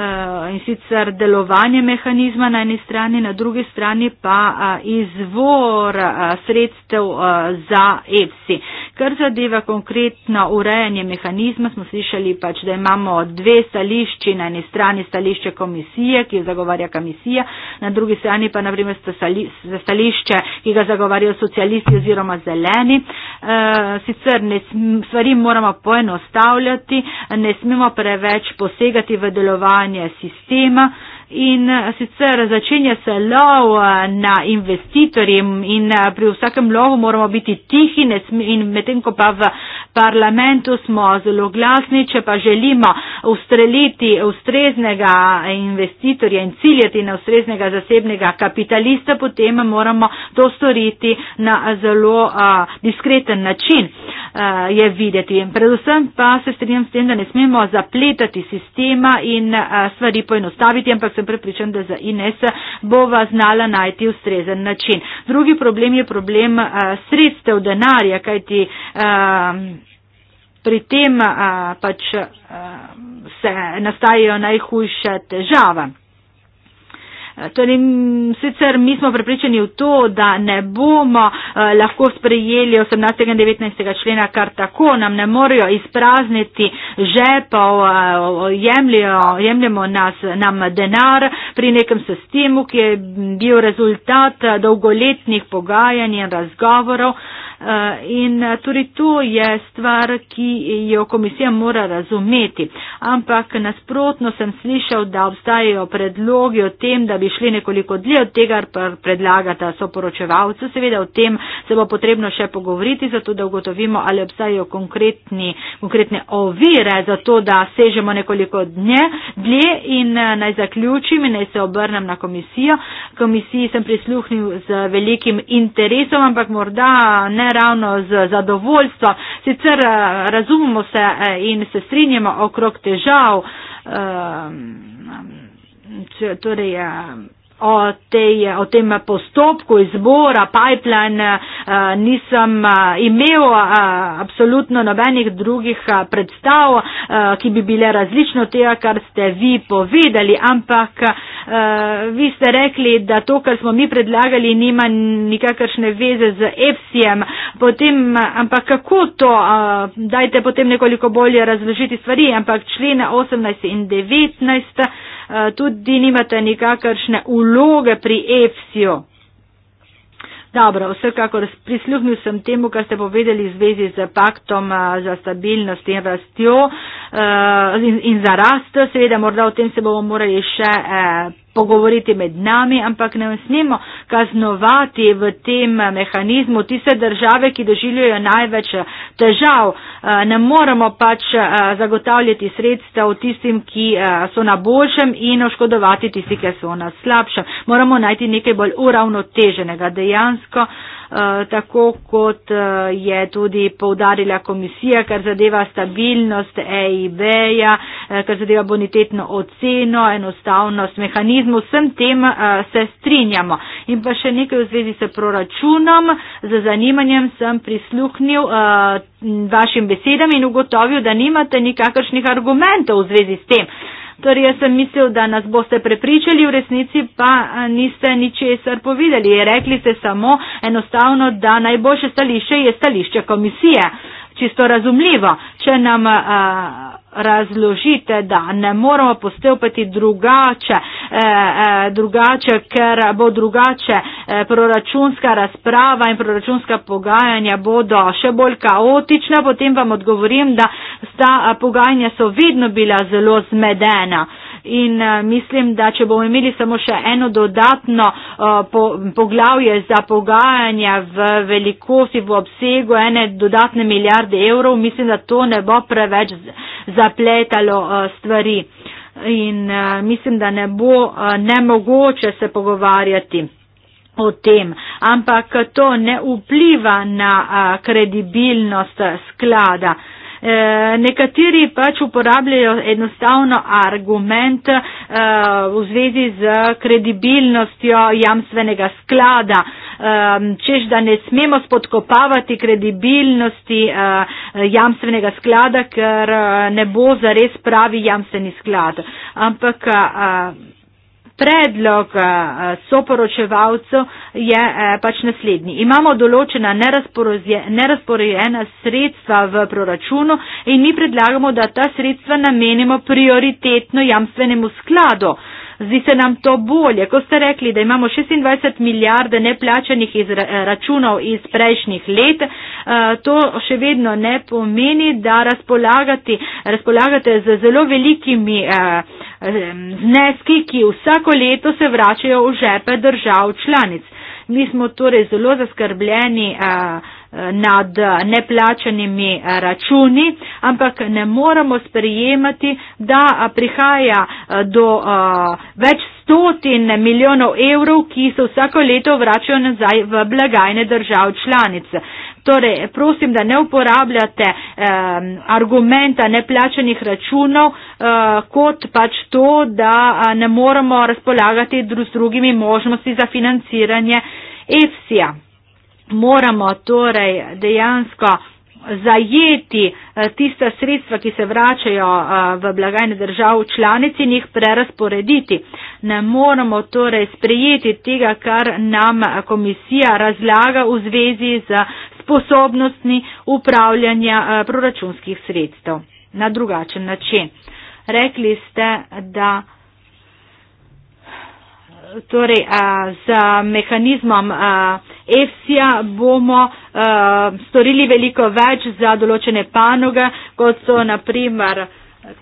C: Eh, in sicer delovanje mehanizma na eni strani, na drugi strani pa eh, izvor eh, sredstev za EPSI. Kar zadeva konkretno urejanje mehanizma, smo slišali pač, da imamo dve stališči, na eni strani stališče komisije, ki jo zagovarja komisija, na drugi strani pa naprimer stališče, ki ga zagovarjajo socialisti oziroma zeleni. Sicer ne, stvari moramo poenostavljati, ne smemo preveč posegati v delovanje, delovanje sistema, In eh, sicer začenja se lov eh, na investitorjem in eh, pri vsakem lovu moramo biti tihi in medtem ko pa v parlamentu smo zelo glasni, če pa želimo ustreliti ustreznega investitorja in ciljati na ustreznega zasebnega kapitalista, potem moramo to storiti na zelo a, diskreten način je videti. Predvsem pa se strinjam s tem, da ne smemo zapletati sistema in stvari pojednostaviti, ampak sem prepričan, da za INS bova znala najti ustrezen način. Drugi problem je problem uh, sredstev denarja, kajti uh, pri tem uh, pač uh, se nastajajo najhujše težave. Torej, sicer mi smo prepričani v to, da ne bomo eh, lahko sprejeli 18. in 19. člena kar tako, nam ne morajo izprazniti žepov, eh, jemljamo nam denar pri nekem sistemu, ki je bil rezultat dolgoletnih pogajanj in razgovorov. Eh, in eh, tudi to je stvar, ki jo komisija mora razumeti. Ampak nasprotno sem slišal, da obstajajo predlogi o tem, da bi šli nekoliko dlje od tega, kar predlagata soporočevalcu. Seveda o tem se bo potrebno še pogovoriti, zato da ugotovimo, ali obstajajo konkretne ovire za to, da sežemo nekoliko dne, dlje. In eh, naj zaključim in naj se obrnem na komisijo. Komisiji sem prisluhnil z velikim interesom, ampak morda ne ravno z zadovoljstvom. Sicer eh, razumemo se eh, in se strinjamo okrog težav. Um, eh, če, torej, um, o, tej, o tem postopku izbora pipeline eh, nisem eh, imel eh, absolutno nobenih drugih predstav, ki bi bile različno od tega, kar ste vi povedali, ampak vi ste rekli, da to, kar smo mi predlagali, nima nikakršne veze z EFSI-jem. Ampak kako to? Dajte potem nekoliko bolje razložiti stvari, ampak člene 18 in 19 tudi nimate nikakršne uloge pri EFSIO. Dobro, vsekakor prisluhnil sem temu, kar ste povedali v zvezi z paktom eh, za stabilnost in rastjo eh, in, in za rast. Seveda, morda o tem se bomo morali še. Eh, pogovoriti med nami, ampak ne smemo kaznovati v tem eh, mehanizmu tiste države, ki doživljajo največ eh, težav. Eh, ne moramo pač zagotavljati sredstev tistim, ki so na boljšem in oškodovati tisti, ki so na slabšem. Moramo najti nekaj bolj uravnoteženega dejansko. Eh, tako kot eh, je tudi povdarila komisija, kar zadeva stabilnost EIB-ja, eh, kar zadeva bonitetno oceno, enostavnost mehanizmu, vsem tem se strinjamo. In pa še nekaj v zvezi s proračunom. Z zanimanjem sem prisluhnil uh, vašim besedam in ugotovil, da nimate nikakršnih argumentov v zvezi s tem. Uh, Torej, jaz sem mislil, da nas boste prepričali, v resnici pa niste ničesar povedali. Rekli ste samo enostavno, da najboljše stališče je stališče komisije čisto razumljivo, če nam a, eh, razložite, da ne moramo postopati drugače, eh, eh, drugače, ker bo drugače proračunska razprava in proračunska pogajanja bodo še bolj kaotična, potem vam odgovorim, da sta pogajanja so vedno bila zelo zmedena. A, in eh, mislim, da če bomo imeli samo še eno dodatno eh, poglavje za pogajanja v velikosti, v obsegu ene dodatne milijarde evrov, mislim, da to ne bo preveč zapletalo eh, stvari in mislim, da ne bo nemogoče se pogovarjati. O tem, ampak to ne vpliva na a, kredibilnost sklada. A, Eh, nekateri pač uporabljajo enostavno argument eh, v zvezi z kredibilnostjo jamstvenega sklada, ehm, čež da ne smemo spodkopavati kredibilnosti eh, jamstvenega sklada, ker ne bo zares pravi jamstveni sklad. Ampak predlog eh, soporočevalcev je eh, pač naslednji. Imamo določena nerazporejena sredstva v proračunu in mi predlagamo, da ta sredstva namenimo prioritetno jamstvenemu skladu. Zdi se nam to bolje, ko ste rekli, da imamo 26 milijarde neplačanih iz računov iz prejšnjih let. Eh, to še vedno ne pomeni, da razpolagate z zelo velikimi eh, zneski, ki vsako leto se vračajo v žepe držav članic. Mi smo torej zelo zaskrbljeni. Uh nad neplačanimi eh, računi, ampak ne moramo sprejemati, da eh, prihaja eh, do več stotin milijonov evrov, ki se vsako leto vračajo nazaj v blagajne držav članic. Torej, prosim, da ne uporabljate eh, argumenta neplačanih računov eh, kot pač to, da ne moremo razpolagati z drugimi možnosti za financiranje EFSI-ja moramo torej dejansko zajeti eh, tista sredstva, ki se vračajo eh, v blagajne držav članici in jih prerasporediti. Ne moramo torej sprejeti tega, kar nam eh, komisija razlaga v zvezi z sposobnostni upravljanja proračunskih sredstev na drugačen način. Rekli ste, da torej, z mehanizmom EFSI-ja bomo uh, storili veliko več za določene panoge, kot so na primer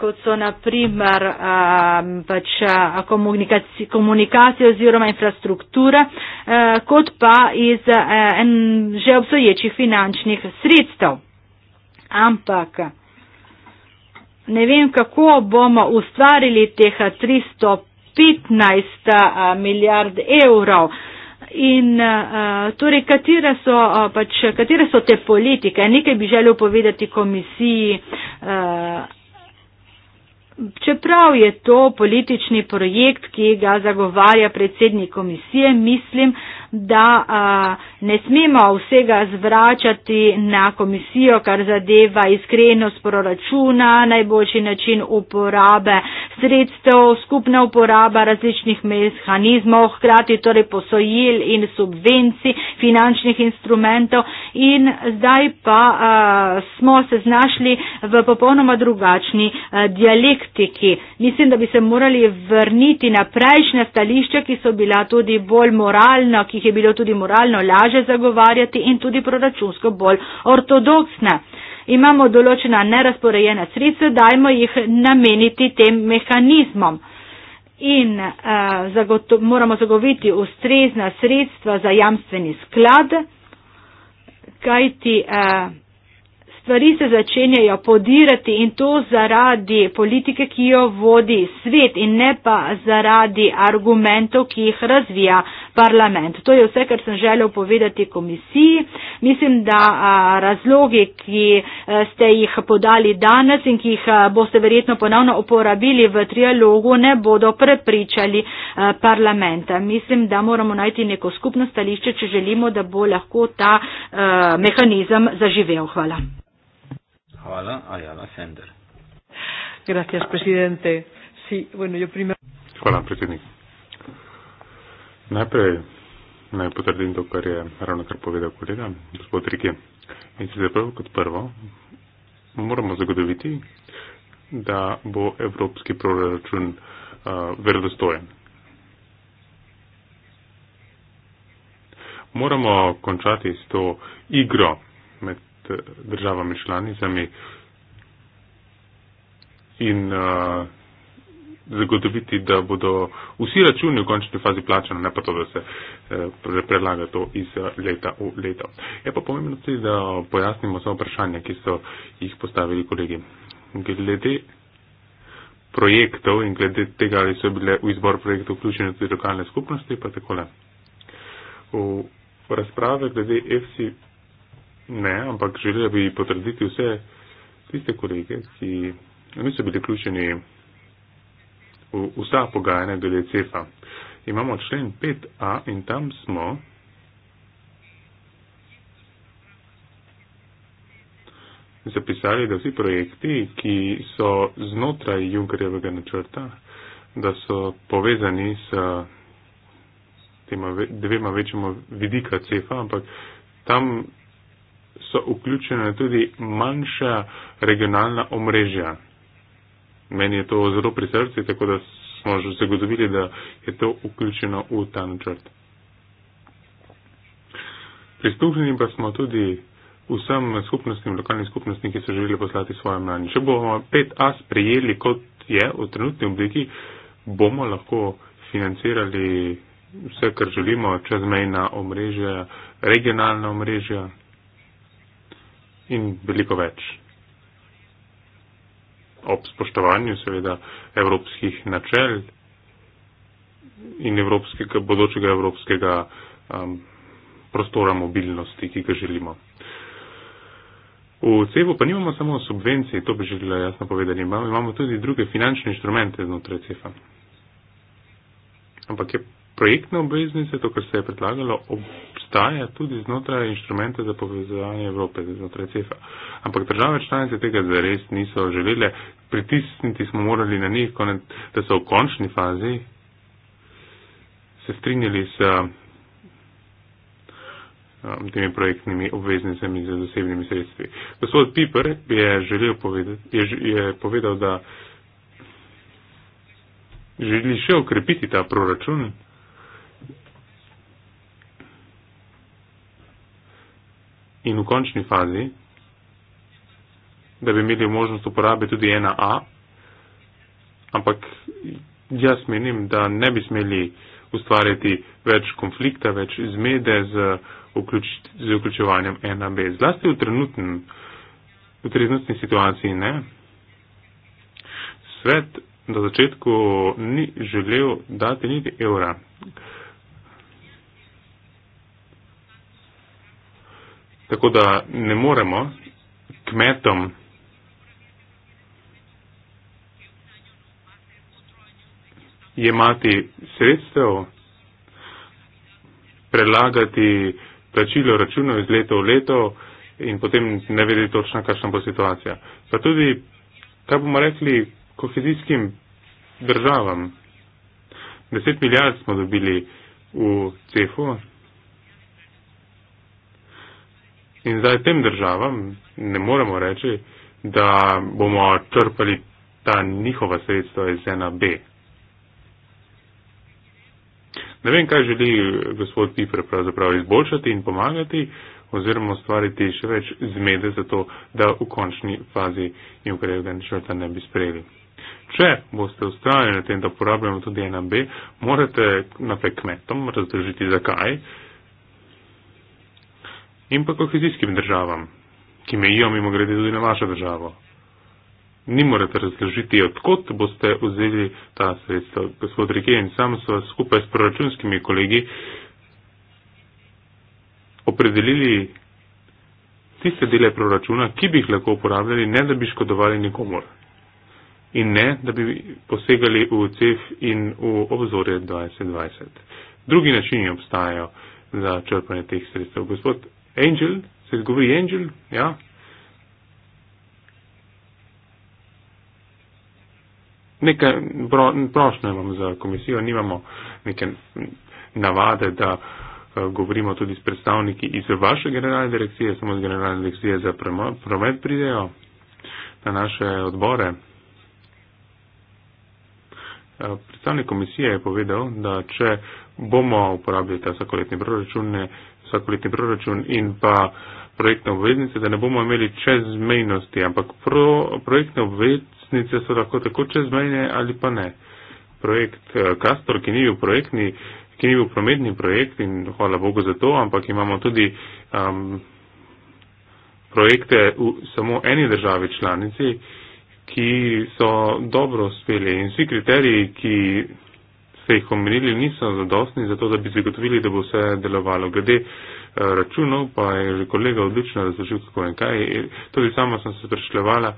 C: kot so na primer ehm, pač eh, komunikacija, komunikacija oziroma infrastruktura, eh, kot pa iz že obstoječih finančnih sredstev. Ampak ne vem, kako bomo ustvarili teh 315 milijard evrov. In uh, torej, katere so, uh, pač, katere so te politike? Nekaj bi želel povedati komisiji. Uh, čeprav je to politični projekt, ki ga zagovarja predsednik komisije, mislim, uh, da a, ne smemo vsega zvračati na komisijo, kar zadeva iskrenost proračuna, najboljši način uporabe sredstev, skupna uporaba različnih mehanizmov, hkrati torej posojil in subvencij finančnih instrumentov in zdaj pa a, smo se znašli v popolnoma drugačni a, dialektiki. Mislim, da bi se morali vrniti na prejšnja stališča, ki so bila tudi bolj moralna, ki jih je bilo tudi moralno laže zagovarjati in tudi proračunsko bolj ortodoksne. Imamo določena nerazporejena sredstva, dajmo jih nameniti tem mehanizmom. In uh, eh, zagot moramo zagoviti ustrezna sredstva za jamstveni sklad, kajti uh, stvari se začenjajo podirati in to zaradi politike, ki jo vodi svet in ne pa zaradi argumentov, ki jih razvija parlament. To je vse, kar sem želel povedati komisiji. Mislim, da razlogi, ki ste jih podali danes in ki jih boste verjetno ponovno uporabili v trialogu, ne bodo prepričali parlamenta. Mislim, da moramo najti neko skupno stališče, če želimo, da bo lahko ta mehanizem zaživel. Hvala.
B: Ahora Ayala Sender.
C: Gracias, presidente. Sí,
A: bueno, yo primero.
D: Hvala, predsednik. Najprej naj potrdim to, kar je ravno kar povedal kolega, gospod Rike. In se zapravo kot prvo moramo zagotoviti, da bo evropski proračun uh, verodostojen. Moramo končati s to igro Eh, državami članicami in uh, zagotoviti, da bodo vsi računi v končni fazi plačani, ne pa to, da se uh, predlaga to iz leta v leto. Je pa pomembno tudi, da pojasnimo vse vprašanja, ki so jih postavili kolegi. Glede projektov in glede tega, ali so bile v izbor projektov vključene tudi lokalne skupnosti, pa takole. V razprave glede FCP ne, ampak želela bi potrditi vse tiste kolege, ki niso bili vključeni v vsa pogajanja glede CEFA. Imamo člen 5a in tam smo. zapisali, da vsi projekti, ki so znotraj Junkerjevega načrta, da so povezani s tema dvema večjima vidika CEFA, ampak tam so vključena tudi manjša regionalna omrežja. Meni je to zelo pri srcu, tako da smo že zagotovili, da je to vključeno v ta načrt. Pristupnili pa smo tudi vsem skupnostim, lokalnim skupnostim, ki so želeli poslati svoje mnenje. Če bomo 5A sprejeli, kot je v trenutni obliki, bomo lahko financirali vse, kar želimo, čezmejna omrežja, regionalna omrežja in veliko več. Ob spoštovanju seveda evropskih načel in evropskega, bodočega evropskega um, prostora mobilnosti, ki ga želimo. V CEV-u pa nimamo samo subvencije, to bi želela jasno povedati, imamo, imamo tudi druge finančne inštrumente znotraj CEF-a. Ampak je projektne obveznice, to, kar se je predlagalo, obstaja tudi znotraj inštrumenta za povezovanje Evrope, znotraj CEF-a. Ampak države članice tega zares niso želele. Pritisniti smo morali na njih, konec, da so v končni fazi se strinjali s um, temi projektnimi obveznicami za zasebnimi sredstvi. Gospod Piper je, želel povedati, je, je povedal, da želi še okrepiti ta proračun in v končni fazi, da bi imeli možnost uporabe tudi ena A, ampak jaz menim, da ne bi smeli ustvarjati več konflikta, več zmede z, vključ, z vključevanjem ena B. Zlasti v, trenutn, v trenutni situaciji ne. Svet na začetku ni želel dati niti evra. Tako da ne moremo kmetom jemati sredstev, prelagati plačilo računov iz leta v leto in potem ne vedeti točno, kakšna bo situacija. Pa tudi, kaj bomo rekli kohezijskim državam. 10 milijard smo dobili v CEFO, In zdaj tem državam ne moremo reči, da bomo črpali ta njihova sredstva iz ena B. Ne vem, kaj želi gospod Piper pravzaprav izboljšati in pomagati oziroma ustvariti še več zmede za to, da v končni fazi in ukrepe načrta ne bi sprejeli. Če boste ustrajali na tem, da uporabljamo tudi 1B, morate naprej kmetom razložiti, zakaj in pa kohezijskim državam, ki mejijo mimo grede tudi na vašo državo. Ni morate razložiti, odkot boste vzeli ta sredstva. Gospod Rike in sam so skupaj s proračunskimi kolegi opredelili tiste dele proračuna, ki bi jih lahko uporabljali, ne da bi škodovali nikomor. In ne, da bi posegali v CEF in v obzorje 2020. Drugi načini obstajajo za črpanje teh sredstev. Gospod angel, se govori angel, ja. Nekaj prošnje imamo za komisijo, nimamo neke navade, da eh, govorimo tudi s predstavniki iz vaše generalne direkcije, samo z generalne direkcije za promet pridejo na naše odbore. Eh, predstavnik komisije je povedal, da če bomo uporabili ta vsakoletni proračun, vsakoletni proračun in pa projektne obveznice, da ne bomo imeli čezmejnosti, ampak pro, projektne obveznice so lahko tako čezmejne ali pa ne. Projekt Kastor, eh, ki ni bil projektni, ki ni bil prometni projekt in hvala Bogu za to, ampak imamo tudi um, projekte v samo eni državi članici, ki so dobro uspeli in vsi kriteriji, ki se jih omenili, niso zadostni za to, da bi zagotovili, da bo vse delovalo. Glede eh, računov pa je že kolega odlično razložil, kako in kaj. E, tudi sama sem se prešlevala.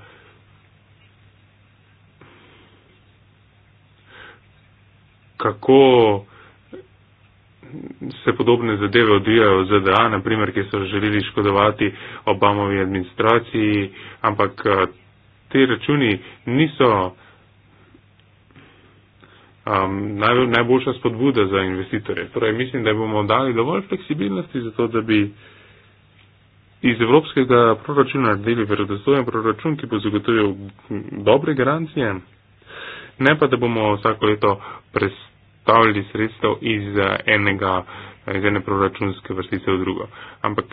D: kako se podobne zadeve odvijajo v ZDA, naprimer, ki so želeli škodovati Obamovi administraciji, ampak eh, te računi niso um, naj, najboljša spodbuda za investitorje. Torej, mislim, da bomo dali dovolj fleksibilnosti za to, da bi iz evropskega proračuna naredili verodostojen proračun, ki bo zagotovil dobre garancije, ne pa, da bomo vsako leto predstavljali sredstev iz eh, enega, iz ene proračunske vrstice v drugo. Ampak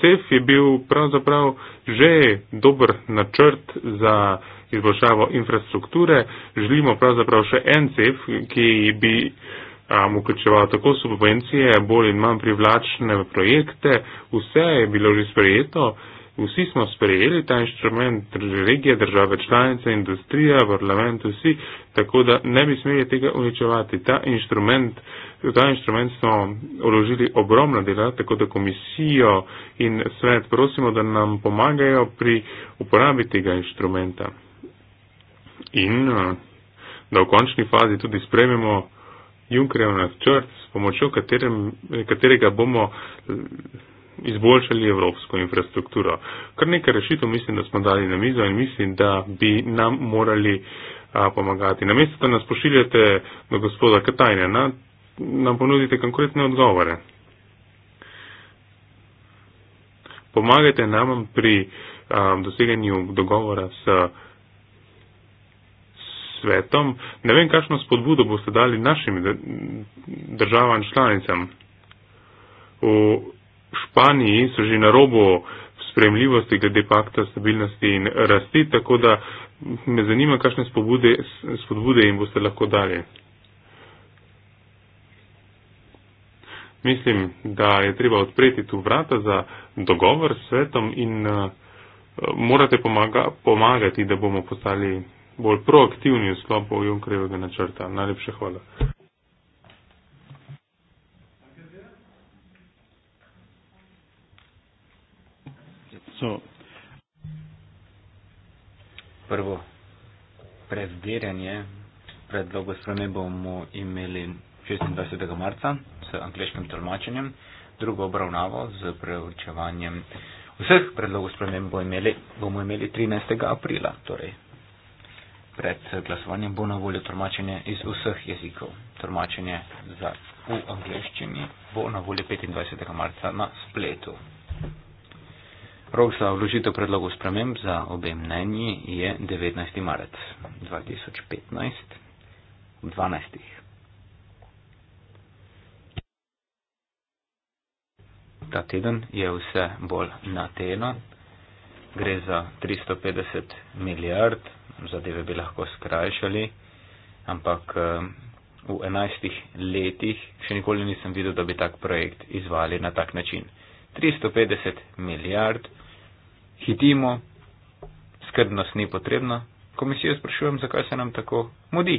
D: CEF je bil pravzaprav že dober načrt za izboljšavo infrastrukture, želimo pravzaprav še en cef, ki bi um, vključeval tako subvencije, bolj in manj privlačne projekte. Vse je bilo že sprejeto, vsi smo sprejeli ta inštrument, regije, države članice, industrija, parlament, vsi, tako da ne bi smeli tega uničevati. Ta inštrument, v ta inštrument smo uložili ogromna dela, tako da komisijo in svet prosimo, da nam pomagajo pri uporabi tega inštrumenta in eh, da v končni fazi tudi sprememo Junkerjev načrt, s pomočjo katerem, katerega bomo eh, izboljšali evropsko infrastrukturo. Kar nekaj rešitev mislim, da smo dali na mizo in mislim, da bi nam morali a, eh, pomagati. Namesto, da nas pošiljate do gospoda Katajne, na, nam ponudite konkretne odgovore. Pomagajte nam pri a, doseganju dogovora s svetom, ne vem, kakšno spodbudo boste dali našim državam članicam. V Španiji so že na robu spremljivosti glede pakta stabilnosti in rasti, tako da me zanima, kakšne spodbude, spodbude jim boste lahko dali. Mislim, da je treba odpreti tu vrata za dogovor s svetom in uh, morate pomaga, pomagati, da bomo postali bolj proaktivni v sklopu Junkrevega načrta. Najlepša hvala. So.
B: Prvo prezderanje predlogo strane bomo imeli 26. marca s angliškim tolmačenjem, drugo obravnavo z preučevanjem vseh predlogov sprememb bomo imeli 13. aprila, torej pred glasovanjem bo na voljo tolmačenje iz vseh jezikov. Tolmačenje za v angleščini bo na voljo 25. marca na spletu. Rok za vložitev predlogov sprememb za obe mnenji je 19. marec 2015 v 12. Ta teden je vse bolj na teno. Gre za 350 milijard zadeve bi lahko skrajšali, ampak eh, v enajstih letih še nikoli nisem videl, da bi tak projekt izvali na tak način. 350 milijard, hitimo, skrbnost ni potrebna. Komisijo sprašujem, zakaj se nam tako mudi.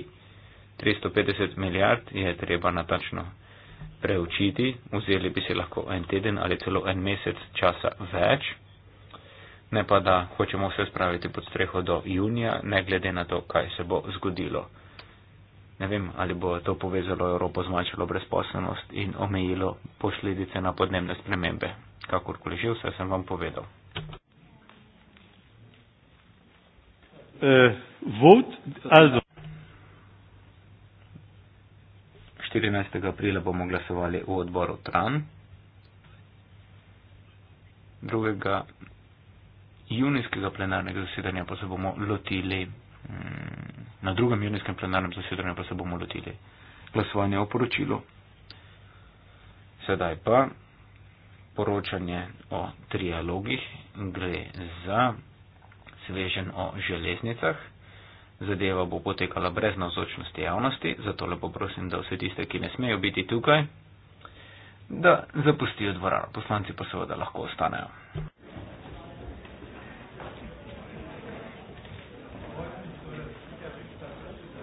B: 350 milijard je treba natančno preučiti, vzeli bi si lahko en teden ali celo en mesec časa več ne pa da hočemo vse spraviti pod streho do junija, ne glede na to, kaj se bo zgodilo. Ne vem, ali bo to povezalo Evropo, zmanjšalo brezposobnost in omejilo posledice na podnebne spremembe. Kakorkoli že, vse sem vam povedal.
A: Uh, vote,
B: 14. aprila bomo glasovali v odboru Tran. 2 junijskega plenarnega zasedanja pa se bomo lotili, mm, na drugem junijskem plenarnem zasedanju pa se bomo lotili glasovanja o poročilu. Sedaj pa poročanje o trialogih gre za svežen o železnicah. Zadeva bo potekala brez navzočnosti javnosti, zato lepo prosim, da vse tiste, ki ne smejo biti tukaj, da zapustijo dvorano. Poslanci pa seveda lahko ostanejo.